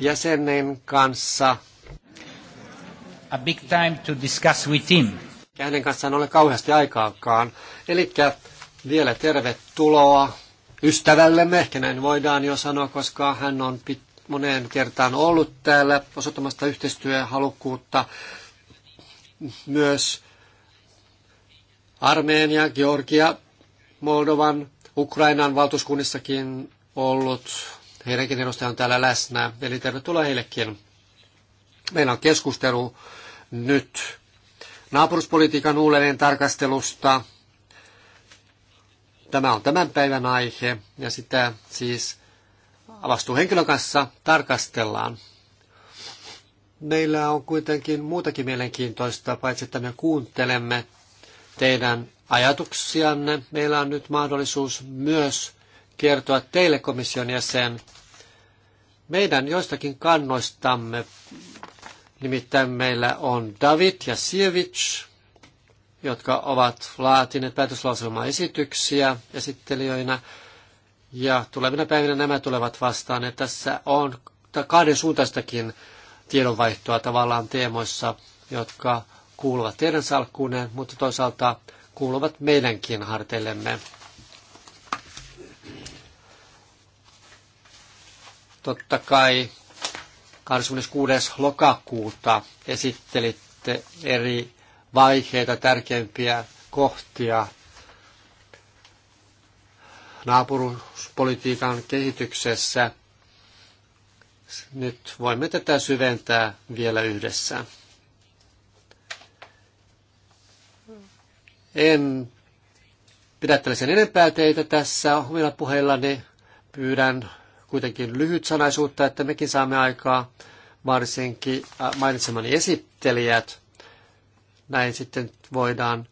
jäsenen kanssa. A big time to discuss with him. Ja hänen kanssaan ole kauheasti aikaakaan. Eli vielä tervetuloa ystävällemme, ehkä näin voidaan jo sanoa, koska hän on pit- moneen kertaan ollut täällä osoittamasta yhteistyöhalukkuutta myös Armeenia, Georgia Moldovan, Ukrainan valtuuskunnissakin ollut. Heidänkin edustajan on täällä läsnä, eli tervetuloa heillekin. Meillä on keskustelu nyt naapuruspolitiikan uudelleen tarkastelusta. Tämä on tämän päivän aihe ja sitä siis vastuuhenkilön kanssa tarkastellaan. Meillä on kuitenkin muutakin mielenkiintoista, paitsi että me kuuntelemme teidän ajatuksianne. Meillä on nyt mahdollisuus myös kertoa teille komission jäsen meidän joistakin kannoistamme. Nimittäin meillä on David ja Sievich, jotka ovat laatineet esityksiä esittelijöinä. Ja tulevina päivinä nämä tulevat vastaan. Ja tässä on kahden suuntaistakin tiedonvaihtoa tavallaan teemoissa, jotka kuuluvat teidän salkkuunne, mutta toisaalta kuuluvat meidänkin harteillemme. Totta kai 26. lokakuuta esittelitte eri vaiheita, tärkeimpiä kohtia naapuruspolitiikan kehityksessä. Nyt voimme tätä syventää vielä yhdessä. En pidättele sen enempää teitä tässä omilla puheillani. Pyydän kuitenkin lyhyt sanaisuutta, että mekin saamme aikaa, varsinkin äh, mainitsemani esittelijät. Näin sitten voidaan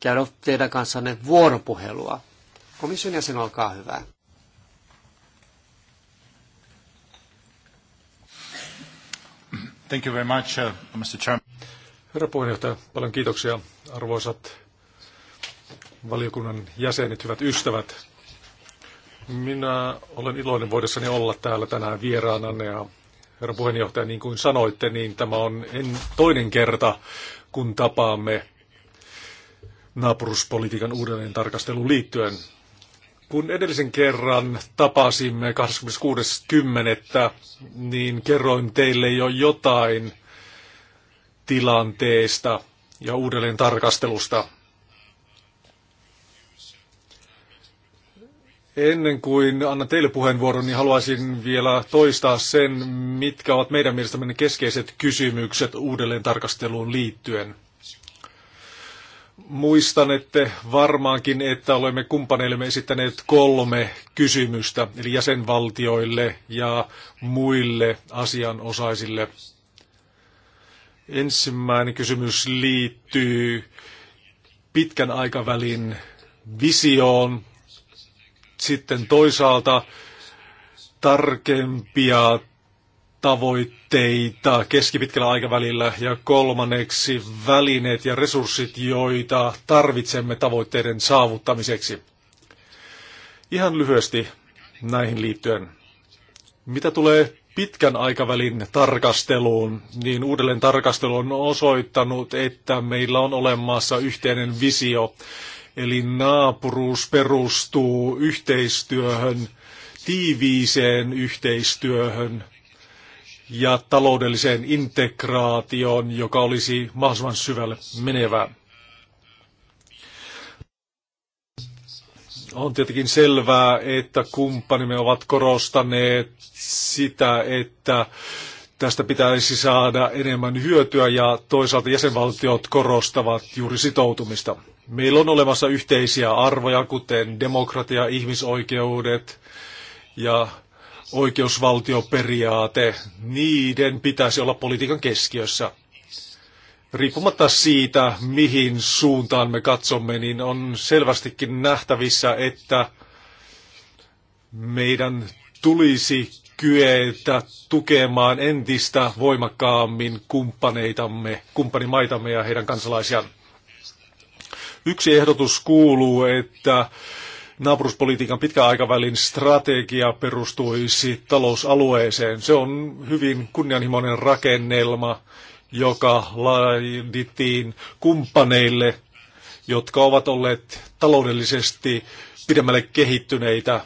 käydä teidän kanssanne vuoropuhelua. Komission jäsen, olkaa hyvä. Thank you very much, uh, Mr. Chairman. Herra puheenjohtaja, paljon kiitoksia arvoisat valiokunnan jäsenet, hyvät ystävät. Minä olen iloinen voidessani olla täällä tänään vieraananne ja herra puheenjohtaja, niin kuin sanoitte, niin tämä on en, toinen kerta, kun tapaamme naapuruspolitiikan uudelleen tarkasteluun liittyen. Kun edellisen kerran tapasimme 26.10., niin kerroin teille jo jotain tilanteesta ja uudelleen tarkastelusta. Ennen kuin annan teille puheenvuoron, niin haluaisin vielä toistaa sen, mitkä ovat meidän mielestämme ne keskeiset kysymykset uudelleen tarkasteluun liittyen. Muistan, että varmaankin, että olemme kumppaneillemme esittäneet kolme kysymystä, eli jäsenvaltioille ja muille asianosaisille. Ensimmäinen kysymys liittyy pitkän aikavälin visioon sitten toisaalta tarkempia tavoitteita keskipitkällä aikavälillä ja kolmanneksi välineet ja resurssit, joita tarvitsemme tavoitteiden saavuttamiseksi. Ihan lyhyesti näihin liittyen. Mitä tulee pitkän aikavälin tarkasteluun, niin uudelleen tarkastelu on osoittanut, että meillä on olemassa yhteinen visio Eli naapuruus perustuu yhteistyöhön, tiiviiseen yhteistyöhön ja taloudelliseen integraatioon, joka olisi mahdollisimman syvälle menevää. on tietenkin selvää, että kumppanimme ovat korostaneet sitä, että tästä pitäisi saada enemmän hyötyä ja toisaalta jäsenvaltiot korostavat juuri sitoutumista. Meillä on olemassa yhteisiä arvoja, kuten demokratia, ihmisoikeudet ja oikeusvaltioperiaate. Niiden pitäisi olla politiikan keskiössä. Riippumatta siitä, mihin suuntaan me katsomme, niin on selvästikin nähtävissä, että meidän tulisi kyetä tukemaan entistä voimakkaammin kumppaneitamme, kumppanimaitamme ja heidän kansalaisiaan. Yksi ehdotus kuuluu, että naapuruspolitiikan pitkäaikavälin strategia perustuisi talousalueeseen. Se on hyvin kunnianhimoinen rakennelma, joka laadittiin kumppaneille, jotka ovat olleet taloudellisesti pidemmälle kehittyneitä.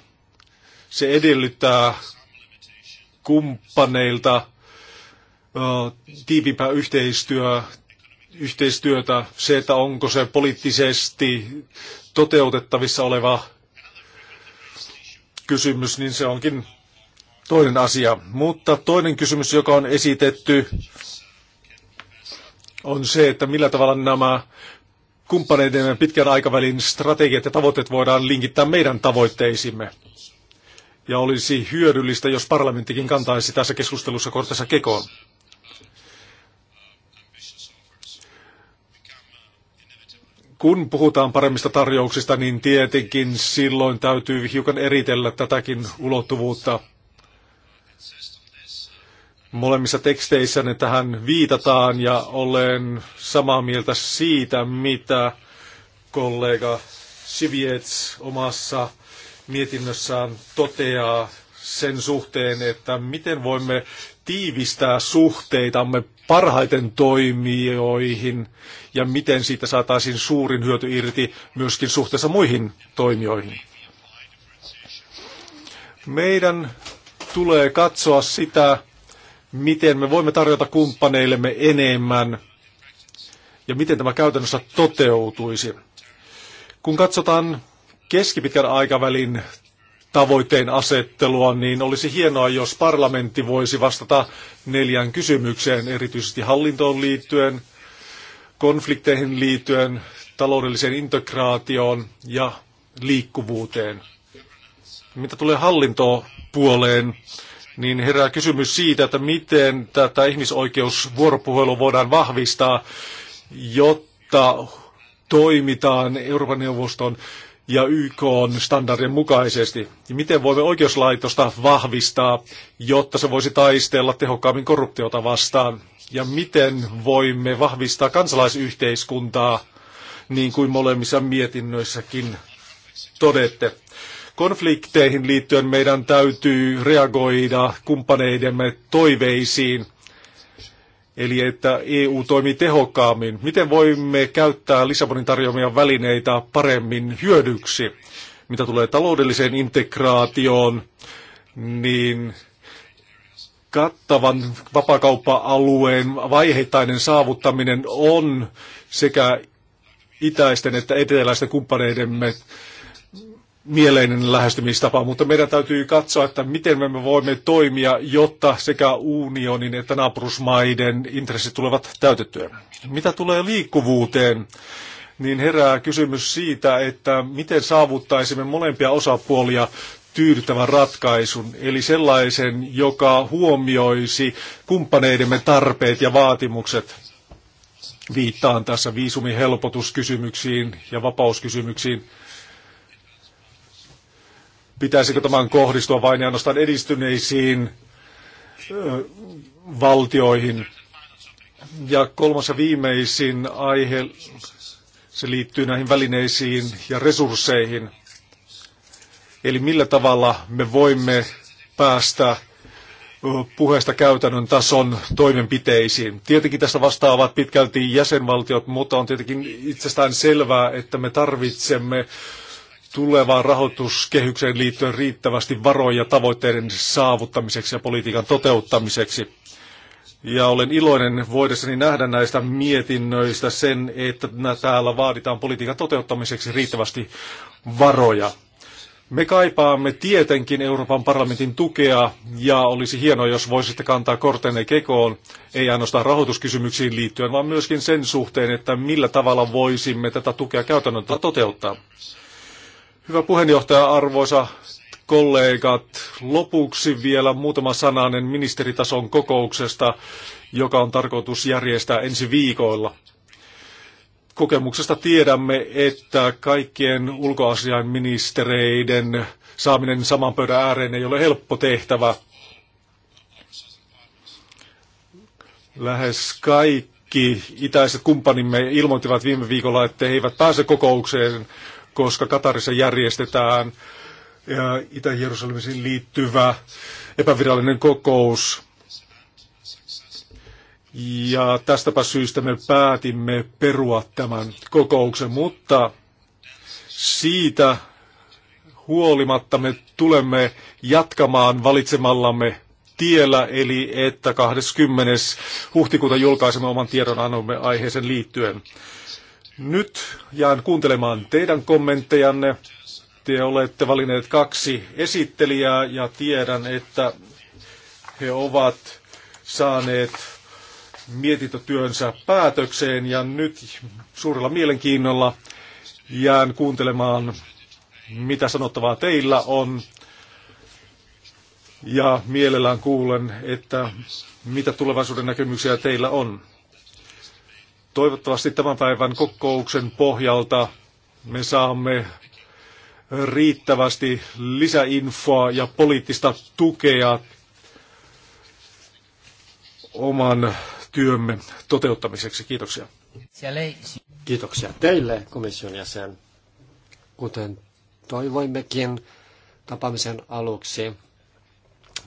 Se edellyttää kumppaneilta tiivimpää yhteistyötä yhteistyötä, se, että onko se poliittisesti toteutettavissa oleva kysymys, niin se onkin toinen asia. Mutta toinen kysymys, joka on esitetty, on se, että millä tavalla nämä kumppaneidemme pitkän aikavälin strategiat ja tavoitteet voidaan linkittää meidän tavoitteisimme. Ja olisi hyödyllistä, jos parlamenttikin kantaisi tässä keskustelussa kortensa kekoon. kun puhutaan paremmista tarjouksista, niin tietenkin silloin täytyy hiukan eritellä tätäkin ulottuvuutta. Molemmissa teksteissä ne tähän viitataan ja olen samaa mieltä siitä, mitä kollega Siviets omassa mietinnössään toteaa sen suhteen, että miten voimme tiivistää suhteitamme parhaiten toimijoihin ja miten siitä saataisiin suurin hyöty irti myöskin suhteessa muihin toimijoihin. Meidän tulee katsoa sitä, miten me voimme tarjota kumppaneillemme enemmän ja miten tämä käytännössä toteutuisi. Kun katsotaan keskipitkän aikavälin tavoitteen asettelua, niin olisi hienoa, jos parlamentti voisi vastata neljään kysymykseen, erityisesti hallintoon liittyen, konflikteihin liittyen, taloudelliseen integraatioon ja liikkuvuuteen. Mitä tulee hallintopuoleen, niin herää kysymys siitä, että miten tätä ihmisoikeusvuoropuhelua voidaan vahvistaa, jotta toimitaan Euroopan neuvoston ja YK on standardin mukaisesti. Ja miten voimme oikeuslaitosta vahvistaa, jotta se voisi taistella tehokkaammin korruptiota vastaan? Ja miten voimme vahvistaa kansalaisyhteiskuntaa, niin kuin molemmissa mietinnöissäkin todette? Konflikteihin liittyen meidän täytyy reagoida kumppaneidemme toiveisiin – Eli että EU toimii tehokkaammin. Miten voimme käyttää Lissabonin tarjoamia välineitä paremmin hyödyksi? Mitä tulee taloudelliseen integraatioon, niin kattavan vapakauppa-alueen vaiheittainen saavuttaminen on sekä itäisten että eteläisten kumppaneidemme mieleinen lähestymistapa, mutta meidän täytyy katsoa, että miten me voimme toimia, jotta sekä unionin että naapurusmaiden intressit tulevat täytettyä. Mitä tulee liikkuvuuteen, niin herää kysymys siitä, että miten saavuttaisimme molempia osapuolia tyydyttävän ratkaisun, eli sellaisen, joka huomioisi kumppaneidemme tarpeet ja vaatimukset. Viittaan tässä viisumihelpotuskysymyksiin ja vapauskysymyksiin. Pitäisikö tämän kohdistua vain ja ainoastaan edistyneisiin valtioihin? Ja kolmas ja viimeisin aihe, se liittyy näihin välineisiin ja resursseihin. Eli millä tavalla me voimme päästä puheesta käytännön tason toimenpiteisiin. Tietenkin tästä vastaavat pitkälti jäsenvaltiot, mutta on tietenkin itsestään selvää, että me tarvitsemme tulevaan rahoituskehykseen liittyen riittävästi varoja tavoitteiden saavuttamiseksi ja politiikan toteuttamiseksi. Ja olen iloinen voidessani nähdä näistä mietinnöistä sen, että täällä vaaditaan politiikan toteuttamiseksi riittävästi varoja. Me kaipaamme tietenkin Euroopan parlamentin tukea ja olisi hienoa, jos voisitte kantaa kortenne kekoon, ei ainoastaan rahoituskysymyksiin liittyen, vaan myöskin sen suhteen, että millä tavalla voisimme tätä tukea käytännössä toteuttaa. Hyvä puheenjohtaja, arvoisa kollegat, lopuksi vielä muutama sananen ministeritason kokouksesta, joka on tarkoitus järjestää ensi viikoilla. Kokemuksesta tiedämme, että kaikkien ulkoasiainministereiden saaminen saman pöydän ääreen ei ole helppo tehtävä. Lähes kaikki itäiset kumppanimme ilmoittivat viime viikolla, että he eivät pääse kokoukseen, koska Katarissa järjestetään itä jerusalemisiin liittyvä epävirallinen kokous. Ja tästäpä syystä me päätimme perua tämän kokouksen, mutta siitä huolimatta me tulemme jatkamaan valitsemallamme tiellä, eli että 20. huhtikuuta julkaisemme oman tiedonannomme aiheeseen liittyen. Nyt jään kuuntelemaan teidän kommenttejanne. Te olette valinneet kaksi esittelijää ja tiedän, että he ovat saaneet mietintötyönsä päätökseen ja nyt suurella mielenkiinnolla jään kuuntelemaan, mitä sanottavaa teillä on. Ja mielellään kuulen, että mitä tulevaisuuden näkemyksiä teillä on. Toivottavasti tämän päivän kokouksen pohjalta me saamme riittävästi lisäinfoa ja poliittista tukea oman työmme toteuttamiseksi. Kiitoksia. Kiitoksia teille, komission jäsen. Kuten toivoimmekin tapaamisen aluksi,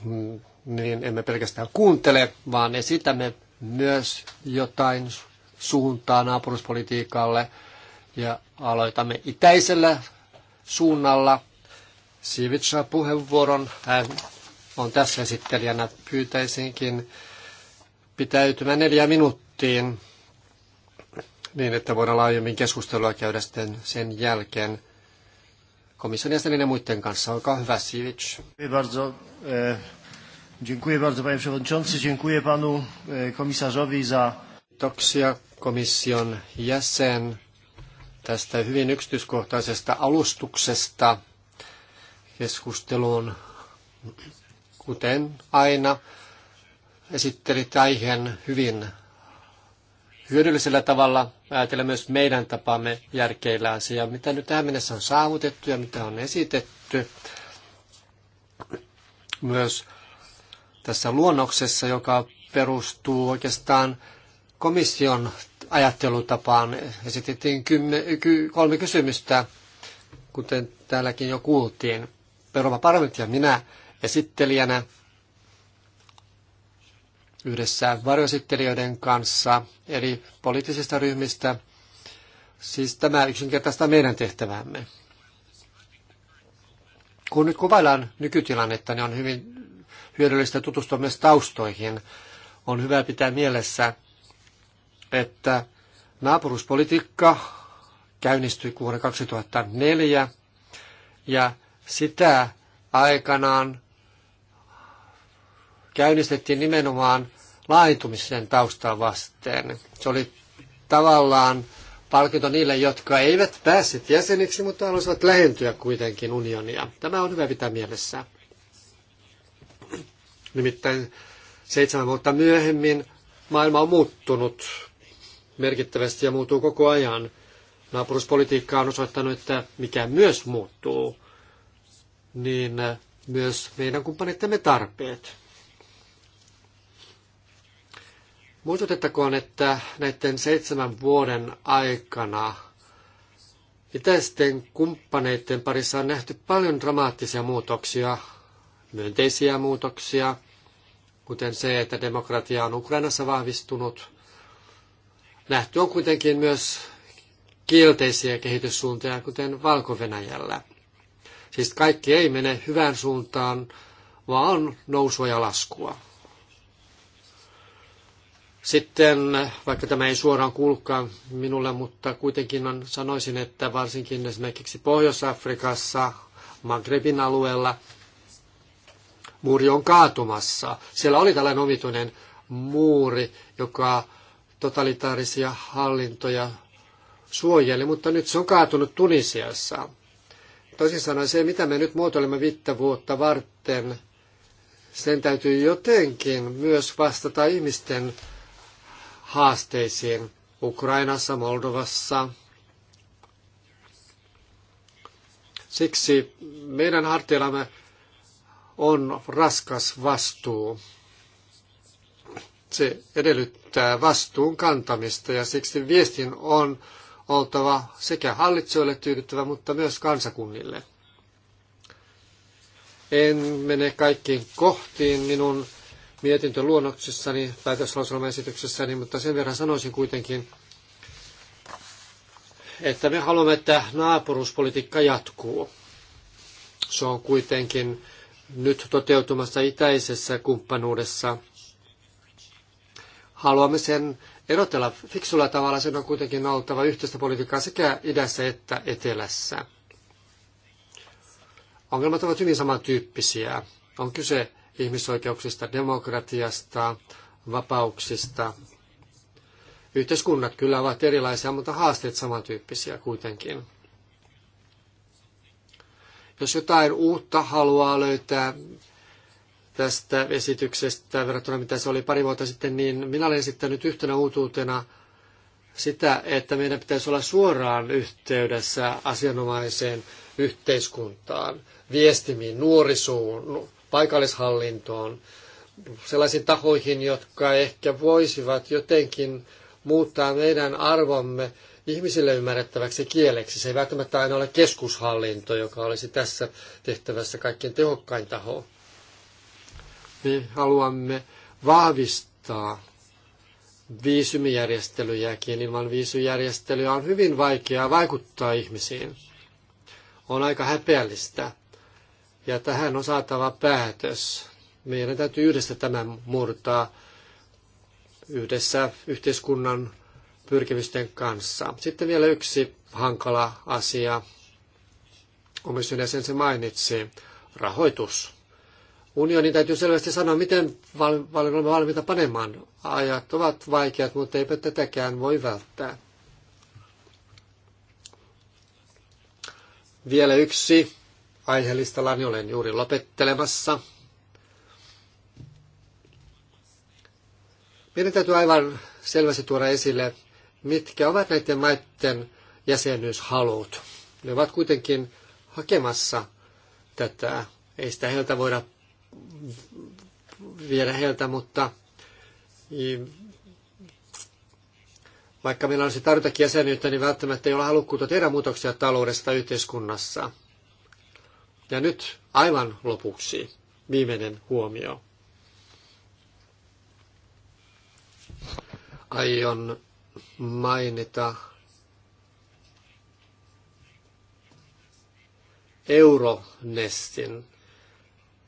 mm, niin emme pelkästään kuuntele, vaan esitämme myös jotain suuntaa naapuruspolitiikalle ja aloitamme itäisellä suunnalla. Sivitsa puheenvuoron, hän on tässä esittelijänä, pyytäisinkin pitäytymään neljä minuuttiin niin, että voidaan laajemmin keskustelua käydä sitten sen jälkeen komission jäsenen ja muiden kanssa. Olkaa hyvä, Sivic. E, panu e, komisarzowi za... Kiitoksia komission jäsen tästä hyvin yksityiskohtaisesta alustuksesta keskusteluun. Kuten aina, esittelit aiheen hyvin hyödyllisellä tavalla ajatella myös meidän tapaamme järkeillä asiaa, mitä nyt tähän mennessä on saavutettu ja mitä on esitetty. Myös tässä luonnoksessa, joka perustuu oikeastaan komission ajattelutapaan. Esitettiin kolme kysymystä, kuten täälläkin jo kuultiin. Perova Parlamentti ja minä esittelijänä yhdessä varjoesittelijöiden kanssa eri poliittisista ryhmistä. Siis tämä yksinkertaista meidän tehtävämme. Kun nyt kuvaillaan nykytilannetta, niin on hyvin hyödyllistä tutustua myös taustoihin. On hyvä pitää mielessä, että naapuruspolitiikka käynnistyi vuonna 2004 ja sitä aikanaan käynnistettiin nimenomaan laajentumisen taustaa vasten. Se oli tavallaan palkinto niille, jotka eivät päässeet jäseniksi, mutta halusivat lähentyä kuitenkin unionia. Tämä on hyvä pitää mielessä. Nimittäin seitsemän vuotta myöhemmin maailma on muuttunut merkittävästi ja muuttuu koko ajan. Naapuruspolitiikka on osoittanut, että mikä myös muuttuu, niin myös meidän kumppanittemme tarpeet. Muistutettakoon, että näiden seitsemän vuoden aikana itäisten kumppaneiden parissa on nähty paljon dramaattisia muutoksia, myönteisiä muutoksia, kuten se, että demokratia on Ukrainassa vahvistunut – Nähty on kuitenkin myös kielteisiä kehityssuuntia, kuten valko -Venäjällä. Siis kaikki ei mene hyvään suuntaan, vaan on nousua ja laskua. Sitten, vaikka tämä ei suoraan kuulukaan minulle, mutta kuitenkin on, sanoisin, että varsinkin esimerkiksi Pohjois-Afrikassa, Magrebin alueella, muuri on kaatumassa. Siellä oli tällainen omituinen muuri, joka totalitaarisia hallintoja suojeli, mutta nyt se on kaatunut Tunisiassa. Toisin sanoen se, mitä me nyt muotoilemme viittä vuotta varten, sen täytyy jotenkin myös vastata ihmisten haasteisiin Ukrainassa, Moldovassa. Siksi meidän harteillamme on raskas vastuu se edellyttää vastuun kantamista ja siksi viestin on oltava sekä hallitsijoille tyydyttävä, mutta myös kansakunnille. En mene kaikkiin kohtiin minun mietintöluonnoksessani, päätöslauselmaesityksessäni, mutta sen verran sanoisin kuitenkin, että me haluamme, että naapuruuspolitiikka jatkuu. Se on kuitenkin nyt toteutumassa itäisessä kumppanuudessa – haluamme sen erotella fiksulla tavalla, sen on kuitenkin oltava yhteistä politiikkaa sekä idässä että etelässä. Ongelmat ovat hyvin samantyyppisiä. On kyse ihmisoikeuksista, demokratiasta, vapauksista. Yhteiskunnat kyllä ovat erilaisia, mutta haasteet samantyyppisiä kuitenkin. Jos jotain uutta haluaa löytää tästä esityksestä verrattuna mitä se oli pari vuotta sitten, niin minä olen esittänyt yhtenä uutuutena sitä, että meidän pitäisi olla suoraan yhteydessä asianomaiseen yhteiskuntaan, viestimiin, nuorisoon, paikallishallintoon, sellaisiin tahoihin, jotka ehkä voisivat jotenkin muuttaa meidän arvomme ihmisille ymmärrettäväksi kieleksi. Se ei välttämättä aina ole keskushallinto, joka olisi tässä tehtävässä kaikkein tehokkain taho. Me haluamme vahvistaa viisumijärjestelyjäkin. Ilman viisumijärjestelyä on hyvin vaikeaa vaikuttaa ihmisiin. On aika häpeällistä. Ja tähän on saatava päätös. Meidän täytyy yhdessä tämän murtaa yhdessä yhteiskunnan pyrkimysten kanssa. Sitten vielä yksi hankala asia. Komission jäsen se mainitsi. Rahoitus. Unionin täytyy selvästi sanoa, miten val- val- olemme valmiita panemaan. Ajat ovat vaikeat, mutta eipä tätäkään voi välttää. Vielä yksi aiheellistallani olen juuri lopettelemassa. Meidän täytyy aivan selvästi tuoda esille, mitkä ovat näiden maiden jäsenyyshalut. Ne ovat kuitenkin hakemassa tätä. Ei sitä heiltä voida viedä heiltä, mutta vaikka meillä olisi tarjotakin jäsenyyttä, niin välttämättä ei ole halukkuutta tehdä muutoksia taloudesta yhteiskunnassa. Ja nyt aivan lopuksi viimeinen huomio. Aion mainita Euronestin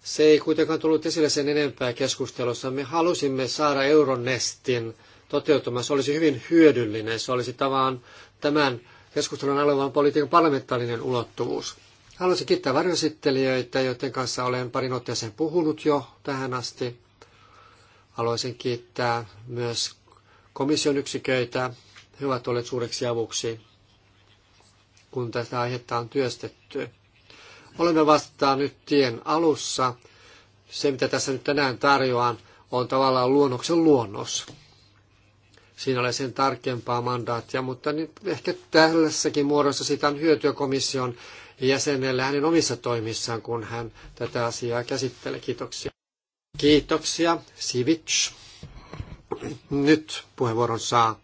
se ei kuitenkaan tullut esille sen enempää keskustelussa. Me halusimme saada Euronestin toteutumaan. Se olisi hyvin hyödyllinen. Se olisi tavallaan tämän keskustelun alueen politiikan parlamentaarinen ulottuvuus. Haluaisin kiittää varjosittelijöitä, joiden kanssa olen parin otteeseen puhunut jo tähän asti. Haluaisin kiittää myös komission yksiköitä. He ovat olleet suureksi avuksi, kun tätä aihetta on työstetty. Olemme vastaan nyt tien alussa. Se, mitä tässä nyt tänään tarjoan, on tavallaan luonnoksen luonnos. Siinä ole sen tarkempaa mandaattia, mutta nyt ehkä tällässäkin muodossa siitä on hyötyä komission jäsenelle hänen omissa toimissaan, kun hän tätä asiaa käsittelee. Kiitoksia. Kiitoksia, Sivic. Nyt puheenvuoron saa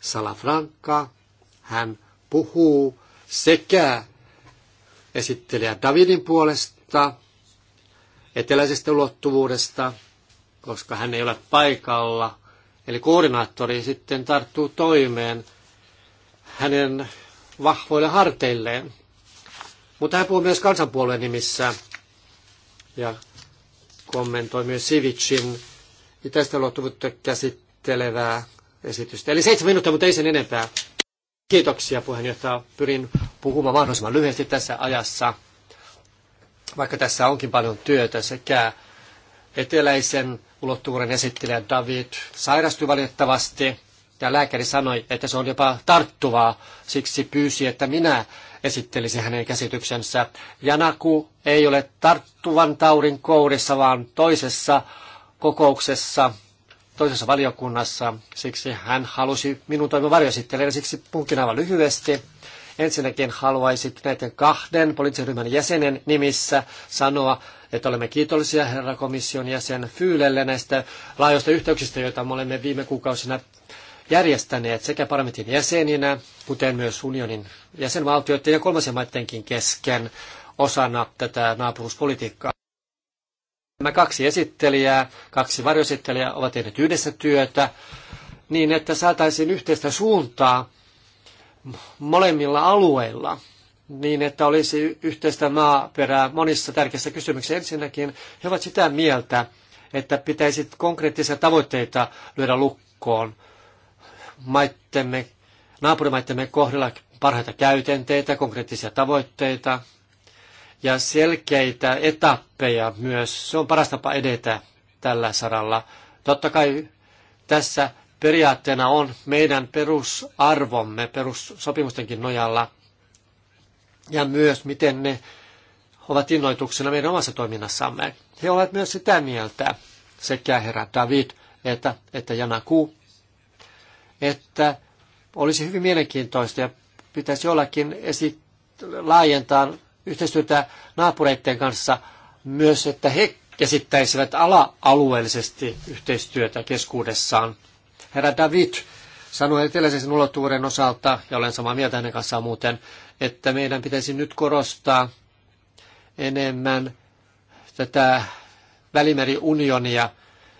Salafranca. Hän puhuu sekä esittelijä Davidin puolesta eteläisestä ulottuvuudesta, koska hän ei ole paikalla. Eli koordinaattori sitten tarttuu toimeen hänen vahvoille harteilleen. Mutta hän puhuu myös kansanpuolueen nimissä ja kommentoi myös Sivicin itäistä ulottuvuutta käsittelevää esitystä. Eli seitsemän minuuttia, mutta ei sen enempää. Kiitoksia puheenjohtaja. Pyrin puhumaan mahdollisimman lyhyesti tässä ajassa, vaikka tässä onkin paljon työtä sekä eteläisen ulottuvuuden esittelijä David sairastui valitettavasti ja lääkäri sanoi, että se on jopa tarttuvaa, siksi pyysi, että minä esittelisin hänen käsityksensä. Janaku ei ole tarttuvan taurin kourissa, vaan toisessa kokouksessa, toisessa valiokunnassa. Siksi hän halusi minun toimia varjoesittelijänä, siksi punkin aivan lyhyesti. Ensinnäkin haluaisin näiden kahden poliittisen jäsenen nimissä sanoa, että olemme kiitollisia herra komission jäsen Fyylelle näistä laajoista yhteyksistä, joita me olemme viime kuukausina järjestäneet sekä parlamentin jäseninä, kuten myös unionin jäsenvaltioiden ja kolmansien maidenkin kesken osana tätä naapuruuspolitiikkaa. Nämä kaksi esittelijää, kaksi varjoesittelijää ovat tehneet yhdessä työtä niin, että saataisiin yhteistä suuntaa molemmilla alueilla niin, että olisi yhteistä maaperää monissa tärkeissä kysymyksissä. Ensinnäkin he ovat sitä mieltä, että pitäisi konkreettisia tavoitteita lyödä lukkoon maittemme, naapurimaittemme kohdalla parhaita käytenteitä, konkreettisia tavoitteita ja selkeitä etappeja myös. Se on paras tapa edetä tällä saralla. Totta kai tässä periaatteena on meidän perusarvomme perussopimustenkin nojalla ja myös miten ne ovat innoituksena meidän omassa toiminnassamme. He ovat myös sitä mieltä, sekä herra David että, että Jana Ku, että olisi hyvin mielenkiintoista ja pitäisi jollakin esit- laajentaa yhteistyötä naapureiden kanssa myös, että he käsittäisivät ala-alueellisesti yhteistyötä keskuudessaan Herra David sanoi eteläisen ulottuvuuden osalta, ja olen samaa mieltä hänen kanssaan muuten, että meidän pitäisi nyt korostaa enemmän tätä välimeriunionia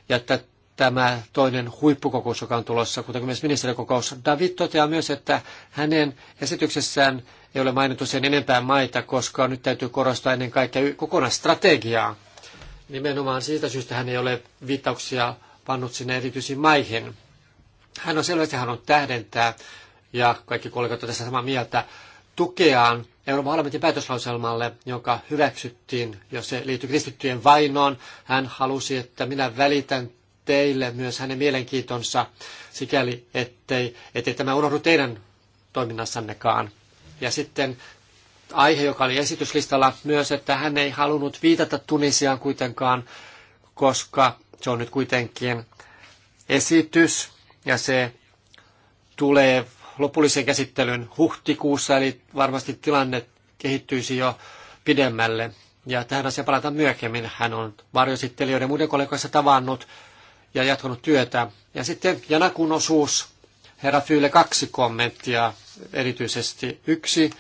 ja että tämä toinen huippukokous, joka on tulossa, kuten myös ministerikokous. David toteaa myös, että hänen esityksessään ei ole mainittu sen enempää maita, koska nyt täytyy korostaa ennen kaikkea kokonaisstrategiaa. Nimenomaan siitä syystä hän ei ole viittauksia pannut sinne erityisiin maihin. Hän on selvästi halunnut tähdentää, ja kaikki kollegat ovat tässä samaa mieltä, tukeaan Euroopan parlamentin päätöslauselmalle, joka hyväksyttiin, jos se liittyy kristittyjen vainoon. Hän halusi, että minä välitän teille myös hänen mielenkiintonsa, sikäli ettei, ettei tämä unohdu teidän toiminnassannekaan. Ja sitten aihe, joka oli esityslistalla myös, että hän ei halunnut viitata Tunisiaan kuitenkaan, koska se on nyt kuitenkin esitys, ja se tulee lopullisen käsittelyn huhtikuussa, eli varmasti tilanne kehittyisi jo pidemmälle. Ja tähän asiaan palataan myöhemmin. Hän on varjosittelijoiden ja muiden kollegoissa tavannut ja jatkanut työtä. Ja sitten Janakun osuus, herra Fyyle, kaksi kommenttia erityisesti. Yksi,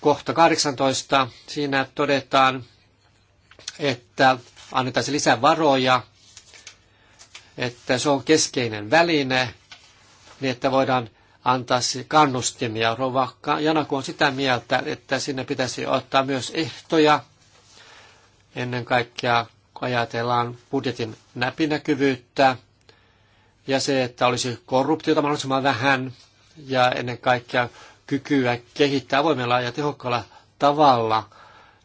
kohta 18, siinä todetaan, että annetaan lisää varoja että se on keskeinen väline, niin että voidaan antaa kannustimia. Rova Janaku on sitä mieltä, että sinne pitäisi ottaa myös ehtoja. Ennen kaikkea kun ajatellaan budjetin näpinäkyvyyttä ja se, että olisi korruptiota mahdollisimman vähän ja ennen kaikkea kykyä kehittää avoimella ja tehokkaalla tavalla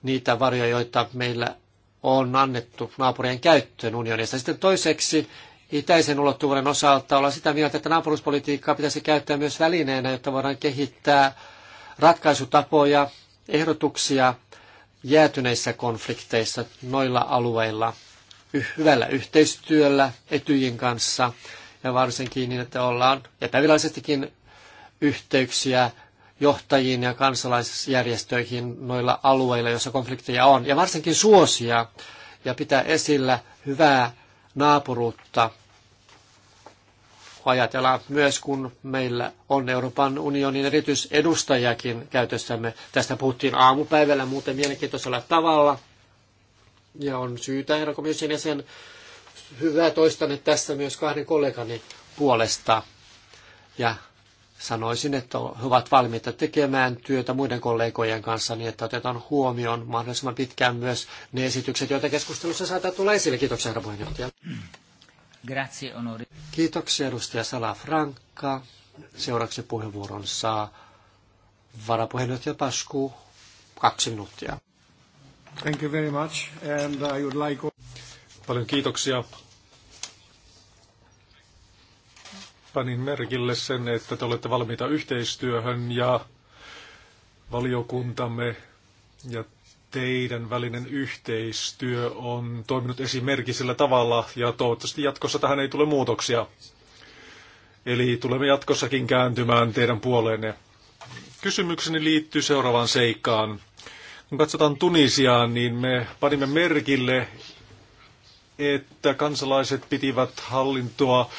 niitä varjoja, joita meillä on annettu naapurien käyttöön unionista. Sitten toiseksi itäisen ulottuvuuden osalta olla sitä mieltä, että naapuruuspolitiikkaa pitäisi käyttää myös välineenä, jotta voidaan kehittää ratkaisutapoja, ehdotuksia jäätyneissä konflikteissa noilla alueilla hyvällä yhteistyöllä etyjin kanssa ja varsinkin niin, että ollaan epävirallisestikin yhteyksiä johtajiin ja kansalaisjärjestöihin noilla alueilla, joissa konflikteja on, ja varsinkin suosia ja pitää esillä hyvää naapuruutta. Ajatellaan myös, kun meillä on Euroopan unionin erityisedustajakin käytössämme. Tästä puhuttiin aamupäivällä muuten mielenkiintoisella tavalla. Ja on syytä, herra komission jäsen, hyvää toistanne että tässä myös kahden kollegani puolesta. Ja Sanoisin, että he ovat valmiita tekemään työtä muiden kollegojen kanssa niin, että otetaan huomioon mahdollisimman pitkään myös ne esitykset, joita keskustelussa saattaa tulla esille. Kiitoksia, herra puheenjohtaja. Grazie, onori. Kiitoksia, edustaja Salafranca. Seuraavaksi puheenvuoron saa varapuheenjohtaja Pasku. Kaksi minuuttia. Thank you very much, and I would like... Paljon kiitoksia. panin merkille sen, että te olette valmiita yhteistyöhön ja valiokuntamme ja teidän välinen yhteistyö on toiminut esimerkisellä tavalla ja toivottavasti jatkossa tähän ei tule muutoksia. Eli tulemme jatkossakin kääntymään teidän puoleenne. Kysymykseni liittyy seuraavaan seikkaan. Kun katsotaan Tunisiaan, niin me panimme merkille, että kansalaiset pitivät hallintoa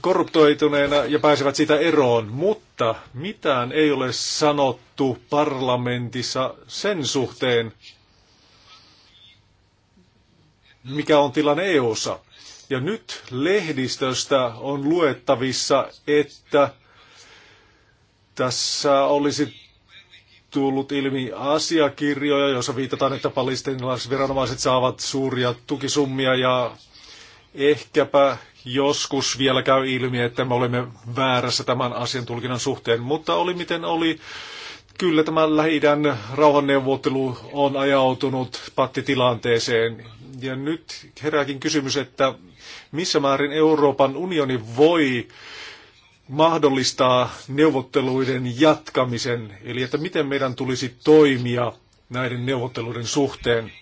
korruptoituneena ja pääsevät siitä eroon, mutta mitään ei ole sanottu parlamentissa sen suhteen, mikä on tilanne EU:ssa. Ja nyt lehdistöstä on luettavissa, että tässä olisi tullut ilmi asiakirjoja, joissa viitataan, että palestinalaiset viranomaiset saavat suuria tukisummia ja ehkäpä joskus vielä käy ilmi, että me olemme väärässä tämän asian tulkinnan suhteen, mutta oli miten oli. Kyllä tämä Lähi-idän rauhanneuvottelu on ajautunut pattitilanteeseen. Ja nyt herääkin kysymys, että missä määrin Euroopan unioni voi mahdollistaa neuvotteluiden jatkamisen, eli että miten meidän tulisi toimia näiden neuvotteluiden suhteen.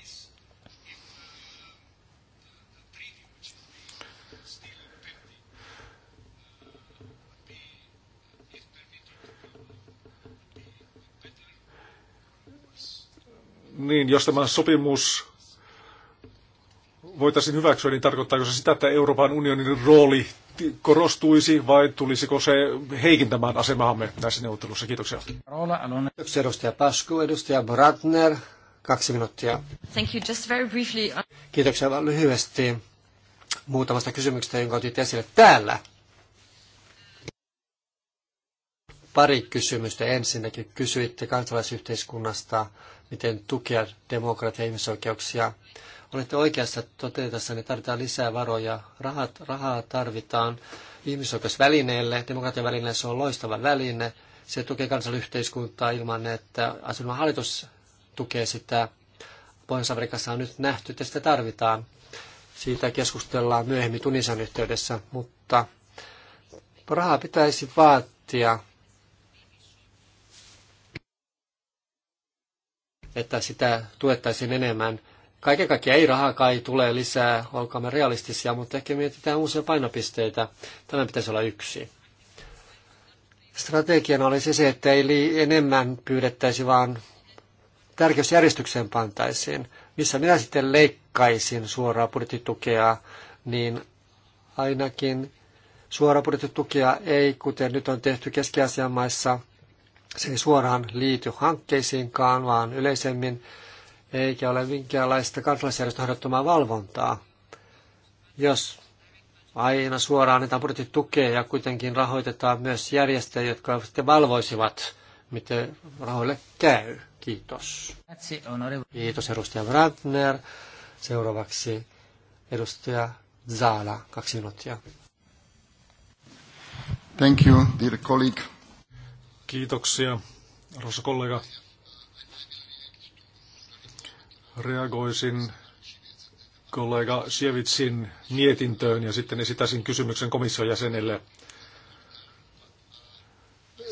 Niin, jos tämä sopimus voitaisiin hyväksyä, niin tarkoittaako se sitä, että Euroopan unionin rooli korostuisi vai tulisiko se heikentämään asemaamme näissä neuvottelussa Kiitoksia. Kiitoksia edustaja Pasku, edustaja Bratner, kaksi minuuttia. Thank you, just very briefly. Uh, Kiitoksia vaan lyhyesti muutamasta kysymyksestä, jonka otit esille täällä. Pari kysymystä. Ensinnäkin kysyitte kansalaisyhteiskunnasta miten tukea demokratia ja ihmisoikeuksia. Olette oikeassa toteutuessa, että tarvitaan lisää varoja. Rahat, rahaa tarvitaan ihmisoikeusvälineelle. Demokratiavälineelle se on loistava väline. Se tukee kansallisyhteiskuntaa ilman, että asunnon hallitus tukee sitä. Pohjois-Afrikassa on nyt nähty, että sitä tarvitaan. Siitä keskustellaan myöhemmin Tunisan yhteydessä, mutta rahaa pitäisi vaatia että sitä tuettaisiin enemmän. Kaiken kaikkiaan ei rahaa kai tule lisää, olkaamme realistisia, mutta ehkä mietitään uusia painopisteitä. Tämä pitäisi olla yksi. Strategiana olisi se, että ei enemmän pyydettäisi, vaan tärkeysjärjestykseen pantaisiin. Missä minä sitten leikkaisin suoraa budjettitukea, niin ainakin suoraa budjettitukea ei, kuten nyt on tehty keski maissa, se ei suoraan liity hankkeisiinkaan, vaan yleisemmin eikä ole minkäänlaista kansalaisjärjestön harjoittamaa valvontaa. Jos aina suoraan annetaan budjettitukea ja kuitenkin rahoitetaan myös järjestöjä, jotka sitten valvoisivat, miten rahoille käy. Kiitos. Kiitos edustaja Brandner. Seuraavaksi edustaja Zala, kaksi minuuttia. Thank you, dear colleague. Kiitoksia, arvoisa kollega. Reagoisin kollega Sievitsin mietintöön ja sitten esitäisin kysymyksen komission jäsenelle.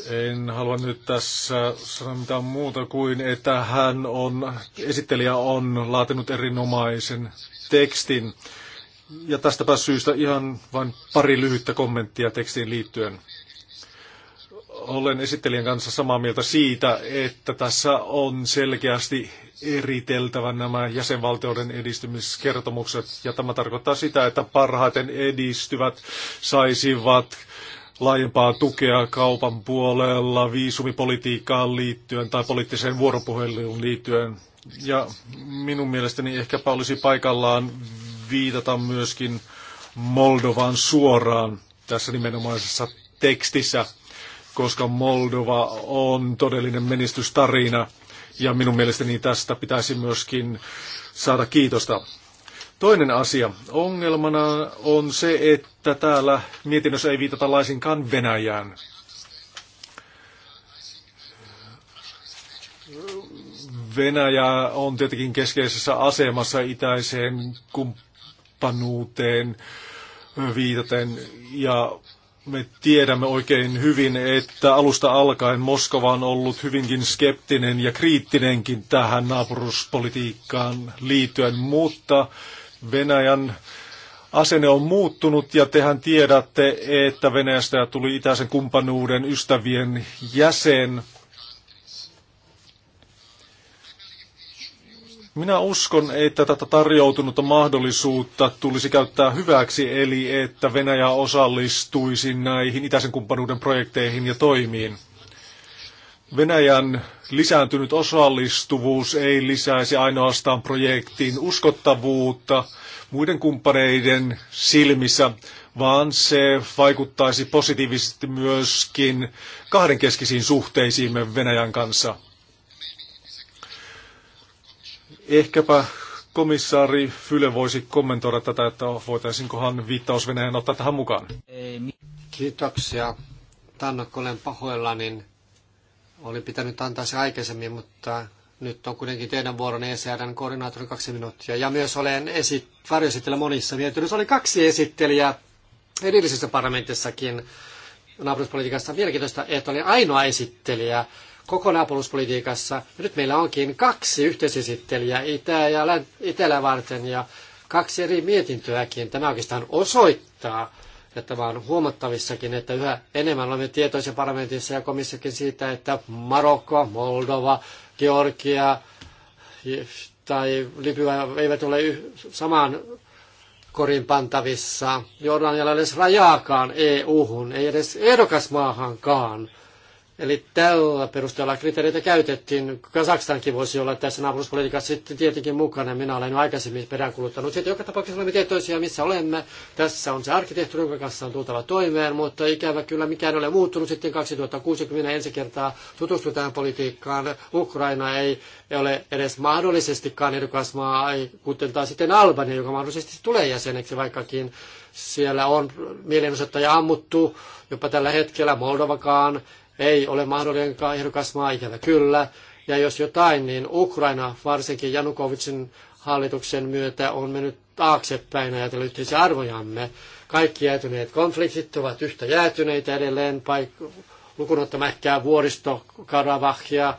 En halua nyt tässä sanoa mitään muuta kuin, että hän on, esittelijä on laatinut erinomaisen tekstin. Ja tästäpä syystä ihan vain pari lyhyttä kommenttia tekstiin liittyen olen esittelijän kanssa samaa mieltä siitä, että tässä on selkeästi eriteltävä nämä jäsenvaltioiden edistymiskertomukset. Ja tämä tarkoittaa sitä, että parhaiten edistyvät saisivat laajempaa tukea kaupan puolella, viisumipolitiikkaan liittyen tai poliittiseen vuoropuheluun liittyen. Ja minun mielestäni ehkäpä olisi paikallaan viitata myöskin Moldovan suoraan tässä nimenomaisessa tekstissä koska Moldova on todellinen menestystarina ja minun mielestäni tästä pitäisi myöskin saada kiitosta. Toinen asia. Ongelmana on se, että täällä mietinnössä ei viitata laisinkaan Venäjään. Venäjä on tietenkin keskeisessä asemassa itäiseen kumppanuuteen viitaten ja me tiedämme oikein hyvin, että alusta alkaen Moskova on ollut hyvinkin skeptinen ja kriittinenkin tähän naapuruspolitiikkaan liittyen, mutta Venäjän asenne on muuttunut ja tehän tiedätte, että Venäjästä tuli itäisen kumppanuuden ystävien jäsen – Minä uskon, että tätä tarjoutunutta mahdollisuutta tulisi käyttää hyväksi, eli että Venäjä osallistuisi näihin itäisen kumppanuuden projekteihin ja toimiin. Venäjän lisääntynyt osallistuvuus ei lisäisi ainoastaan projektin uskottavuutta muiden kumppaneiden silmissä, vaan se vaikuttaisi positiivisesti myöskin kahdenkeskisiin suhteisiimme Venäjän kanssa. Ehkäpä komissaari Fyle voisi kommentoida tätä, että voitaisinkohan viittaus Venäjän ottaa tähän mukaan. Kiitoksia. Tannok, olen pahoillani. Olin pitänyt antaa se aikaisemmin, mutta nyt on kuitenkin teidän vuoronne ECRn koordinaattori kaksi minuuttia. Ja myös olen esit- varjoesittelijä monissa mietinnöissä. Oli kaksi esittelijää edellisessä parlamentissakin naapuruspolitiikassa. Mielenkiintoista, että oli ainoa esittelijä koko naapuruuspolitiikassa. Nyt meillä onkin kaksi yhteisesittelijää Itä- ja Län- varten ja kaksi eri mietintöäkin. Tämä oikeastaan osoittaa, että vaan huomattavissakin, että yhä enemmän olemme tietoisia parlamentissa ja komissakin siitä, että Marokko, Moldova, Georgia tai Libya eivät ole samaan korin pantavissa. Jordanialla edes rajaakaan EU-hun, ei edes ehdokasmaahankaan. maahankaan Eli tällä perusteella kriteereitä käytettiin. Kazakstankin voisi olla tässä naapuruspolitiikassa sitten tietenkin mukana. Minä olen jo aikaisemmin peräänkuluttanut sitä. Joka tapauksessa olemme tietoisia, missä olemme. Tässä on se arkkitehtuuri, jonka kanssa on tultava toimeen, mutta ikävä kyllä mikään ei ole muuttunut. Sitten 2060 ensi kertaa tutustu tähän politiikkaan. Ukraina ei, ei ole edes mahdollisestikaan edukas maa, kuten taas sitten Albania, joka mahdollisesti tulee jäseneksi, vaikkakin siellä on mielenosoittaja ammuttu jopa tällä hetkellä. Moldovakaan ei ole mahdollinenkaan ehdokas maa ikävä kyllä. Ja jos jotain, niin Ukraina varsinkin Janukovitsin hallituksen myötä on mennyt taaksepäin ajatellen yhteisiä arvojamme. Kaikki jäätyneet konfliktit ovat yhtä jäätyneitä edelleen, paik- lukunottamatta vuoristo Karabachia,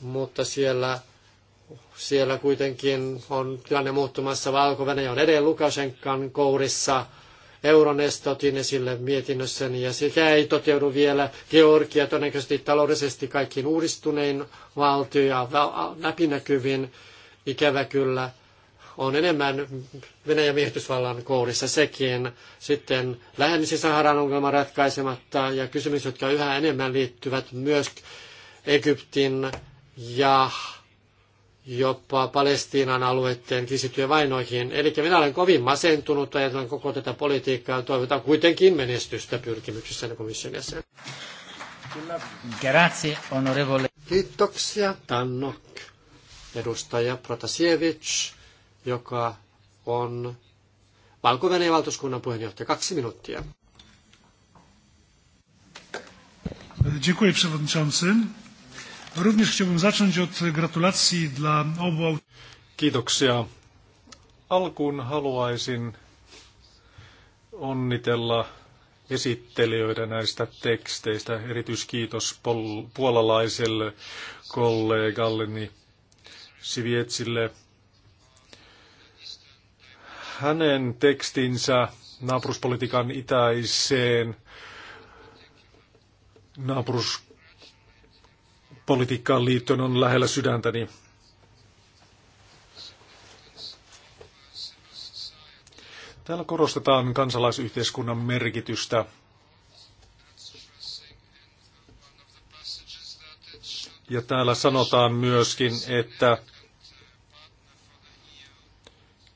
mutta siellä, siellä kuitenkin on tilanne muuttumassa. valko on edelleen Lukashenkan kourissa – Euronesta otin esille mietinnössäni ja sekä ei toteudu vielä. Georgia todennäköisesti taloudellisesti kaikkiin uudistunein valtio ja läpinäkyvin ikävä kyllä on enemmän Venäjän miehitysvallan kourissa sekin. Sitten lähennisi Saharan ongelma ratkaisematta ja kysymys, jotka yhä enemmän liittyvät myös Egyptin ja jopa Palestiinan alueiden kristittyjen vainoihin. Eli minä olen kovin masentunut ajatellen koko tätä politiikkaa ja toivotan kuitenkin menestystä pyrkimyksessä komission jäsen. Grazie, onorevole. Kiitoksia, Tannok. Edustaja Protasiewicz, joka on valko valtuuskunnan puheenjohtaja. Kaksi minuuttia. Dziękuję przewodniczący. Również chciałbym zacząć od gratulacji dla obu. Kiitoksia. Alkuun haluaisin onnitella esittelijöitä näistä teksteistä. Erityiskiitos pol- puolalaiselle kollegalleni Sivietsille. Hänen tekstinsä naapuruspolitiikan itäiseen naapuruspolitiikan politiikkaan liittyen on lähellä sydäntäni. Täällä korostetaan kansalaisyhteiskunnan merkitystä. Ja täällä sanotaan myöskin, että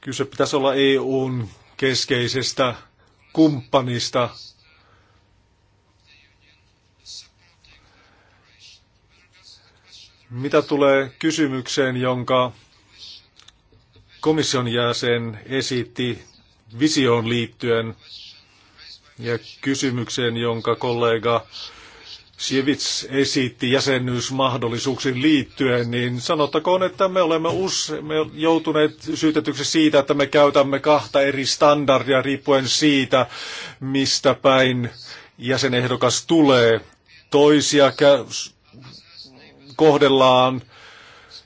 kyse pitäisi olla EUn keskeisestä kumppanista Mitä tulee kysymykseen, jonka komission jäsen esitti visioon liittyen ja kysymykseen, jonka kollega Sievits esitti jäsenyysmahdollisuuksiin liittyen, niin sanottakoon, että me olemme use, me joutuneet syytetyksi siitä, että me käytämme kahta eri standardia riippuen siitä, mistä päin jäsenehdokas tulee. Toisia kohdellaan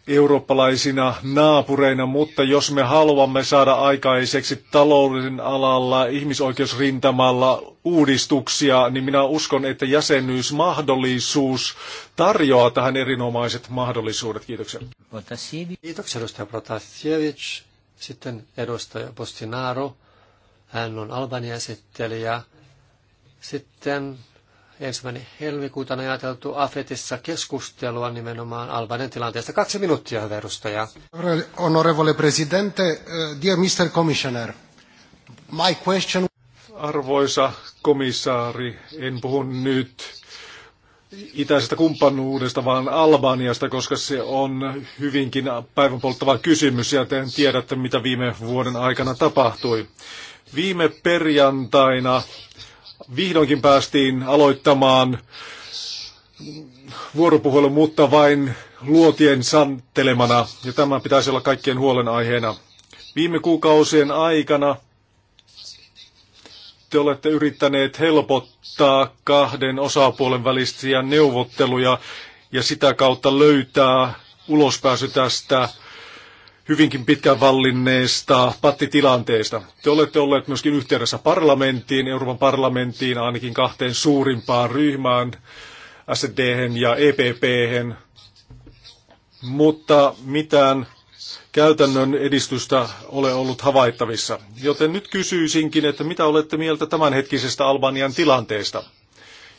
eurooppalaisina naapureina, mutta jos me haluamme saada aikaiseksi talouden alalla, ihmisoikeusrintamalla uudistuksia, niin minä uskon, että jäsenyysmahdollisuus tarjoaa tähän erinomaiset mahdollisuudet. Kiitoksia. Kiitoksia edustaja Protasiewicz. Sitten edustaja Postinaro. Hän on Albanian esittelijä. Sitten ensimmäinen helmikuuta on ajateltu Afetissa keskustelua nimenomaan Albanian tilanteesta. Kaksi minuuttia, hyvä edustaja. Honorevole presidente, eh, dear Mr. Commissioner, my question... Arvoisa komissaari, en puhu nyt itäisestä kumppanuudesta, vaan Albaniasta, koska se on hyvinkin päivänpolttava kysymys ja te tiedätte, mitä viime vuoden aikana tapahtui. Viime perjantaina vihdoinkin päästiin aloittamaan vuoropuhelu, mutta vain luotien santelemana, ja tämä pitäisi olla kaikkien huolenaiheena. Viime kuukausien aikana te olette yrittäneet helpottaa kahden osapuolen välisiä neuvotteluja ja sitä kautta löytää ulospääsy tästä hyvinkin pitkään vallinneesta pattitilanteesta. Te olette olleet myöskin yhteydessä parlamenttiin, Euroopan parlamenttiin, ainakin kahteen suurimpaan ryhmään, sd ja epp -hän. mutta mitään käytännön edistystä ole ollut havaittavissa. Joten nyt kysyisinkin, että mitä olette mieltä tämänhetkisestä Albanian tilanteesta?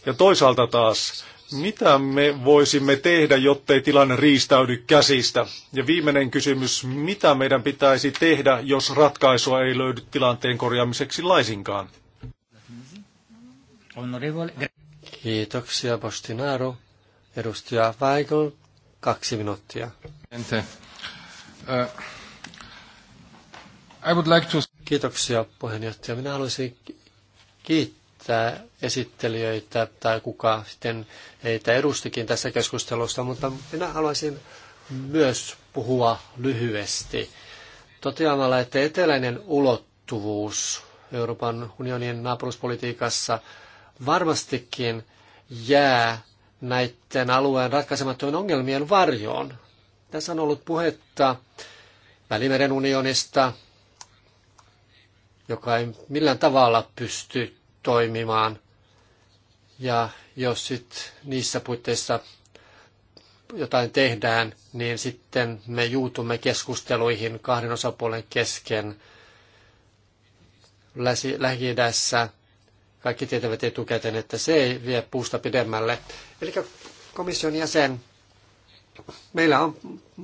Ja toisaalta taas, mitä me voisimme tehdä, jotta ei tilanne riistäydy käsistä? Ja viimeinen kysymys, mitä meidän pitäisi tehdä, jos ratkaisua ei löydy tilanteen korjaamiseksi laisinkaan? Kiitoksia, Postinaro. Edustaja Weigl, kaksi minuuttia. Eh, Kiitoksia, puheenjohtaja. Minä haluaisin kiittää kiittää esittelijöitä tai kuka sitten heitä edustikin tässä keskustelussa, mutta minä haluaisin myös puhua lyhyesti toteamalla, että eteläinen ulottuvuus Euroopan unionin naapuruspolitiikassa varmastikin jää näiden alueen ratkaisemattomien ongelmien varjoon. Tässä on ollut puhetta Välimeren unionista, joka ei millään tavalla pysty toimimaan. Ja jos sitten niissä puitteissa jotain tehdään, niin sitten me juutumme keskusteluihin kahden osapuolen kesken lähi Kaikki tietävät etukäteen, että se ei vie puusta pidemmälle. Eli komission jäsen, meillä on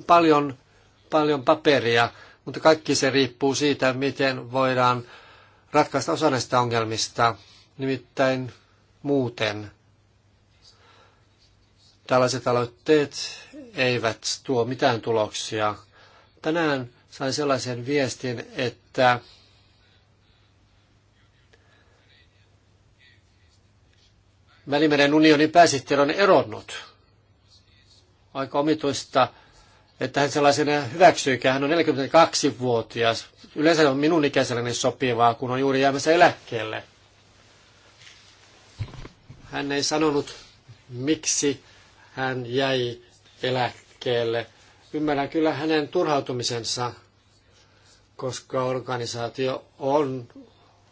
paljon, paljon paperia, mutta kaikki se riippuu siitä, miten voidaan ratkaista osa näistä ongelmista. Nimittäin muuten tällaiset aloitteet eivät tuo mitään tuloksia. Tänään sain sellaisen viestin, että Välimeren unionin pääsihteeri on eronnut. Aika omituista, että hän sellaisena hyväksyykään. Hän on 42-vuotias. Yleensä on minun ikäiselleni sopivaa, kun on juuri jäämässä eläkkeelle. Hän ei sanonut, miksi hän jäi eläkkeelle. Ymmärrän kyllä hänen turhautumisensa, koska organisaatio on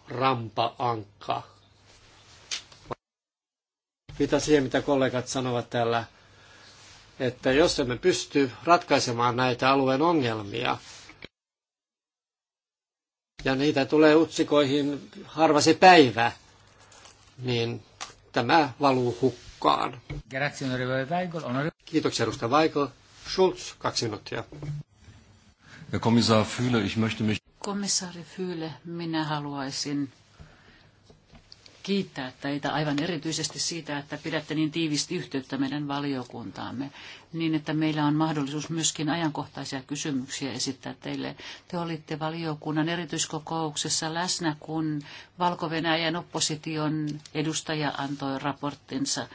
rampa-ankka. Mitä siihen, mitä kollegat sanovat täällä, että jos emme pysty ratkaisemaan näitä alueen ongelmia, ja niitä tulee otsikoihin harva se päivä, niin tämä valuu hukkaan. Kiitoksia edustaja Weigel. Schulz, kaksi minuuttia. Herr Kommissar Fühle, ich möchte mich... Komissaari Fühle, minä haluaisin kiittää teitä aivan erityisesti siitä, että pidätte niin tiivisti yhteyttä meidän valiokuntaamme, niin että meillä on mahdollisuus myöskin ajankohtaisia kysymyksiä esittää teille. Te olitte valiokunnan erityiskokouksessa läsnä, kun Valko-Venäjän opposition edustaja antoi raporttinsa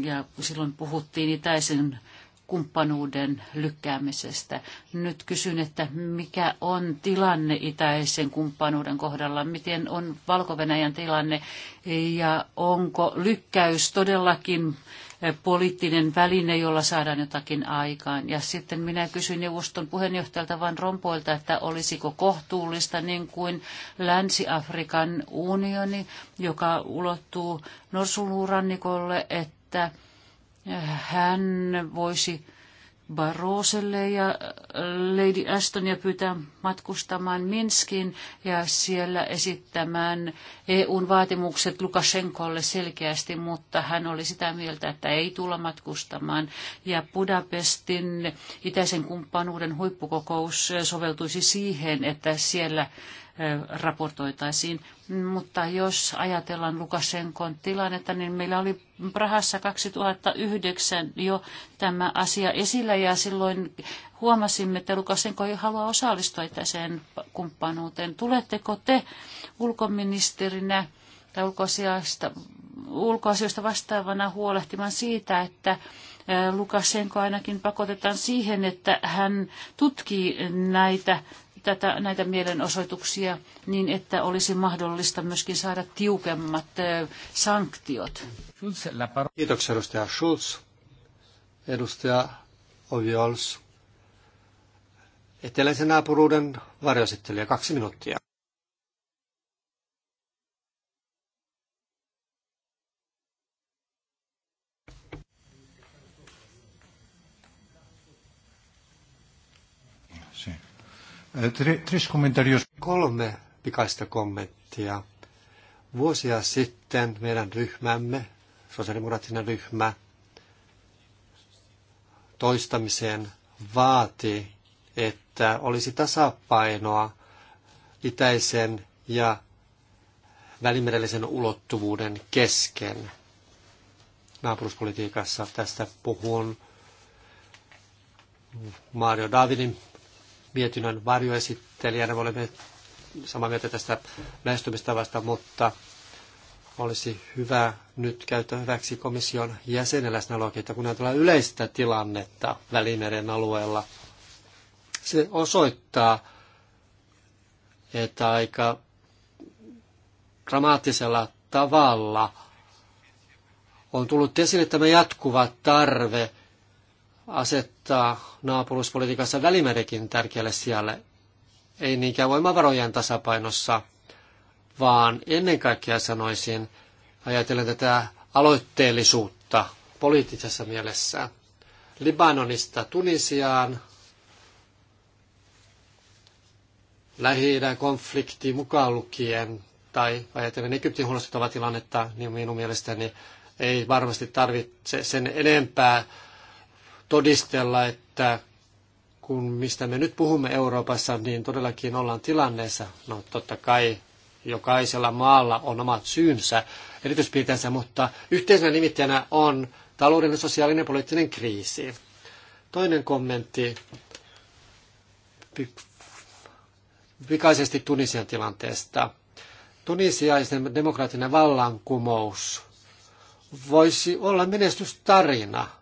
ja silloin puhuttiin itäisen kumppanuuden lykkäämisestä. Nyt kysyn, että mikä on tilanne itäisen kumppanuuden kohdalla, miten on valko tilanne ja onko lykkäys todellakin eh, poliittinen väline, jolla saadaan jotakin aikaan. Ja sitten minä kysyin neuvoston puheenjohtajalta Van Rompoilta, että olisiko kohtuullista niin kuin Länsi-Afrikan unioni, joka ulottuu Norsuluurannikolle, että hän voisi Baroselle ja Lady Astonia pyytää matkustamaan Minskin ja siellä esittämään EUn vaatimukset Lukashenkolle selkeästi, mutta hän oli sitä mieltä, että ei tulla matkustamaan. Ja Budapestin itäisen kumppanuuden huippukokous soveltuisi siihen, että siellä raportoitaisiin. Mutta jos ajatellaan Lukashenkon tilannetta, niin meillä oli Prahassa 2009 jo tämä asia esillä ja silloin huomasimme, että Lukashenko ei halua osallistua itäiseen kumppanuuteen. Tuletteko te ulkoministerinä tai ulkoasioista, ulkoasioista vastaavana huolehtimaan siitä, että Lukashenko ainakin pakotetaan siihen, että hän tutkii näitä tätä, näitä mielenosoituksia niin, että olisi mahdollista myöskin saada tiukemmat sanktiot. Kiitoksia edustaja Schulz. Edustaja Oviols. Eteläisen naapuruuden varjosittelijä, kaksi minuuttia. Kolme pikaista kommenttia. Vuosia sitten meidän ryhmämme, sosiaalidemokraattinen ryhmä, toistamiseen vaati, että olisi tasapainoa itäisen ja välimerellisen ulottuvuuden kesken. Naapuruspolitiikassa tästä puhun Mario Davidin mietinnön varjoesittelijänä. Me olemme samaa mieltä tästä lähestymistavasta, mutta olisi hyvä nyt käyttää hyväksi komission että kun ajatellaan yleistä tilannetta Välimeren alueella. Se osoittaa, että aika dramaattisella tavalla on tullut esille tämä jatkuva tarve asettaa naapuruuspolitiikassa välimerekin tärkeälle sijalle. Ei niinkään voimavarojen tasapainossa, vaan ennen kaikkea sanoisin, ajatellen tätä aloitteellisuutta poliittisessa mielessä. Libanonista Tunisiaan, lähi konflikti mukaan lukien, tai ajatellen Egyptin huolestuttavaa tilannetta, niin minun mielestäni ei varmasti tarvitse sen enempää todistella, että kun mistä me nyt puhumme Euroopassa, niin todellakin ollaan tilanneessa, no totta kai jokaisella maalla on omat syynsä, erityispiirteensä, mutta yhteisenä nimittäjänä on taloudellinen, sosiaalinen ja poliittinen kriisi. Toinen kommentti pikaisesti Tunisian tilanteesta. Tunisiaisen demokraattinen vallankumous voisi olla menestystarina –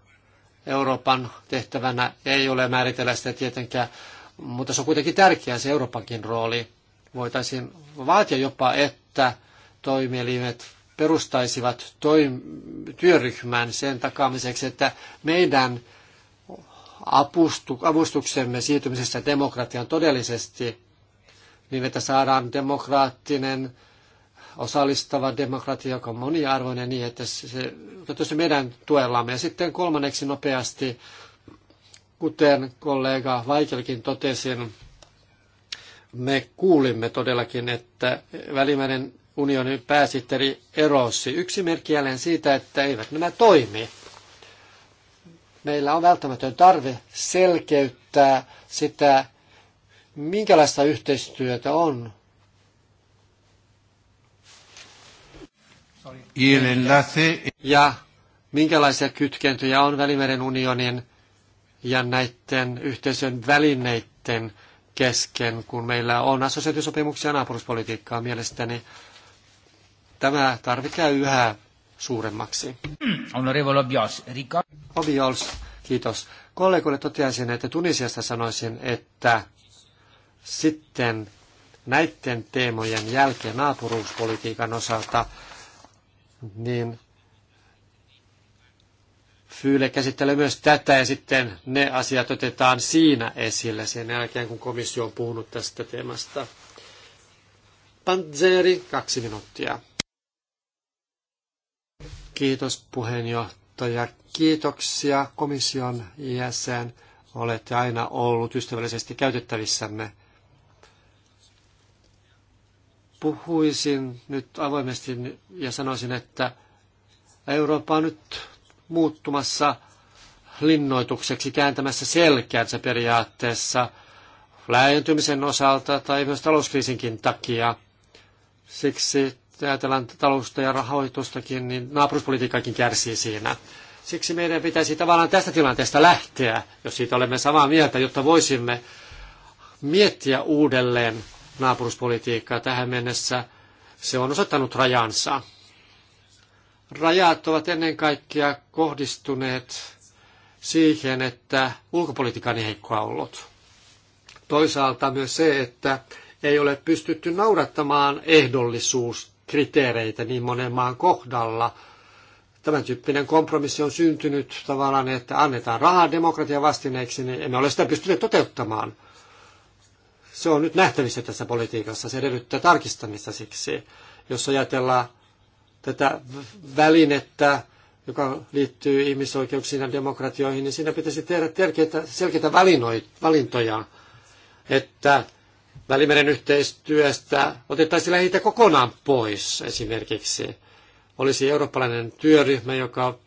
Euroopan tehtävänä ei ole määritellä sitä tietenkään, mutta se on kuitenkin tärkeää se Euroopankin rooli. Voitaisiin vaatia jopa, että toimielimet perustaisivat toim- työryhmän sen takaamiseksi, että meidän avustuksemme siirtymisessä demokratian todellisesti, niin että saadaan demokraattinen osallistava demokratia, joka on moniarvoinen niin, että se, se meidän tuellamme. Ja sitten kolmanneksi nopeasti, kuten kollega Vaikelkin totesin, me kuulimme todellakin, että välimäinen unionin pääsihteeri erosi. Yksi merkki jälleen siitä, että eivät nämä toimi. Meillä on välttämätön tarve selkeyttää sitä, minkälaista yhteistyötä on y el enlace... Ja minkälaisia kytkentöjä on Välimeren unionin ja näiden yhteisön välineiden kesken, kun meillä on assosiaatiosopimuksia ja naapuruspolitiikkaa mielestäni. Tämä tarve käy yhä suuremmaksi. Mm, Honorevole Obios, Obios, kiitos. Kollegoille toteaisin, että Tunisiasta sanoisin, että sitten näiden teemojen jälkeen naapuruuspolitiikan osalta niin Fyyle käsittelee myös tätä ja sitten ne asiat otetaan siinä esille sen jälkeen, kun komissio on puhunut tästä teemasta. Panzeri, kaksi minuuttia. Kiitos puheenjohtaja. Kiitoksia komission jäsen. Olette aina ollut ystävällisesti käytettävissämme puhuisin nyt avoimesti ja sanoisin, että Eurooppa on nyt muuttumassa linnoitukseksi, kääntämässä selkeänsä periaatteessa lääjentymisen osalta tai myös talouskriisinkin takia. Siksi ajatellaan talousta ja rahoitustakin, niin naapuruspolitiikkakin kärsii siinä. Siksi meidän pitäisi tavallaan tästä tilanteesta lähteä, jos siitä olemme samaa mieltä, jotta voisimme miettiä uudelleen naapuruspolitiikkaa tähän mennessä. Se on osoittanut rajansa. Rajat ovat ennen kaikkea kohdistuneet siihen, että ulkopolitiikan on heikkoa ollut. Toisaalta myös se, että ei ole pystytty noudattamaan ehdollisuuskriteereitä niin monen maan kohdalla. Tämän tyyppinen kompromissi on syntynyt tavallaan, että annetaan rahaa demokratia vastineeksi, niin emme ole sitä pystyneet toteuttamaan – se on nyt nähtävissä tässä politiikassa, se edellyttää tarkistamista siksi. Jos ajatellaan tätä välinettä, joka liittyy ihmisoikeuksiin ja demokratioihin, niin siinä pitäisi tehdä selkeitä, selkeitä valintoja, että Välimeren yhteistyöstä otettaisiin lähitä kokonaan pois esimerkiksi. Olisi eurooppalainen työryhmä, joka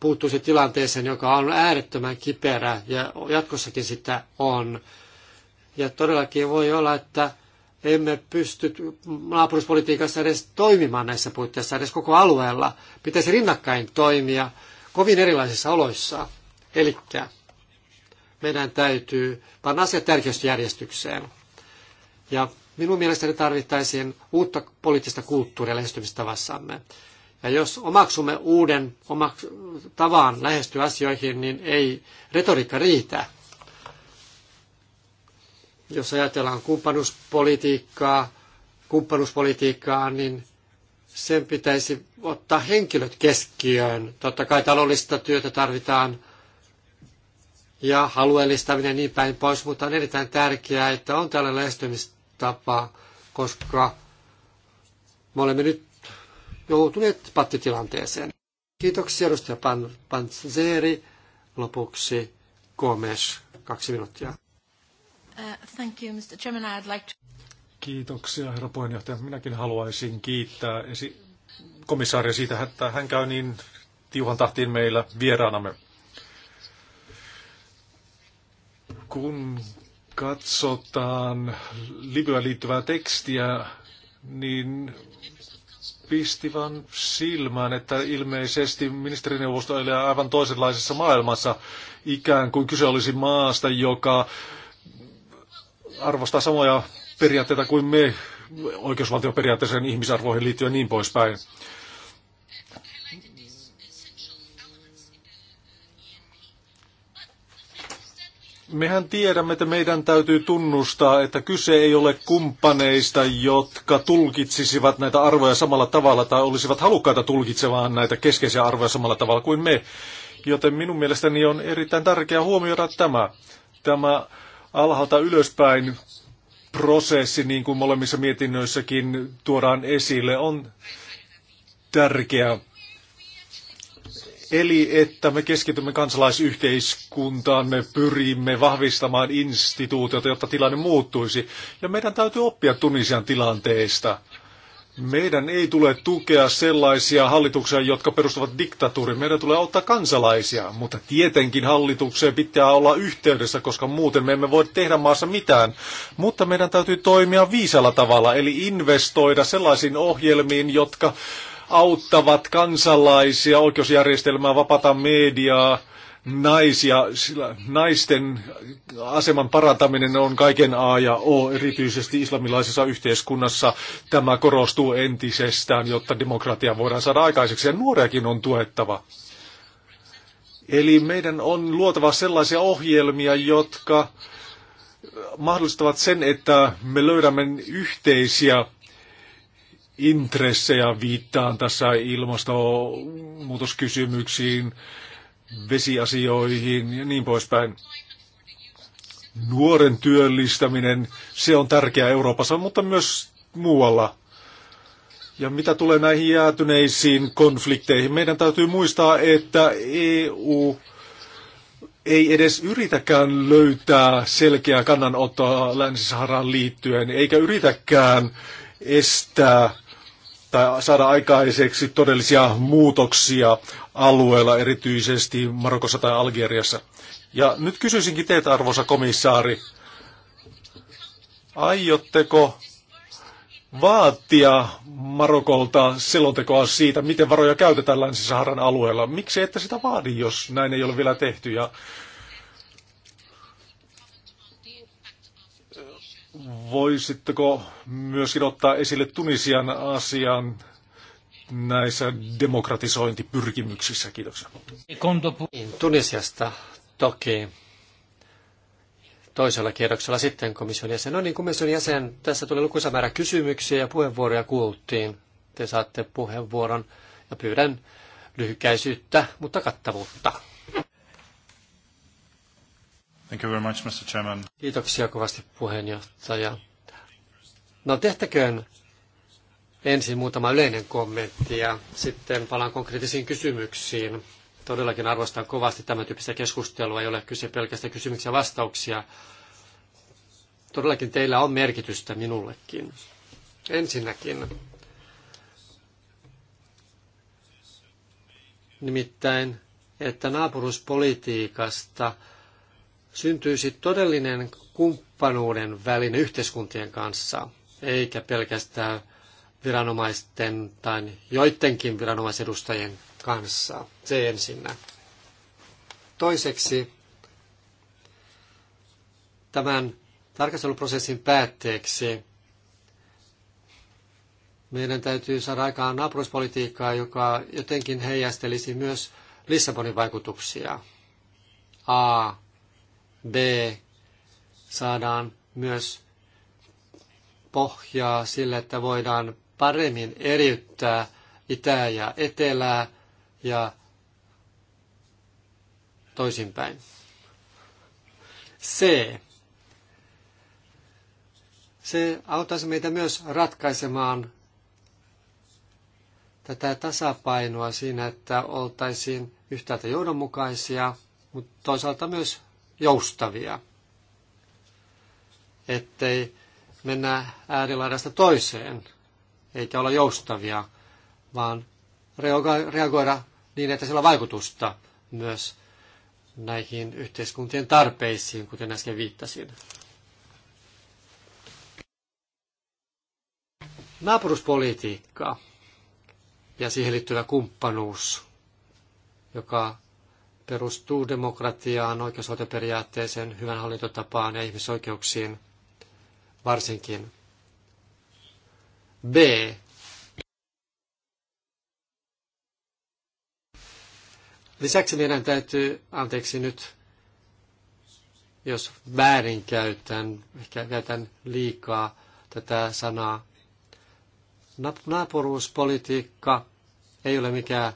puuttuisi tilanteeseen, joka on äärettömän kiperä ja jatkossakin sitä on. Ja todellakin voi olla, että emme pysty naapuruspolitiikassa edes toimimaan näissä puitteissa, edes koko alueella. Pitäisi rinnakkain toimia kovin erilaisissa oloissa. Eli meidän täytyy panna asiat tärkeysjärjestykseen. Ja minun mielestäni tarvittaisiin uutta poliittista kulttuuria lähestymistavassamme. Ja jos omaksumme uuden omaks- tavan lähestyä asioihin, niin ei retoriikka riitä. Jos ajatellaan kumppanuuspolitiikkaa, kumppanuuspolitiikkaa, niin sen pitäisi ottaa henkilöt keskiöön. Totta kai taloudellista työtä tarvitaan ja alueellistaminen niin päin pois, mutta on erittäin tärkeää, että on tällainen lähestymistapa, koska me olemme nyt joutuneet pattitilanteeseen. Kiitoksia edustaja Panzeri. Lopuksi Gomes, kaksi minuuttia. Uh, thank you, Mr. Chairman. I'd like to... Kiitoksia, herra puheenjohtaja. Minäkin haluaisin kiittää esi- komissaaria siitä, että hän käy niin tiuhan tahtiin meillä vieraanamme. Kun katsotaan Libyaan liittyvää tekstiä, niin pisti vaan silmään, että ilmeisesti ministerineuvosto elää aivan toisenlaisessa maailmassa, ikään kuin kyse olisi maasta, joka arvostaa samoja periaatteita kuin me oikeusvaltioperiaatteeseen ihmisarvoihin liittyen niin poispäin. Mehän tiedämme, että meidän täytyy tunnustaa, että kyse ei ole kumppaneista, jotka tulkitsisivat näitä arvoja samalla tavalla tai olisivat halukkaita tulkitsemaan näitä keskeisiä arvoja samalla tavalla kuin me. Joten minun mielestäni on erittäin tärkeää huomioida tämä. Tämä alhaalta ylöspäin prosessi, niin kuin molemmissa mietinnöissäkin tuodaan esille, on tärkeä. Eli että me keskitymme kansalaisyhteiskuntaan, me pyrimme vahvistamaan instituutiota, jotta tilanne muuttuisi. Ja meidän täytyy oppia Tunisian tilanteesta. Meidän ei tule tukea sellaisia hallituksia, jotka perustuvat diktatuuriin. Meidän tulee auttaa kansalaisia, mutta tietenkin hallitukseen pitää olla yhteydessä, koska muuten me emme voi tehdä maassa mitään. Mutta meidän täytyy toimia viisalla tavalla, eli investoida sellaisiin ohjelmiin, jotka auttavat kansalaisia, oikeusjärjestelmää, vapata mediaa, naisia, sillä naisten aseman parantaminen on kaiken A ja O, erityisesti islamilaisessa yhteiskunnassa. Tämä korostuu entisestään, jotta demokratia voidaan saada aikaiseksi ja nuoriakin on tuettava. Eli meidän on luotava sellaisia ohjelmia, jotka mahdollistavat sen, että me löydämme yhteisiä intressejä, viittaan tässä ilmastonmuutoskysymyksiin, vesiasioihin ja niin poispäin. Nuoren työllistäminen, se on tärkeää Euroopassa, mutta myös muualla. Ja mitä tulee näihin jäätyneisiin konflikteihin, meidän täytyy muistaa, että EU ei edes yritäkään löytää selkeää kannanottoa Länsi-Saharaan liittyen, eikä yritäkään estää tai saada aikaiseksi todellisia muutoksia alueella, erityisesti Marokossa tai Algeriassa. Ja nyt kysyisinkin teitä, arvoisa komissaari, aiotteko vaatia Marokolta selontekoa siitä, miten varoja käytetään Länsi-Saharan alueella. Miksi ette sitä vaadi, jos näin ei ole vielä tehty? Ja voisitteko myöskin ottaa esille Tunisian asian näissä demokratisointipyrkimyksissä? Kiitoksia. Niin, Tunisiasta toki toisella kierroksella sitten komission jäsen. No niin, komission jäsen, tässä tulee lukuisa määrä kysymyksiä ja puheenvuoroja kuultiin. Te saatte puheenvuoron ja pyydän lyhykäisyyttä, mutta kattavuutta. Thank you very much, Mr. Chairman. Kiitoksia kovasti puheenjohtaja. No tehtäköön ensin muutama yleinen kommentti ja sitten palaan konkreettisiin kysymyksiin. Todellakin arvostan kovasti tämän tyyppistä keskustelua, ei ole kyse pelkästään kysymyksiä ja vastauksia. Todellakin teillä on merkitystä minullekin. Ensinnäkin, nimittäin, että naapuruspolitiikasta – syntyisi todellinen kumppanuuden väline yhteiskuntien kanssa, eikä pelkästään viranomaisten tai joidenkin viranomaisedustajien kanssa. Se ensinnä. Toiseksi tämän tarkasteluprosessin päätteeksi meidän täytyy saada aikaan naapuruspolitiikkaa, joka jotenkin heijastelisi myös Lissabonin vaikutuksia. A B saadaan myös pohjaa sille, että voidaan paremmin eriyttää itää ja etelää ja toisinpäin. C. Se auttaisi meitä myös ratkaisemaan tätä tasapainoa siinä, että oltaisiin yhtäältä johdonmukaisia, mutta toisaalta myös joustavia, ettei mennä äärilaidasta toiseen, eikä olla joustavia, vaan reagoida niin, että sillä on vaikutusta myös näihin yhteiskuntien tarpeisiin, kuten äsken viittasin. Naapuruspolitiikka ja siihen liittyvä kumppanuus, joka perustuu demokratiaan, oikeusvaltioperiaatteeseen, hyvän hallintotapaan ja ihmisoikeuksiin varsinkin. B. Lisäksi meidän täytyy, anteeksi nyt, jos väärin käytän, ehkä käytän liikaa tätä sanaa. Naapuruuspolitiikka ei ole mikään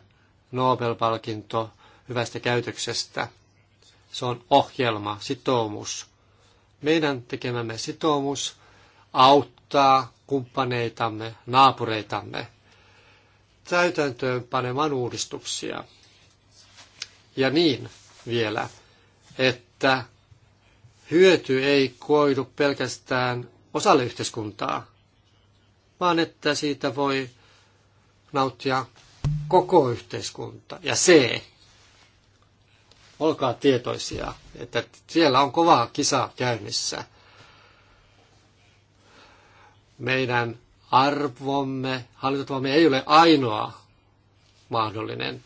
Nobel-palkinto, hyvästä käytöksestä. Se on ohjelma, sitoumus. Meidän tekemämme sitoumus auttaa kumppaneitamme, naapureitamme täytäntöön panemaan uudistuksia. Ja niin vielä, että hyöty ei koidu pelkästään osalle yhteiskuntaa, vaan että siitä voi nauttia koko yhteiskunta. Ja se Olkaa tietoisia, että siellä on kova kisa käynnissä. Meidän arvomme, hallintotavamme ei ole ainoa mahdollinen,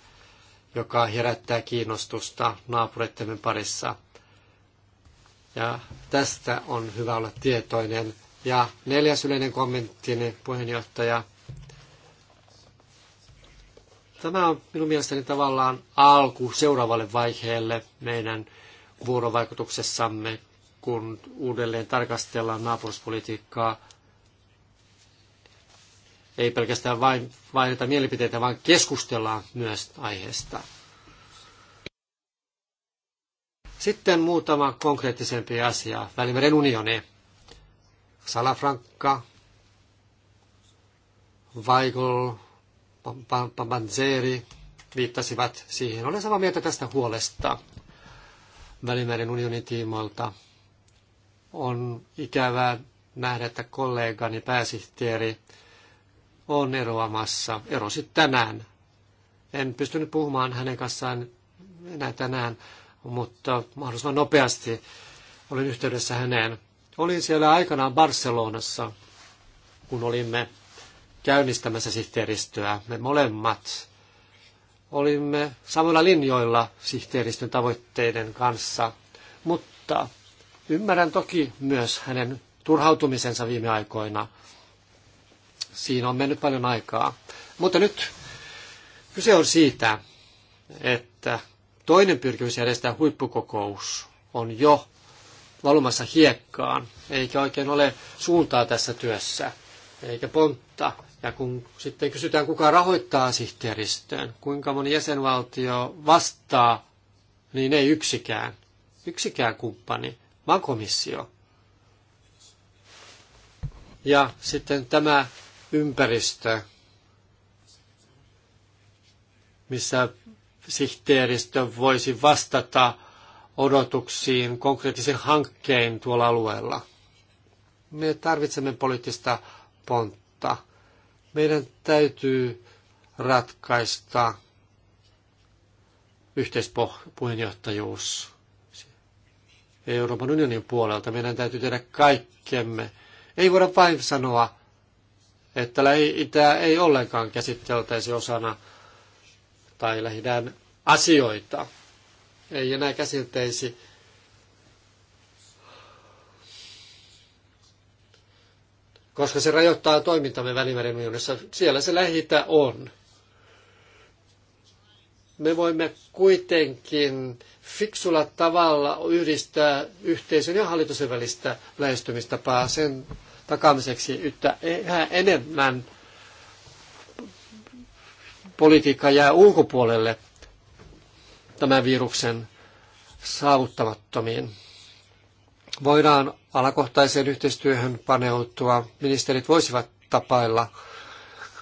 joka herättää kiinnostusta naapureittemme parissa. Ja tästä on hyvä olla tietoinen. Ja neljäs yleinen kommenttini, puheenjohtaja – Tämä on minun mielestäni tavallaan alku seuraavalle vaiheelle meidän vuorovaikutuksessamme, kun uudelleen tarkastellaan naapuruspolitiikkaa. Ei pelkästään vain vaihdeta mielipiteitä, vaan keskustellaan myös aiheesta. Sitten muutama konkreettisempi asia. Välimeren unioni, Salafrankka, Weigel, Panzeri viittasivat siihen. Olen samaa mieltä tästä huolesta Välimeren unionin tiimoilta. On ikävää nähdä, että kollegani pääsihteeri on eroamassa. Erosi tänään. En pystynyt puhumaan hänen kanssaan enää tänään, mutta mahdollisimman nopeasti olin yhteydessä häneen. Olin siellä aikanaan Barcelonassa, kun olimme käynnistämässä sihteeristöä. Me molemmat olimme samoilla linjoilla sihteeristön tavoitteiden kanssa, mutta ymmärrän toki myös hänen turhautumisensa viime aikoina. Siinä on mennyt paljon aikaa. Mutta nyt kyse on siitä, että toinen pyrkimys järjestää huippukokous on jo valumassa hiekkaan, eikä oikein ole suuntaa tässä työssä, eikä pontta. Ja kun sitten kysytään, kuka rahoittaa sihteeristöön, kuinka moni jäsenvaltio vastaa, niin ei yksikään. Yksikään kumppani, vaan komissio. Ja sitten tämä ympäristö, missä sihteeristö voisi vastata odotuksiin konkreettisiin hankkeen tuolla alueella. Me tarvitsemme poliittista pontta meidän täytyy ratkaista yhteispuheenjohtajuus Euroopan unionin puolelta. Meidän täytyy tehdä kaikkemme. Ei voida vain sanoa, että tämä itää ei ollenkaan käsitteltäisi osana tai lähidän asioita. Ei enää käsitteisi koska se rajoittaa toimintamme Välimeren unionissa. Siellä se lähitä on. Me voimme kuitenkin fiksulla tavalla yhdistää yhteisön ja hallituksen välistä lähestymistapaa sen takaamiseksi, että yhä enemmän politiikka jää ulkopuolelle tämän viruksen saavuttamattomiin voidaan alakohtaiseen yhteistyöhön paneutua. Ministerit voisivat tapailla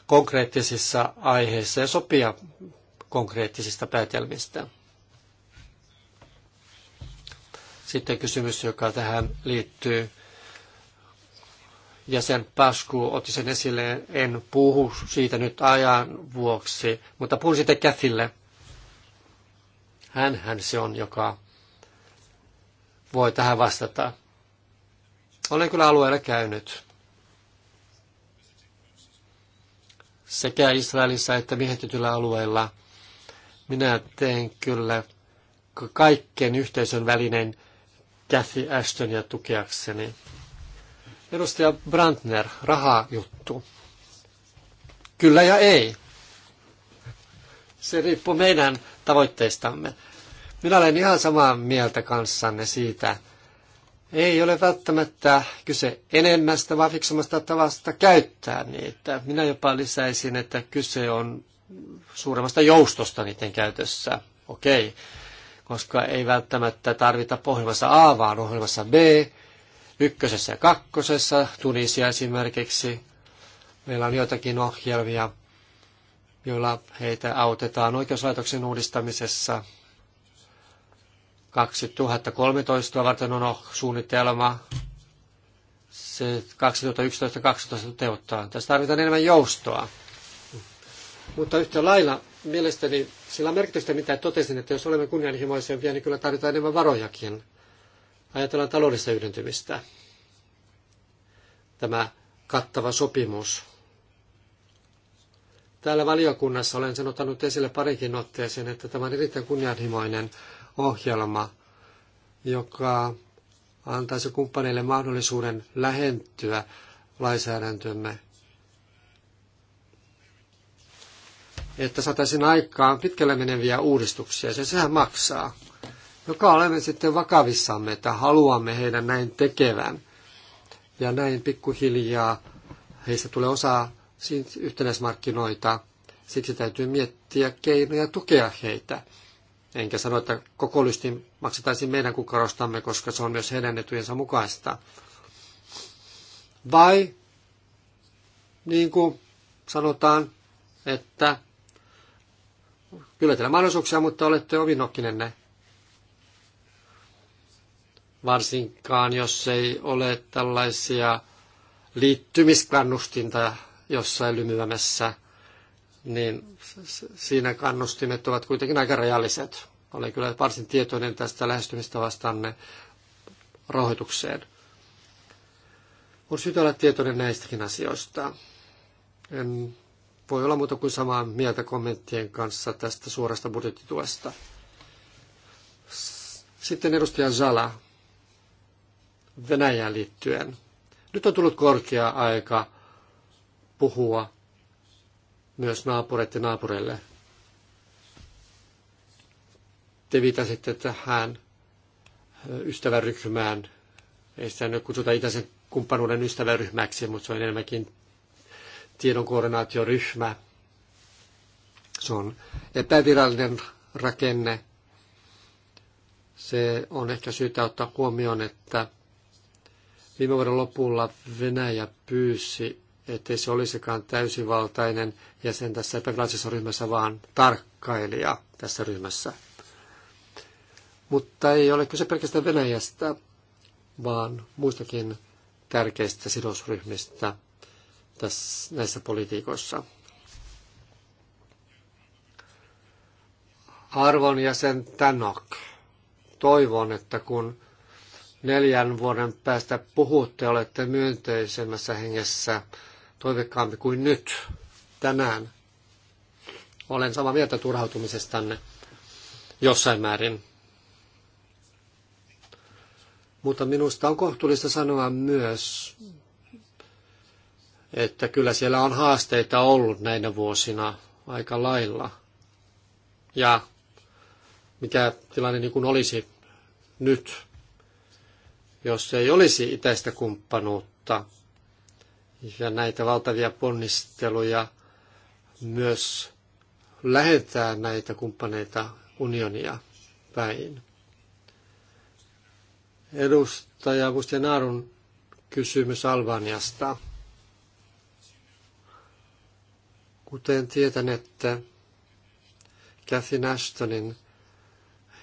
konkreettisissa aiheissa ja sopia konkreettisista päätelmistä. Sitten kysymys, joka tähän liittyy. Jäsen Pasku otti sen esille, en puhu siitä nyt ajan vuoksi, mutta puhun sitten Käfille. Hänhän se on, joka voi tähän vastata. Olen kyllä alueella käynyt. Sekä Israelissa että miehetytyllä alueella minä teen kyllä kaikkien yhteisön välinen Kathy Ashtonia tukeakseni. Edustaja Brandner, rahajuttu. Kyllä ja ei. Se riippuu meidän tavoitteistamme. Minä olen ihan samaa mieltä kanssanne siitä. Ei ole välttämättä kyse enemmästä, vaan fiksummasta tavasta käyttää niitä. Minä jopa lisäisin, että kyse on suuremmasta joustosta niiden käytössä. Okei, okay. koska ei välttämättä tarvita ohjelmassa A, vaan ohjelmassa B, ykkösessä ja kakkosessa, Tunisia esimerkiksi. Meillä on joitakin ohjelmia, joilla heitä autetaan oikeuslaitoksen uudistamisessa, 2013 varten on oh, suunnitelma. Se 2011-2012 toteuttaa. Tässä tarvitaan enemmän joustoa. Mutta yhtä lailla mielestäni sillä on merkitystä, mitä totesin, että jos olemme kunnianhimoisempia, niin kyllä tarvitaan enemmän varojakin. Ajatellaan taloudellista yhdentymistä. Tämä kattava sopimus. Täällä valiokunnassa olen sen ottanut esille parikin otteeseen, että tämä on erittäin kunnianhimoinen ohjelma, joka antaisi kumppaneille mahdollisuuden lähentyä lainsäädäntömme, että saataisiin aikaan pitkälle meneviä uudistuksia. Se sehän maksaa, joka olemme sitten vakavissamme, että haluamme heidän näin tekevän. Ja näin pikkuhiljaa heistä tulee osa yhtenäismarkkinoita. Siksi täytyy miettiä keinoja tukea heitä. Enkä sano, että koko lysti maksetaisiin meidän kukkarostamme, koska se on myös heidän etujensa mukaista. Vai niin kuin sanotaan, että kyllä teillä mahdollisuuksia, mutta olette ovinokkinenne. Varsinkaan, jos ei ole tällaisia liittymiskannustinta jossain lymyämässä – niin siinä kannustimet ovat kuitenkin aika rajalliset. Olen kyllä varsin tietoinen tästä vastanne rahoitukseen. On syytä olla tietoinen näistäkin asioista. En voi olla muuta kuin samaa mieltä kommenttien kanssa tästä suorasta budjettituesta. Sitten edustaja Zala Venäjään liittyen. Nyt on tullut korkea aika puhua myös ja naapureille. Te viitasitte tähän ystäväryhmään. Ei sitä nyt kutsuta itäisen kumppanuuden ystäväryhmäksi, mutta se on enemmänkin tiedon koordinaatioryhmä. Se on epävirallinen rakenne. Se on ehkä syytä ottaa huomioon, että viime vuoden lopulla Venäjä pyysi ettei se olisikaan täysivaltainen jäsen tässä epävirallisessa ryhmässä, vaan tarkkailija tässä ryhmässä. Mutta ei ole kyse pelkästään Venäjästä, vaan muistakin tärkeistä sidosryhmistä tässä, näissä politiikoissa. Arvon jäsen Tanok, toivon, että kun neljän vuoden päästä puhutte, olette myönteisemmässä hengessä toivekkaampi kuin nyt tänään. Olen samaa mieltä turhautumisestanne jossain määrin. Mutta minusta on kohtuullista sanoa myös, että kyllä siellä on haasteita ollut näinä vuosina aika lailla. Ja mikä tilanne niin kuin olisi nyt, jos ei olisi itäistä kumppanuutta, ja näitä valtavia ponnisteluja myös lähettää näitä kumppaneita unionia päin. Edustaja Bustenaarun kysymys Albaniasta. Kuten tiedän, että Cathy Ashtonin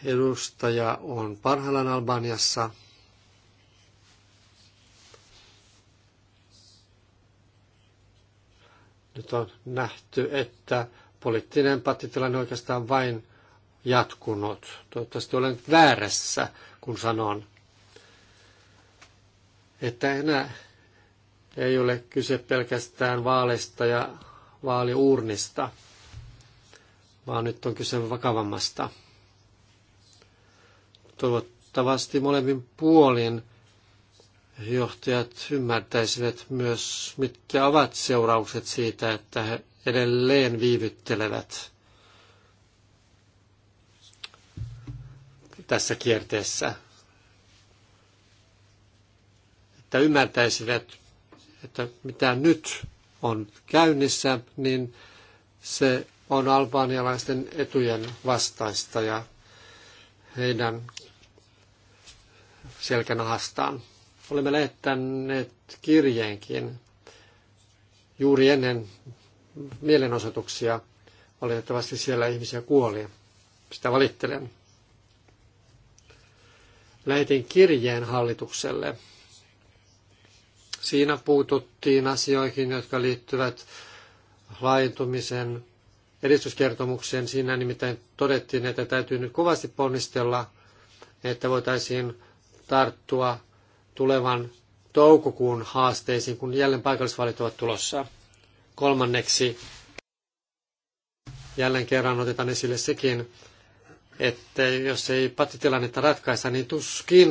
edustaja on parhaillaan Albaniassa – Nyt on nähty, että poliittinen pattitilanne oikeastaan vain jatkunut. Toivottavasti olen väärässä, kun sanon, että enää ei ole kyse pelkästään vaaleista ja vaaliurnista, vaan nyt on kyse vakavammasta. Toivottavasti molemmin puolin johtajat ymmärtäisivät myös, mitkä ovat seuraukset siitä, että he edelleen viivyttelevät tässä kierteessä. Että ymmärtäisivät, että mitä nyt on käynnissä, niin se on albaanialaisten etujen vastaista ja heidän selkänahastaan. Olemme lähettäneet kirjeenkin juuri ennen mielenosoituksia. Valitettavasti siellä ihmisiä kuoli. Sitä valittelen. Lähetin kirjeen hallitukselle. Siinä puututtiin asioihin, jotka liittyvät laajentumisen edistyskertomukseen. Siinä nimittäin todettiin, että täytyy nyt kovasti ponnistella, että voitaisiin tarttua tulevan toukokuun haasteisiin, kun jälleen paikallisvaalit ovat tulossa. Kolmanneksi jälleen kerran otetaan esille sekin, että jos ei pattitilannetta ratkaista, niin tuskin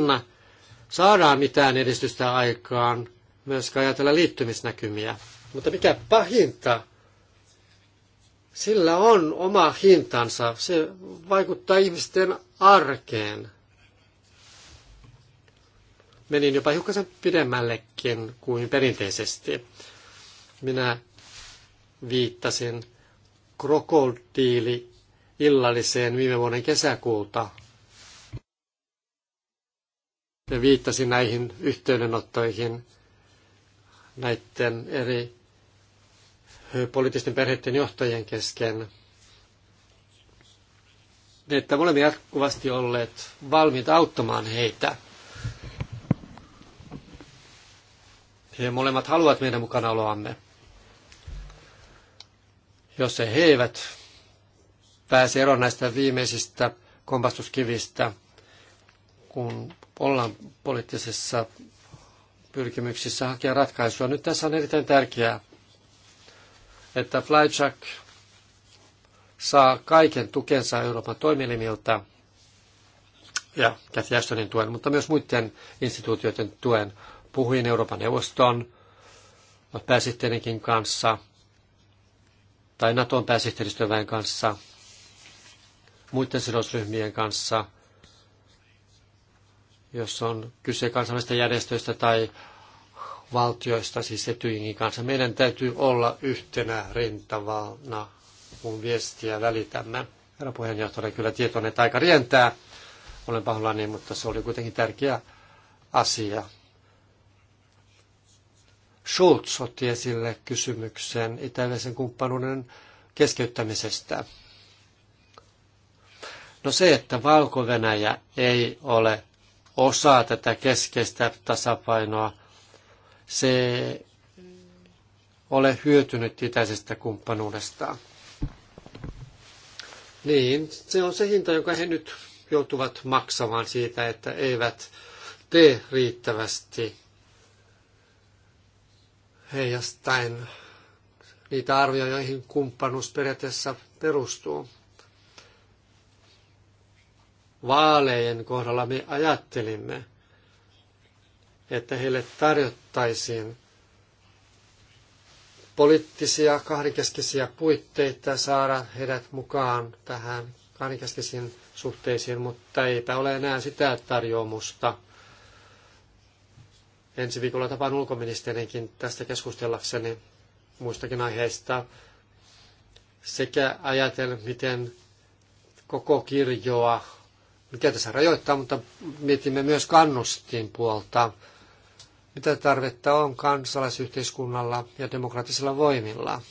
saadaan mitään edistystä aikaan, myöskään ajatella liittymisnäkymiä. Mutta mikä pahinta, sillä on oma hintansa. Se vaikuttaa ihmisten arkeen menin jopa hiukkasen pidemmällekin kuin perinteisesti. Minä viittasin krokodiili illalliseen viime vuoden kesäkuulta. Ja viittasin näihin yhteydenottoihin näiden eri poliittisten perheiden johtajien kesken. Että me olemme jatkuvasti olleet valmiita auttamaan heitä – He molemmat haluavat meidän mukanaoloamme. Jos he eivät pääse eroon näistä viimeisistä kompastuskivistä, kun ollaan poliittisessa pyrkimyksissä hakea ratkaisua. Nyt tässä on erittäin tärkeää, että Flyjack saa kaiken tukensa Euroopan toimielimiltä ja Kathy Ashtonin tuen, mutta myös muiden instituutioiden tuen puhuin Euroopan neuvoston pääsihteerinkin kanssa tai Naton pääsihteeristöväen kanssa, muiden sidosryhmien kanssa, jos on kyse kansainvälisistä järjestöistä tai valtioista, siis Etyjingin kanssa. Meidän täytyy olla yhtenä rintavana, kun viestiä välitämme. Herra puheenjohtaja, kyllä tietoinen, että aika rientää. Olen pahoillani, mutta se oli kuitenkin tärkeä asia. Schulz otti esille kysymyksen itäläisen kumppanuuden keskeyttämisestä. No se, että valko ei ole osa tätä keskeistä tasapainoa, se ole hyötynyt itäisestä kumppanuudesta. Niin, se on se hinta, jonka he nyt joutuvat maksamaan siitä, että eivät tee riittävästi heijastaen niitä arvioja, joihin kumppanuus periaatteessa perustuu. Vaalejen kohdalla me ajattelimme, että heille tarjottaisiin poliittisia kahdenkeskisiä puitteita saada heidät mukaan tähän kahdenkeskisiin suhteisiin, mutta eipä ole enää sitä tarjoamusta – Ensi viikolla tapaan ulkoministerinkin tästä keskustellakseni muistakin aiheista sekä ajatellen, miten koko kirjoa, mikä tässä rajoittaa, mutta mietimme myös kannustinpuolta, mitä tarvetta on kansalaisyhteiskunnalla ja demokraattisilla voimilla.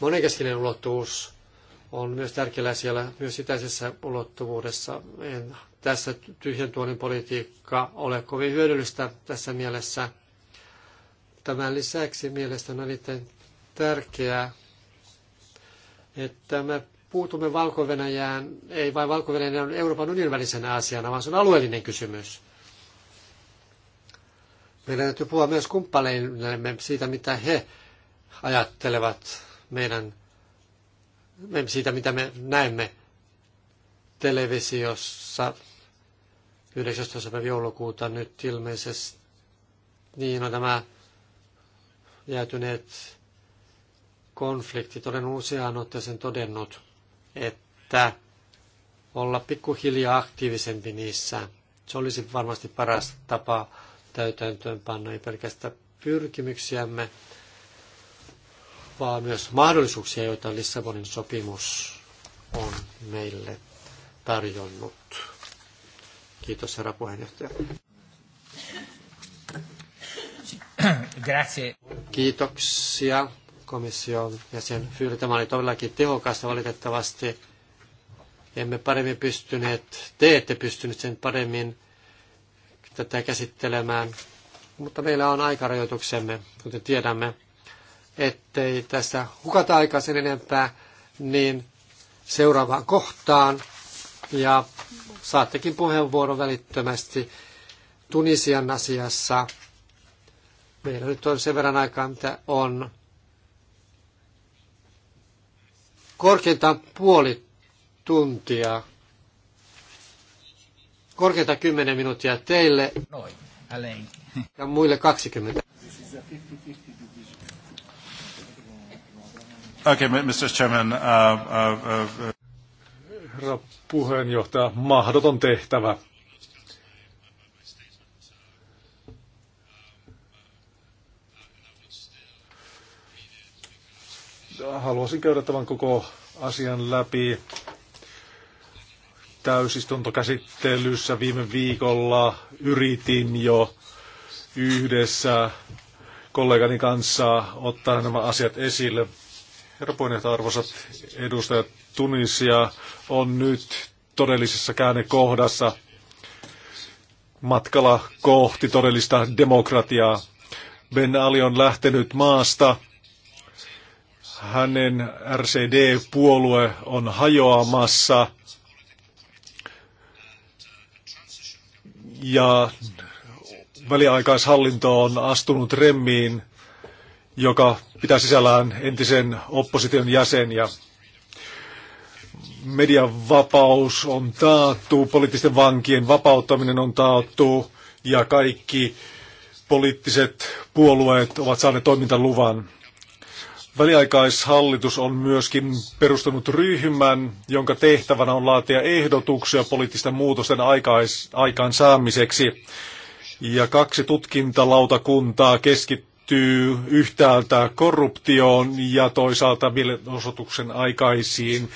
Monenkeskinen ulottuvuus on myös tärkeällä siellä myös itäisessä ulottuvuudessa. En tässä tyhjentuonin politiikka ole kovin hyödyllistä tässä mielessä. Tämän lisäksi mielestäni on erittäin tärkeää, että me puutumme valko ei vain valko on Euroopan unionin välisenä asiana, vaan se on alueellinen kysymys. Meidän täytyy puhua myös kumppaneillemme siitä, mitä he ajattelevat meidän siitä, mitä me näemme televisiossa 19. päivä joulukuuta nyt ilmeisesti, niin on nämä jäätyneet konfliktit. Olen useaan otteeseen todennut, että olla pikkuhiljaa aktiivisempi niissä. Se olisi varmasti paras tapa täytäntöönpanna, ei pelkästään pyrkimyksiämme, vaan myös mahdollisuuksia, joita Lissabonin sopimus on meille tarjonnut. Kiitos herra puheenjohtaja. Grazie. Kiitoksia komission jäsen Fyyli. Tämä oli todellakin tehokasta valitettavasti. Emme paremmin pystyneet, te ette pystyneet sen paremmin tätä käsittelemään, mutta meillä on aikarajoituksemme, kuten tiedämme ettei tässä hukata aikaa sen enempää, niin seuraavaan kohtaan ja saattekin puheenvuoron välittömästi Tunisian asiassa. Meillä nyt on sen verran aikaa, mitä on. Korkeintaan puoli tuntia. Korkeinta 10 minuuttia teille. Noin, ja muille 20. Okay, Mr. Chairman, uh, uh, uh. Herra puheenjohtaja, mahdoton tehtävä. Haluaisin käydä tämän koko asian läpi täysistuntokäsittelyssä viime viikolla yritin jo yhdessä kollegani kanssa ottaa nämä asiat esille. Herra puheenjohtaja, arvoisat edustajat, Tunisia on nyt todellisessa käännekohdassa matkalla kohti todellista demokratiaa. Ben Ali on lähtenyt maasta. Hänen RCD-puolue on hajoamassa. Ja väliaikaishallinto on astunut remmiin, joka pitää sisällään entisen opposition jäsen ja median vapaus on taattu, poliittisten vankien vapauttaminen on taattu ja kaikki poliittiset puolueet ovat saaneet toimintaluvan. Väliaikaishallitus on myöskin perustanut ryhmän, jonka tehtävänä on laatia ehdotuksia poliittisten muutosten aikaansaamiseksi. Ja kaksi tutkintalautakuntaa keskit- liittyy yhtäältä korruptioon ja toisaalta mielenosoituksen aikaisiin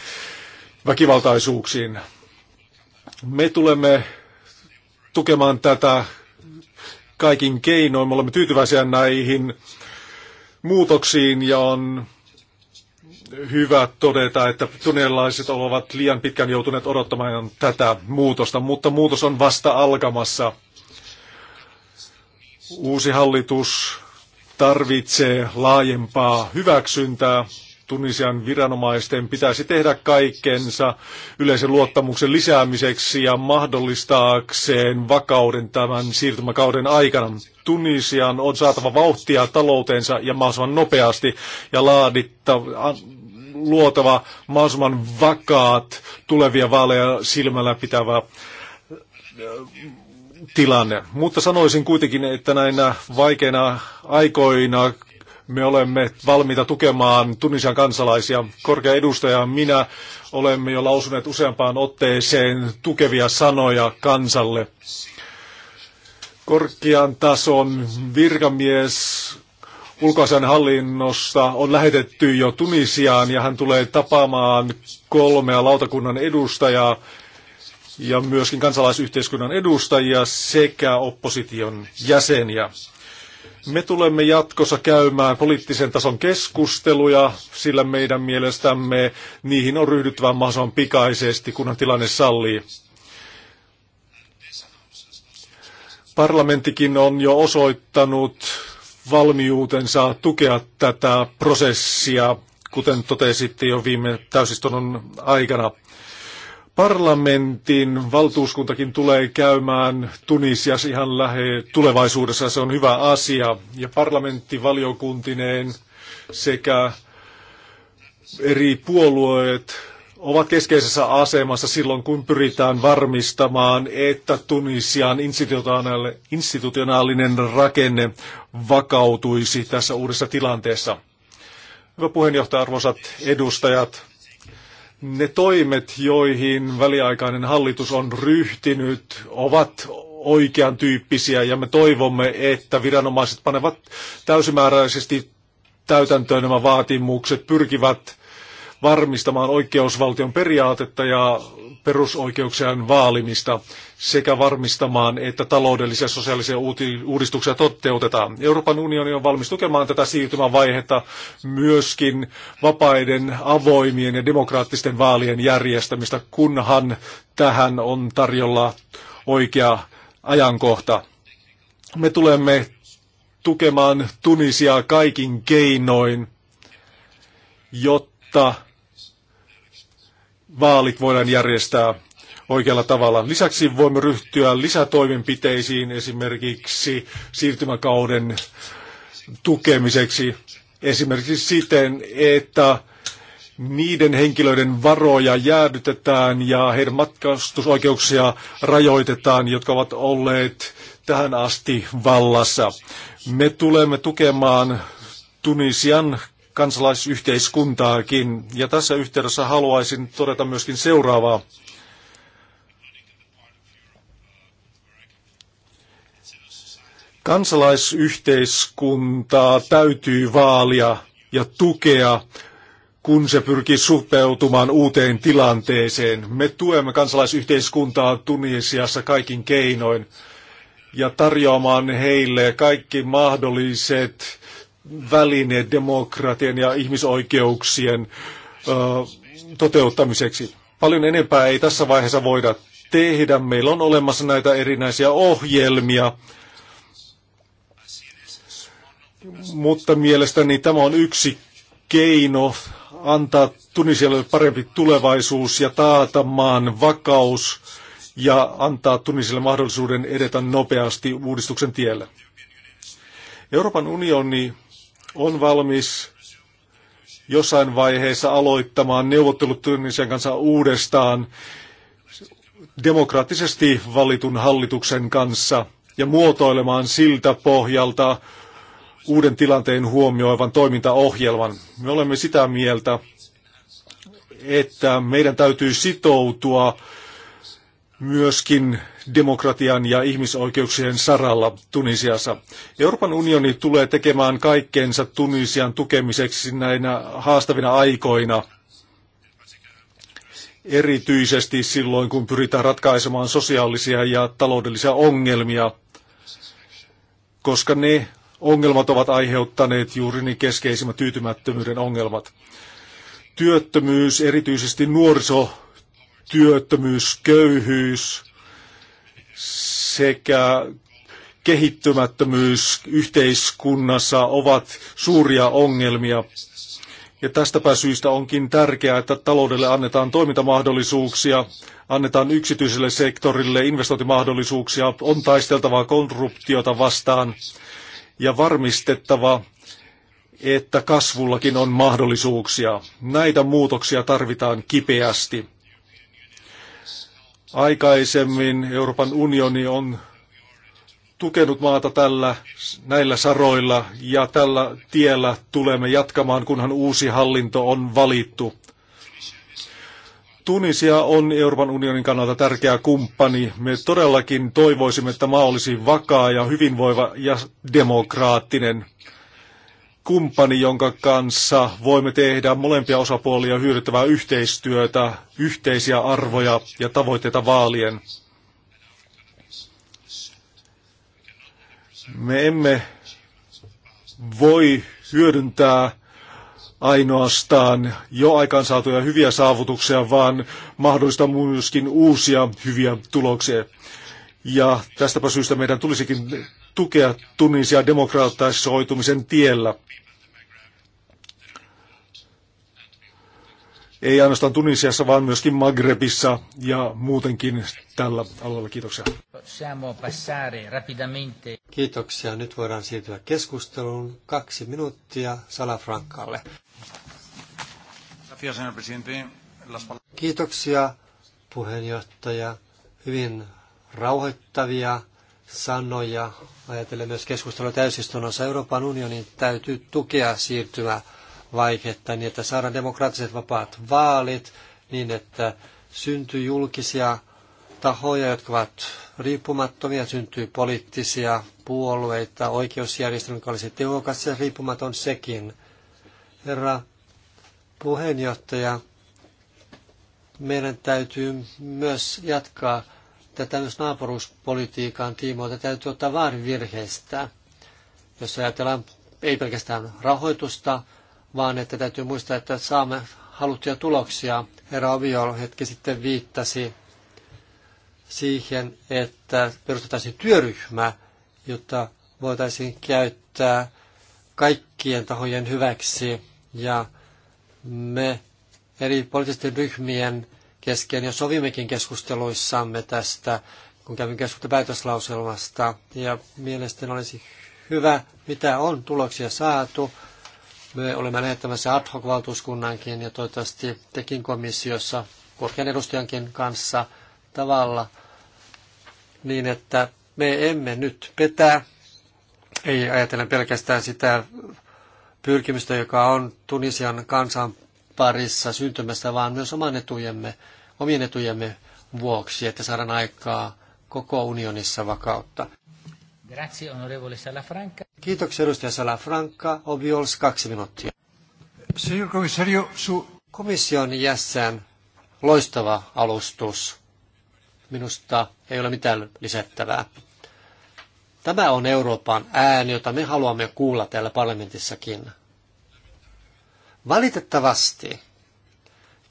väkivaltaisuuksiin. Me tulemme tukemaan tätä kaikin keinoin. Me olemme tyytyväisiä näihin muutoksiin ja on hyvä todeta, että tunnelaiset ovat liian pitkään joutuneet odottamaan tätä muutosta, mutta muutos on vasta alkamassa. Uusi hallitus tarvitsee laajempaa hyväksyntää. Tunisian viranomaisten pitäisi tehdä kaikkensa yleisen luottamuksen lisäämiseksi ja mahdollistaakseen vakauden tämän siirtymäkauden aikana. Tunisian on saatava vauhtia talouteensa ja mahdollisimman nopeasti ja laadittava, luotava mahdollisimman vakaat tulevia vaaleja silmällä pitävä tilanne. Mutta sanoisin kuitenkin, että näinä vaikeina aikoina me olemme valmiita tukemaan Tunisian kansalaisia. Korkea edustaja minä olemme jo lausuneet useampaan otteeseen tukevia sanoja kansalle. Korkean tason virkamies ulkoisen hallinnosta on lähetetty jo Tunisiaan ja hän tulee tapaamaan kolmea lautakunnan edustajaa ja myöskin kansalaisyhteiskunnan edustajia sekä opposition jäseniä. Me tulemme jatkossa käymään poliittisen tason keskusteluja, sillä meidän mielestämme niihin on ryhdyttävä mahdollisimman pikaisesti, kunhan tilanne sallii. Parlamenttikin on jo osoittanut valmiutensa tukea tätä prosessia, kuten totesitte jo viime täysistunnon aikana. Parlamentin valtuuskuntakin tulee käymään Tunisias ihan lähe tulevaisuudessa. Se on hyvä asia. Ja parlamenttivaliokuntineen sekä eri puolueet ovat keskeisessä asemassa silloin, kun pyritään varmistamaan, että Tunisian institutionaalinen rakenne vakautuisi tässä uudessa tilanteessa. Hyvä puheenjohtaja, arvoisat edustajat ne toimet, joihin väliaikainen hallitus on ryhtynyt, ovat oikean tyyppisiä ja me toivomme, että viranomaiset panevat täysimääräisesti täytäntöön nämä vaatimukset, pyrkivät varmistamaan oikeusvaltion periaatetta ja perusoikeuksien vaalimista sekä varmistamaan, että taloudellisia ja sosiaalisia uudistuksia toteutetaan. Euroopan unioni on valmis tukemaan tätä siirtymävaihetta myöskin vapaiden, avoimien ja demokraattisten vaalien järjestämistä, kunhan tähän on tarjolla oikea ajankohta. Me tulemme tukemaan Tunisia kaikin keinoin, jotta vaalit voidaan järjestää oikealla tavalla. Lisäksi voimme ryhtyä lisätoimenpiteisiin esimerkiksi siirtymäkauden tukemiseksi. Esimerkiksi siten, että niiden henkilöiden varoja jäädytetään ja heidän matkastusoikeuksia rajoitetaan, jotka ovat olleet tähän asti vallassa. Me tulemme tukemaan Tunisian kansalaisyhteiskuntaakin. Ja tässä yhteydessä haluaisin todeta myöskin seuraavaa. Kansalaisyhteiskuntaa täytyy vaalia ja tukea, kun se pyrkii supeutumaan uuteen tilanteeseen. Me tuemme kansalaisyhteiskuntaa Tunisiassa kaikin keinoin ja tarjoamaan heille kaikki mahdolliset väline demokratian ja ihmisoikeuksien ö, toteuttamiseksi. Paljon enempää ei tässä vaiheessa voida tehdä. Meillä on olemassa näitä erinäisiä ohjelmia, mutta mielestäni tämä on yksi keino antaa Tunisialle parempi tulevaisuus ja taata maan vakaus ja antaa Tunisille mahdollisuuden edetä nopeasti uudistuksen tiellä. Euroopan unioni on valmis jossain vaiheessa aloittamaan neuvottelut Tunisian kanssa uudestaan demokraattisesti valitun hallituksen kanssa ja muotoilemaan siltä pohjalta uuden tilanteen huomioivan toimintaohjelman. Me olemme sitä mieltä, että meidän täytyy sitoutua myöskin demokratian ja ihmisoikeuksien saralla Tunisiassa. Euroopan unioni tulee tekemään kaikkeensa Tunisian tukemiseksi näinä haastavina aikoina, erityisesti silloin, kun pyritään ratkaisemaan sosiaalisia ja taloudellisia ongelmia, koska ne ongelmat ovat aiheuttaneet juuri niin keskeisimmät tyytymättömyyden ongelmat. Työttömyys, erityisesti nuoriso työttömyys, köyhyys sekä kehittymättömyys yhteiskunnassa ovat suuria ongelmia. Ja tästäpä syystä onkin tärkeää, että taloudelle annetaan toimintamahdollisuuksia, annetaan yksityiselle sektorille investointimahdollisuuksia, on taisteltava korruptiota vastaan ja varmistettava, että kasvullakin on mahdollisuuksia. Näitä muutoksia tarvitaan kipeästi. Aikaisemmin Euroopan unioni on tukenut maata tällä, näillä saroilla ja tällä tiellä tulemme jatkamaan, kunhan uusi hallinto on valittu. Tunisia on Euroopan unionin kannalta tärkeä kumppani. Me todellakin toivoisimme, että maa olisi vakaa ja hyvinvoiva ja demokraattinen kumppani, jonka kanssa voimme tehdä molempia osapuolia hyödyttävää yhteistyötä, yhteisiä arvoja ja tavoitteita vaalien. Me emme voi hyödyntää ainoastaan jo aikaansaatuja hyviä saavutuksia, vaan mahdollista myöskin uusia hyviä tuloksia. Ja tästäpä syystä meidän tulisikin tukea Tunisia demokraattisoitumisen tiellä. Ei ainoastaan Tunisiassa, vaan myöskin Magrebissa ja muutenkin tällä alueella. Kiitoksia. Kiitoksia. Nyt voidaan siirtyä keskusteluun. Kaksi minuuttia Salafrankalle. Kiitoksia, puheenjohtaja. Hyvin rauhoittavia sanoja. Ajatellen myös keskustelua täysistunnossa Euroopan unionin täytyy tukea siirtymää vaikeutta niin, että saadaan demokraattiset vapaat vaalit niin, että syntyy julkisia tahoja, jotka ovat riippumattomia, syntyy poliittisia puolueita, oikeusjärjestelmä, joka olisi tehokas ja riippumaton sekin. Herra puheenjohtaja, meidän täytyy myös jatkaa tätä myös naapuruuspolitiikan tiimoilta täytyy ottaa vaarin virheistä. Jos ajatellaan ei pelkästään rahoitusta, vaan että täytyy muistaa, että saamme haluttuja tuloksia. Herra Aviol hetki sitten viittasi siihen, että perustettaisiin työryhmä, jotta voitaisiin käyttää kaikkien tahojen hyväksi ja me eri poliittisten ryhmien kesken ja sovimmekin keskusteluissamme tästä, kun kävin keskustelua päätöslauselmasta. Ja mielestäni olisi hyvä, mitä on tuloksia saatu. Me olemme lähettämässä ad hoc-valtuuskunnankin ja toivottavasti tekin komissiossa korkean edustajankin kanssa tavalla niin, että me emme nyt petä, ei ajatellen pelkästään sitä pyrkimystä, joka on Tunisian kansan parissa syntymästä, vaan myös oman etujemme, omien etujemme vuoksi, että saadaan aikaa koko unionissa vakautta. Grazie, onorevole Salafranca. Kiitoksia, edustaja Salafranca. Obiols, kaksi minuuttia. Signor komissario, su... Komission jäsen, loistava alustus. Minusta ei ole mitään lisättävää. Tämä on Euroopan ääni, jota me haluamme kuulla täällä parlamentissakin. Valitettavasti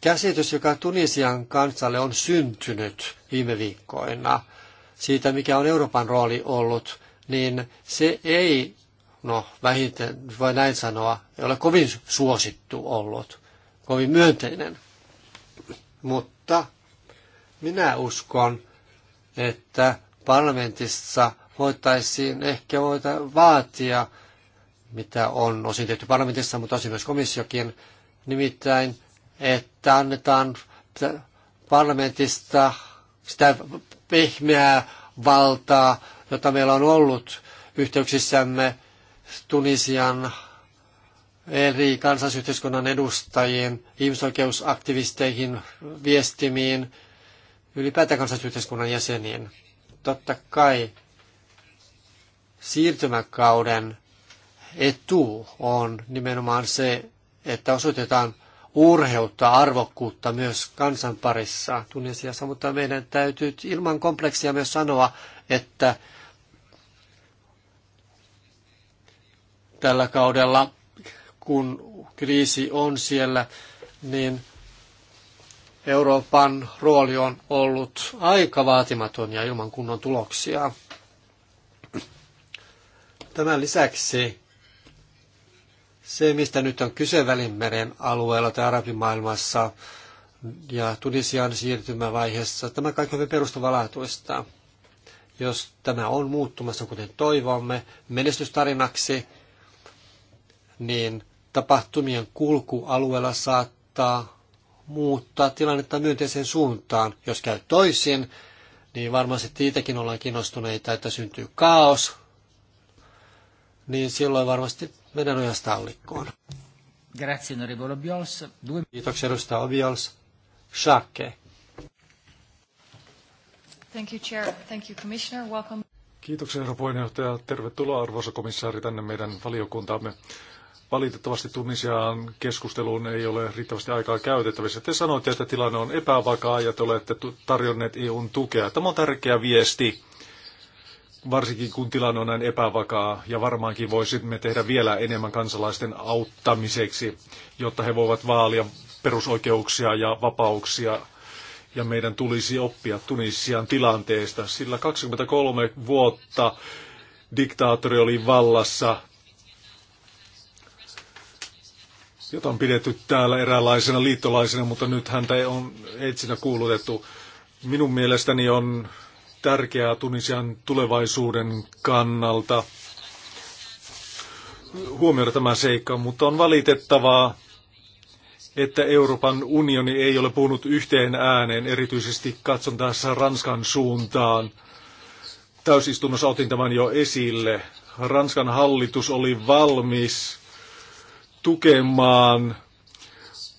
käsitys, joka Tunisian kansalle on syntynyt viime viikkoina siitä, mikä on Euroopan rooli ollut, niin se ei, no vähiten voi näin sanoa, ei ole kovin suosittu ollut, kovin myönteinen. Mutta minä uskon, että parlamentissa voitaisiin ehkä voita vaatia mitä on osin tehty parlamentissa, mutta osin myös komissiokin, nimittäin, että annetaan parlamentista sitä pehmeää valtaa, jota meillä on ollut yhteyksissämme Tunisian eri kansallisyhteiskunnan edustajiin, ihmisoikeusaktivisteihin, viestimiin, ylipäätään kansallisyhteiskunnan jäseniin. Totta kai siirtymäkauden etu on nimenomaan se, että osoitetaan urheutta, arvokkuutta myös kansan parissa Tunisiassa, mutta meidän täytyy ilman kompleksia myös sanoa, että tällä kaudella, kun kriisi on siellä, niin Euroopan rooli on ollut aika vaatimaton ja ilman kunnon tuloksia. Tämän lisäksi se, mistä nyt on kyse Välimeren alueella tai arabimaailmassa ja Tunisian siirtymävaiheessa, tämä kaikki on hyvin perustavalaatuista. Jos tämä on muuttumassa, kuten toivomme, menestystarinaksi, niin tapahtumien kulku alueella saattaa muuttaa tilannetta myönteiseen suuntaan. Jos käy toisin, niin varmasti siitäkin ollaan kiinnostuneita, että syntyy kaos, niin silloin varmasti meidän ojastallikkoon. Grazie, onorevole Obiols. Due... Kiitoksia, edustaja Obiols. Schakke. Thank you, Chair. Thank you, Commissioner. Welcome. Kiitoksia, herra puheenjohtaja. Tervetuloa, arvoisa komissaari, tänne meidän valiokuntaamme. Valitettavasti Tunisiaan keskusteluun ei ole riittävästi aikaa käytettävissä. Te sanoitte, että tilanne on epävakaa ja te olette tarjonneet EUn tukea. Tämä on tärkeä viesti varsinkin kun tilanne on näin epävakaa, ja varmaankin voisimme tehdä vielä enemmän kansalaisten auttamiseksi, jotta he voivat vaalia perusoikeuksia ja vapauksia, ja meidän tulisi oppia Tunisian tilanteesta, sillä 23 vuotta diktaattori oli vallassa, jota on pidetty täällä eräänlaisena liittolaisena, mutta nyt häntä on etsinä kuulutettu. Minun mielestäni on tärkeää Tunisian tulevaisuuden kannalta huomioida tämä seikka, mutta on valitettavaa, että Euroopan unioni ei ole puhunut yhteen ääneen, erityisesti katson tässä Ranskan suuntaan. Täysistunnossa otin tämän jo esille. Ranskan hallitus oli valmis tukemaan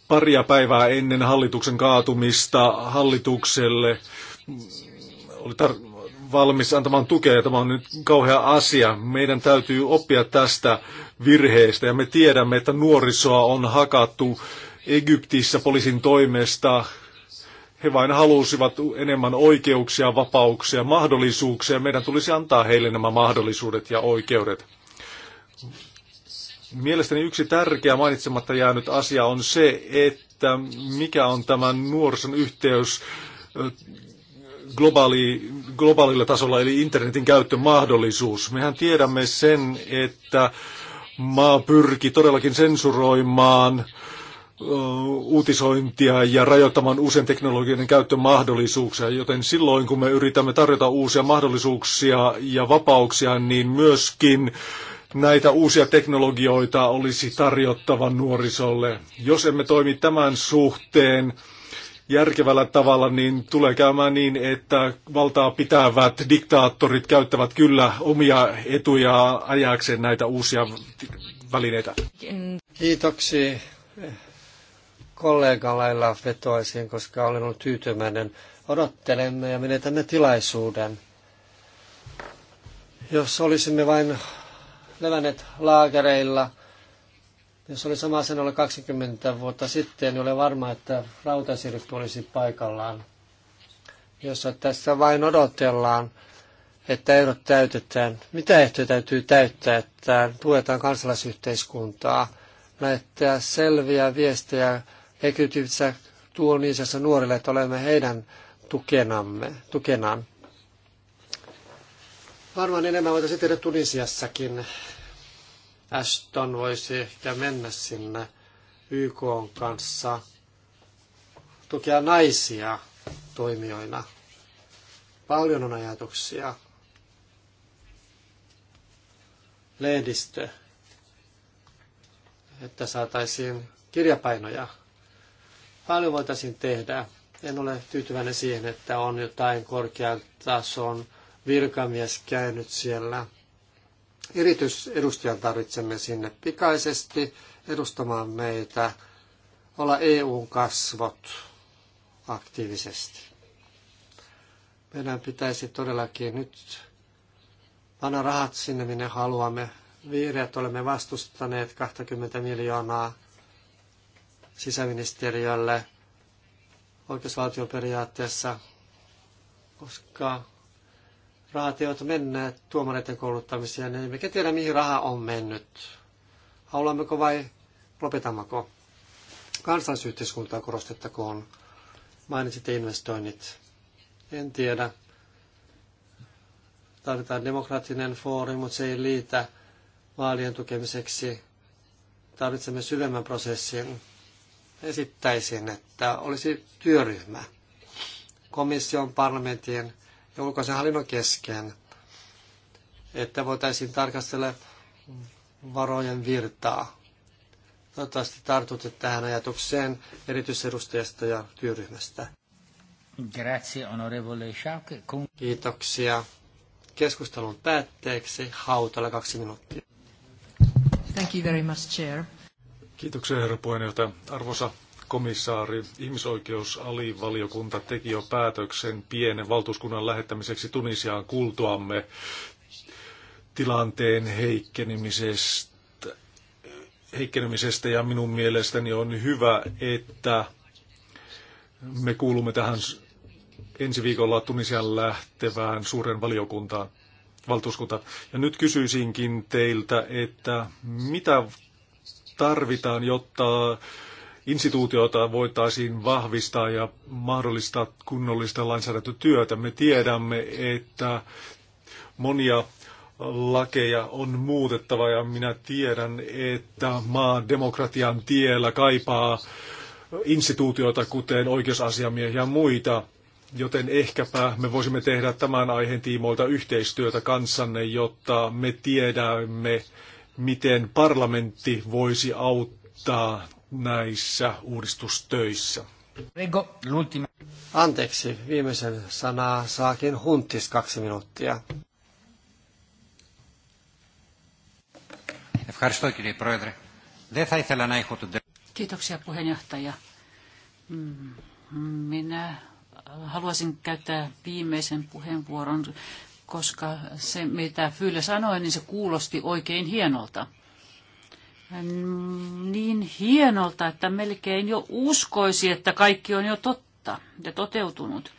paria päivää ennen hallituksen kaatumista hallitukselle oli tar- valmis antamaan tukea ja tämä on nyt kauhea asia. Meidän täytyy oppia tästä virheestä ja me tiedämme, että nuorisoa on hakattu Egyptissä poliisin toimesta. He vain halusivat enemmän oikeuksia, vapauksia, mahdollisuuksia. Meidän tulisi antaa heille nämä mahdollisuudet ja oikeudet. Mielestäni yksi tärkeä mainitsematta jäänyt asia on se, että mikä on tämän nuorison yhteys globaali, globaalilla tasolla, eli internetin käyttömahdollisuus. Mehän tiedämme sen, että maa pyrki todellakin sensuroimaan uutisointia ja rajoittamaan uusien teknologioiden käyttömahdollisuuksia, joten silloin kun me yritämme tarjota uusia mahdollisuuksia ja vapauksia, niin myöskin näitä uusia teknologioita olisi tarjottava nuorisolle. Jos emme toimi tämän suhteen, järkevällä tavalla, niin tulee käymään niin, että valtaa pitävät diktaattorit käyttävät kyllä omia etuja ajakseen näitä uusia välineitä. Kiitoksia kollegalailla vetoisin, koska olen ollut tyytyväinen. Odottelemme ja menetämme tilaisuuden. Jos olisimme vain levänneet laakereilla – jos oli sama sanoilla 20 vuotta sitten, niin olen varma, että rautasirppi olisi paikallaan, Jos tässä vain odotellaan, että ehdot täytetään. Mitä ehtoja täytyy täyttää, että tuetaan kansalaisyhteiskuntaa, näyttää selviä viestejä Egyptissä tuoniisessa nuorille, että olemme heidän tukenamme, tukenaan. Varmaan enemmän voitaisiin tehdä Tunisiassakin. Ashton voisi ehkä mennä sinne YK on kanssa tukea naisia toimijoina. Paljon on ajatuksia. Lehdistö, että saataisiin kirjapainoja. Paljon voitaisiin tehdä. En ole tyytyväinen siihen, että on jotain korkean tason virkamies käynyt siellä – erityisedustajan tarvitsemme sinne pikaisesti edustamaan meitä, olla EUn kasvot aktiivisesti. Meidän pitäisi todellakin nyt panna rahat sinne, minne haluamme. Vihreät olemme vastustaneet 20 miljoonaa sisäministeriölle oikeusvaltioperiaatteessa, koska rahat eivät mennä tuomareiden kouluttamiseen, niin emmekä tiedä mihin raha on mennyt. Haluammeko vai lopetammeko? Kansallisyhteiskuntaa korostettakoon. Mainitsit investoinnit. En tiedä. Tarvitaan demokraattinen foorumi, mutta se ei liitä vaalien tukemiseksi. Tarvitsemme syvemmän prosessin. Esittäisin, että olisi työryhmä komission, parlamentin ja ulkoisen hallinnon kesken, että voitaisiin tarkastella varojen virtaa. Toivottavasti tartutte tähän ajatukseen erityisedustajasta ja työryhmästä. Grazie, onorevole Schaake. Kiitoksia. Keskustelun päätteeksi Hautala kaksi minuuttia. Thank you very much, Chair. Kiitoksia, herra puheenjohtaja. Arvoisa komissaari, ihmisoikeusalivaliokunta teki jo päätöksen pienen valtuuskunnan lähettämiseksi Tunisiaan kuultuamme tilanteen heikkenemisestä, heikkenemisestä ja minun mielestäni on hyvä, että me kuulumme tähän ensi viikolla Tunisian lähtevään suuren valiokuntaan, valtuuskuntaan. Ja nyt kysyisinkin teiltä, että mitä tarvitaan, jotta instituutiota voitaisiin vahvistaa ja mahdollistaa kunnollista lainsäädäntötyötä. Me tiedämme, että monia lakeja on muutettava ja minä tiedän, että maa demokratian tiellä kaipaa instituutioita, kuten oikeusasiamiehiä ja muita, joten ehkäpä me voisimme tehdä tämän aiheen tiimoilta yhteistyötä kanssanne, jotta me tiedämme, miten parlamentti voisi auttaa näissä uudistustöissä. Anteeksi, viimeisen sanaa saakin Huntis kaksi minuuttia. Kiitoksia puheenjohtaja. Mm, minä haluaisin käyttää viimeisen puheenvuoron, koska se mitä Fyyle sanoi, niin se kuulosti oikein hienolta. Mm, niin hienolta, että melkein jo uskoisi, että kaikki on jo totta ja toteutunut.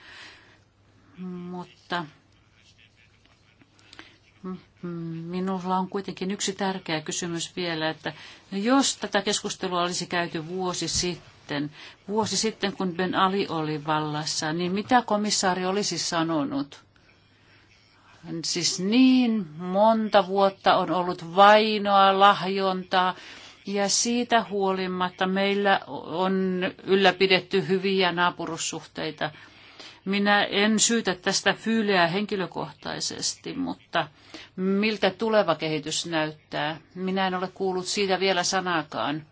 Mutta minulla on kuitenkin yksi tärkeä kysymys vielä, että no jos tätä keskustelua olisi käyty vuosi sitten, vuosi sitten kun Ben Ali oli vallassa, niin mitä komissaari olisi sanonut? Siis niin monta vuotta on ollut vainoa, lahjontaa ja siitä huolimatta meillä on ylläpidetty hyviä naapurussuhteita. Minä en syytä tästä fyyleä henkilökohtaisesti, mutta miltä tuleva kehitys näyttää? Minä en ole kuullut siitä vielä sanaakaan.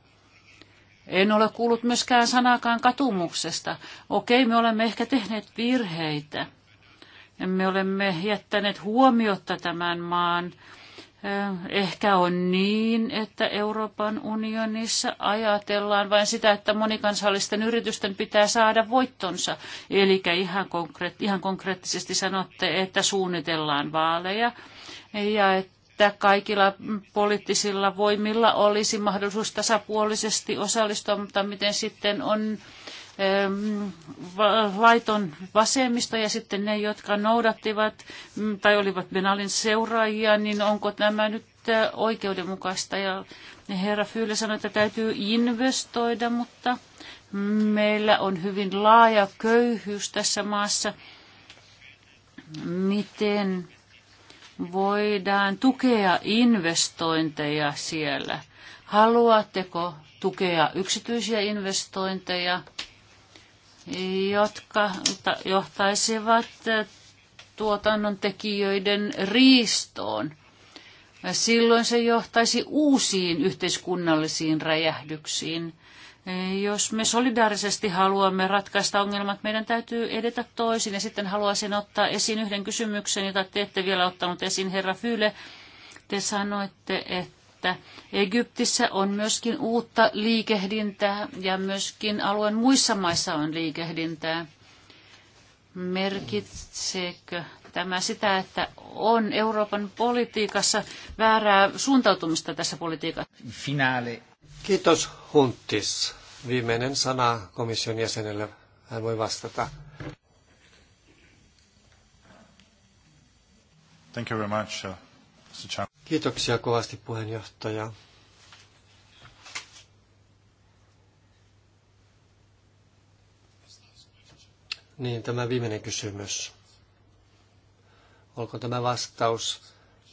En ole kuullut myöskään sanaakaan katumuksesta. Okei, me olemme ehkä tehneet virheitä me olemme jättäneet huomiota tämän maan. Ehkä on niin, että Euroopan unionissa ajatellaan vain sitä, että monikansallisten yritysten pitää saada voittonsa. Eli ihan, konkreet, ihan konkreettisesti sanotte, että suunnitellaan vaaleja ja että kaikilla poliittisilla voimilla olisi mahdollisuus tasapuolisesti osallistua, mutta miten sitten on laiton vasemmisto ja sitten ne, jotka noudattivat mm, tai olivat Benalin seuraajia, niin onko tämä nyt oikeudenmukaista? Ja herra Fyyle sanoi, että täytyy investoida, mutta meillä on hyvin laaja köyhyys tässä maassa. Miten voidaan tukea investointeja siellä? Haluatteko tukea yksityisiä investointeja jotka johtaisivat eh, tuotannon tekijöiden riistoon. Silloin se johtaisi uusiin yhteiskunnallisiin räjähdyksiin. Eh, jos me solidaarisesti haluamme ratkaista ongelmat, meidän täytyy edetä toisin. Ja sitten haluaisin ottaa esiin yhden kysymyksen, jota te ette vielä ottanut esiin, herra Fyle. Te sanoitte, että että Egyptissä on myöskin uutta liikehdintää ja myöskin alueen muissa maissa on liikehdintää. Merkitseekö tämä sitä, että on Euroopan politiikassa väärää suuntautumista tässä politiikassa? Finaali. Kiitos Huntis. Viimeinen sana komission jäsenelle. Hän voi vastata. Thank you very much. Uh, Kiitoksia kovasti puheenjohtaja. Niin, tämä viimeinen kysymys. Olko tämä vastaus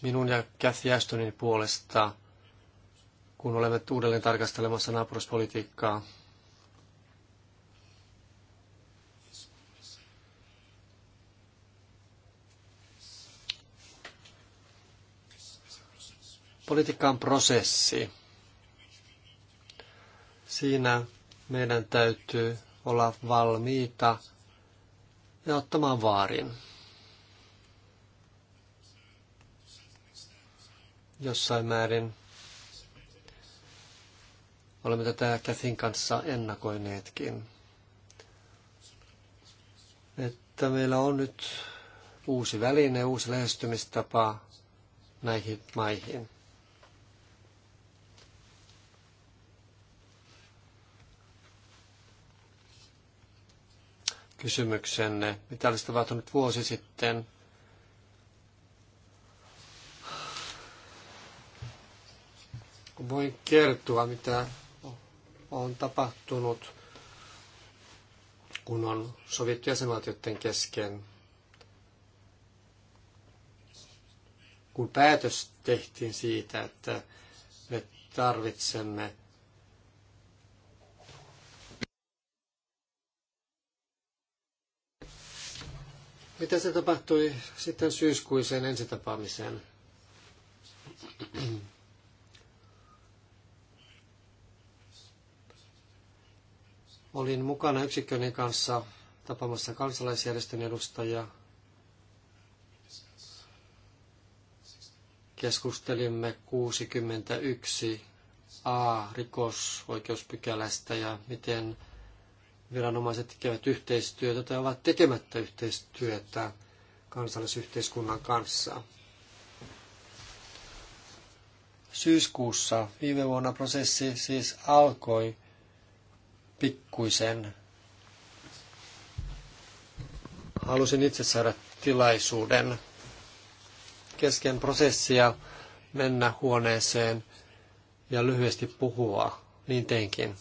minun ja Cathy Ashtonin puolesta, kun olemme uudelleen tarkastelemassa naapuruspolitiikkaa? Politiikka on prosessi. Siinä meidän täytyy olla valmiita ja ottamaan vaarin. Jossain määrin olemme tätä Kathin kanssa ennakoineetkin. Että meillä on nyt uusi väline, uusi lähestymistapa näihin maihin. kysymyksenne. Mitä olisi tapahtunut vuosi sitten? Voin kertoa, mitä on tapahtunut, kun on sovittu jäsenvaltioiden kesken. Kun päätös tehtiin siitä, että me tarvitsemme Mitä se tapahtui sitten syyskuiseen ensitapaamiseen? Olin mukana yksikköni kanssa tapaamassa kansalaisjärjestön edustajia. Keskustelimme 61 A rikosoikeuspykälästä ja miten viranomaiset tekevät yhteistyötä tai ovat tekemättä yhteistyötä kansallisyhteiskunnan kanssa. Syyskuussa viime vuonna prosessi siis alkoi pikkuisen. Halusin itse saada tilaisuuden kesken prosessia mennä huoneeseen ja lyhyesti puhua. Niin teinkin.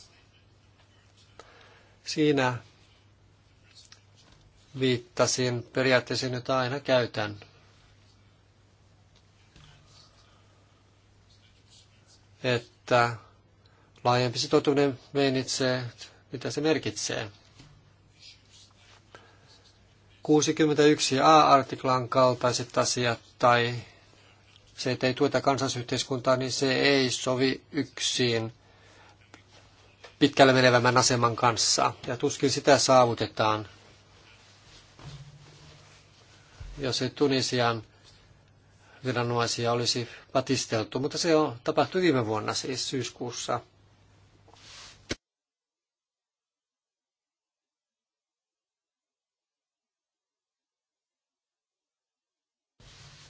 Siinä viittasin periaatteessa nyt aina käytän. Että laajempi sitoutuminen meinitsee, mitä se merkitsee. 61a-artiklan kaltaiset asiat tai se, että ei tueta kansallisyhteiskuntaa, niin se ei sovi yksin pitkälle menevämmän aseman kanssa. Ja tuskin sitä saavutetaan, jos ei Tunisian viranomaisia olisi patisteltu, mutta se on tapahtui viime vuonna siis syyskuussa.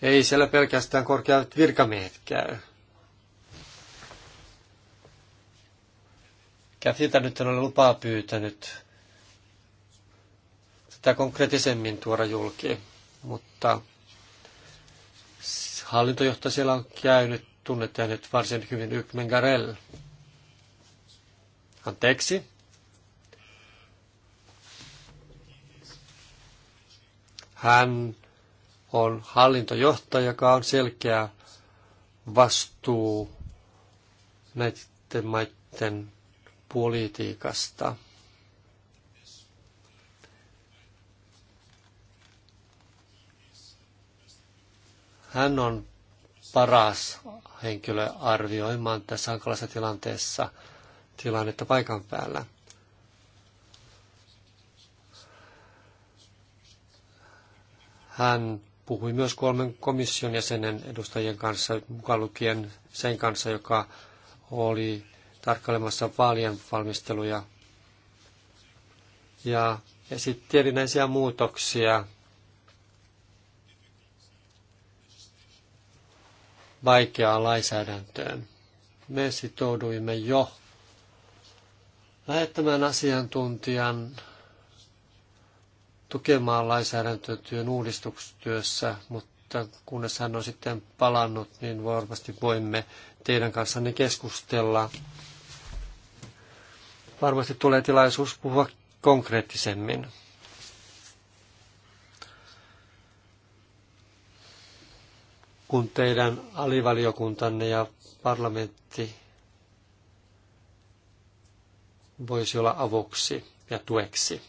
Ei siellä pelkästään korkeat virkamiehet käy. Kätiltä nyt en ole lupaa pyytänyt sitä konkreettisemmin tuoda julki, mutta hallintojohtaja siellä on käynyt, tunnette nyt varsin hyvin, Ykmen Garel. Anteeksi. Hän on hallintojohtaja, joka on selkeä vastuu näiden maiden politiikasta. Hän on paras henkilö arvioimaan tässä hankalassa tilanteessa tilannetta paikan päällä. Hän puhui myös kolmen komission jäsenen edustajien kanssa, mukaan lukien sen kanssa, joka oli tarkkailemassa vaalien valmisteluja ja esitti erinäisiä muutoksia vaikeaa lainsäädäntöön. Me sitouduimme jo lähettämään asiantuntijan tukemaan lainsäädäntötyön uudistustyössä, mutta kunnes hän on sitten palannut, niin varmasti voimme teidän kanssanne keskustella varmasti tulee tilaisuus puhua konkreettisemmin. Kun teidän alivaliokuntanne ja parlamentti voisi olla avuksi ja tueksi.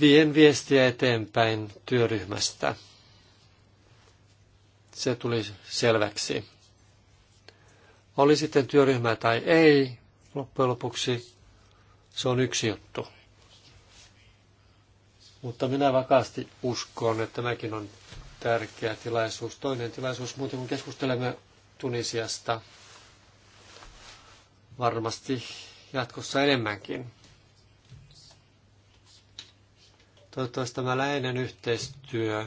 Vien viestiä eteenpäin työryhmästä se tuli selväksi. Oli sitten työryhmä tai ei, loppujen lopuksi se on yksi juttu. Mutta minä vakaasti uskon, että tämäkin on tärkeä tilaisuus. Toinen tilaisuus muuten, kun keskustelemme Tunisiasta varmasti jatkossa enemmänkin. Toivottavasti tämä läheinen yhteistyö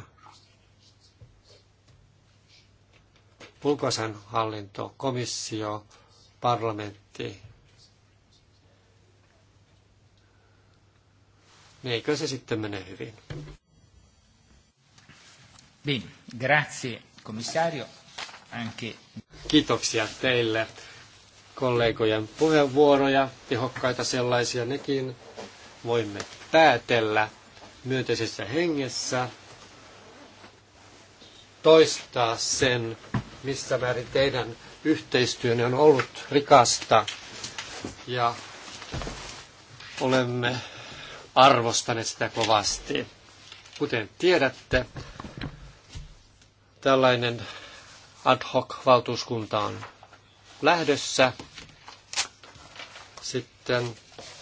ulkoasanhallinto, komissio, parlamentti. Niin eikö se sitten mene hyvin? Bene, grazie Anche... Kiitoksia teille kollegojen puheenvuoroja, tehokkaita sellaisia nekin. Voimme päätellä myönteisessä hengessä toistaa sen missä määrin teidän yhteistyönne on ollut rikasta ja olemme arvostaneet sitä kovasti. Kuten tiedätte, tällainen ad hoc valtuuskunta on lähdössä. Sitten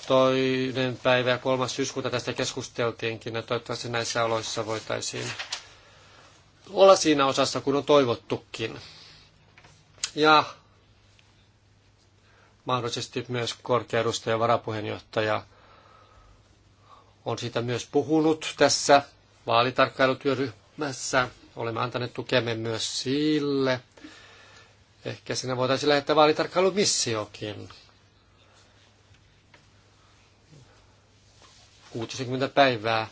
toinen päivä ja kolmas syyskuuta tästä keskusteltiinkin ja toivottavasti näissä oloissa voitaisiin olla siinä osassa, kun on toivottukin. Ja mahdollisesti myös korkea ja varapuheenjohtaja on siitä myös puhunut tässä vaalitarkkailutyöryhmässä. Olemme antaneet tukemme myös sille. Ehkä sinä voitaisiin lähettää vaalitarkkailumissiokin. 60 päivää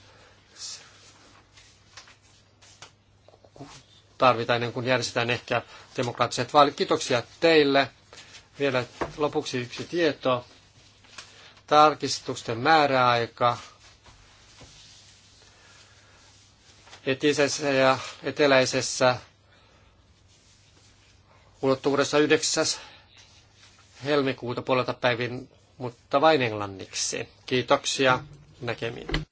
tarvita ennen kuin järjestetään ehkä demokraattiset vaalit. Kiitoksia teille. Vielä lopuksi yksi tieto. Tarkistusten määräaika etisessä ja eteläisessä ulottuvuudessa 9. helmikuuta puolelta päivin, mutta vain englanniksi. Kiitoksia näkemiin.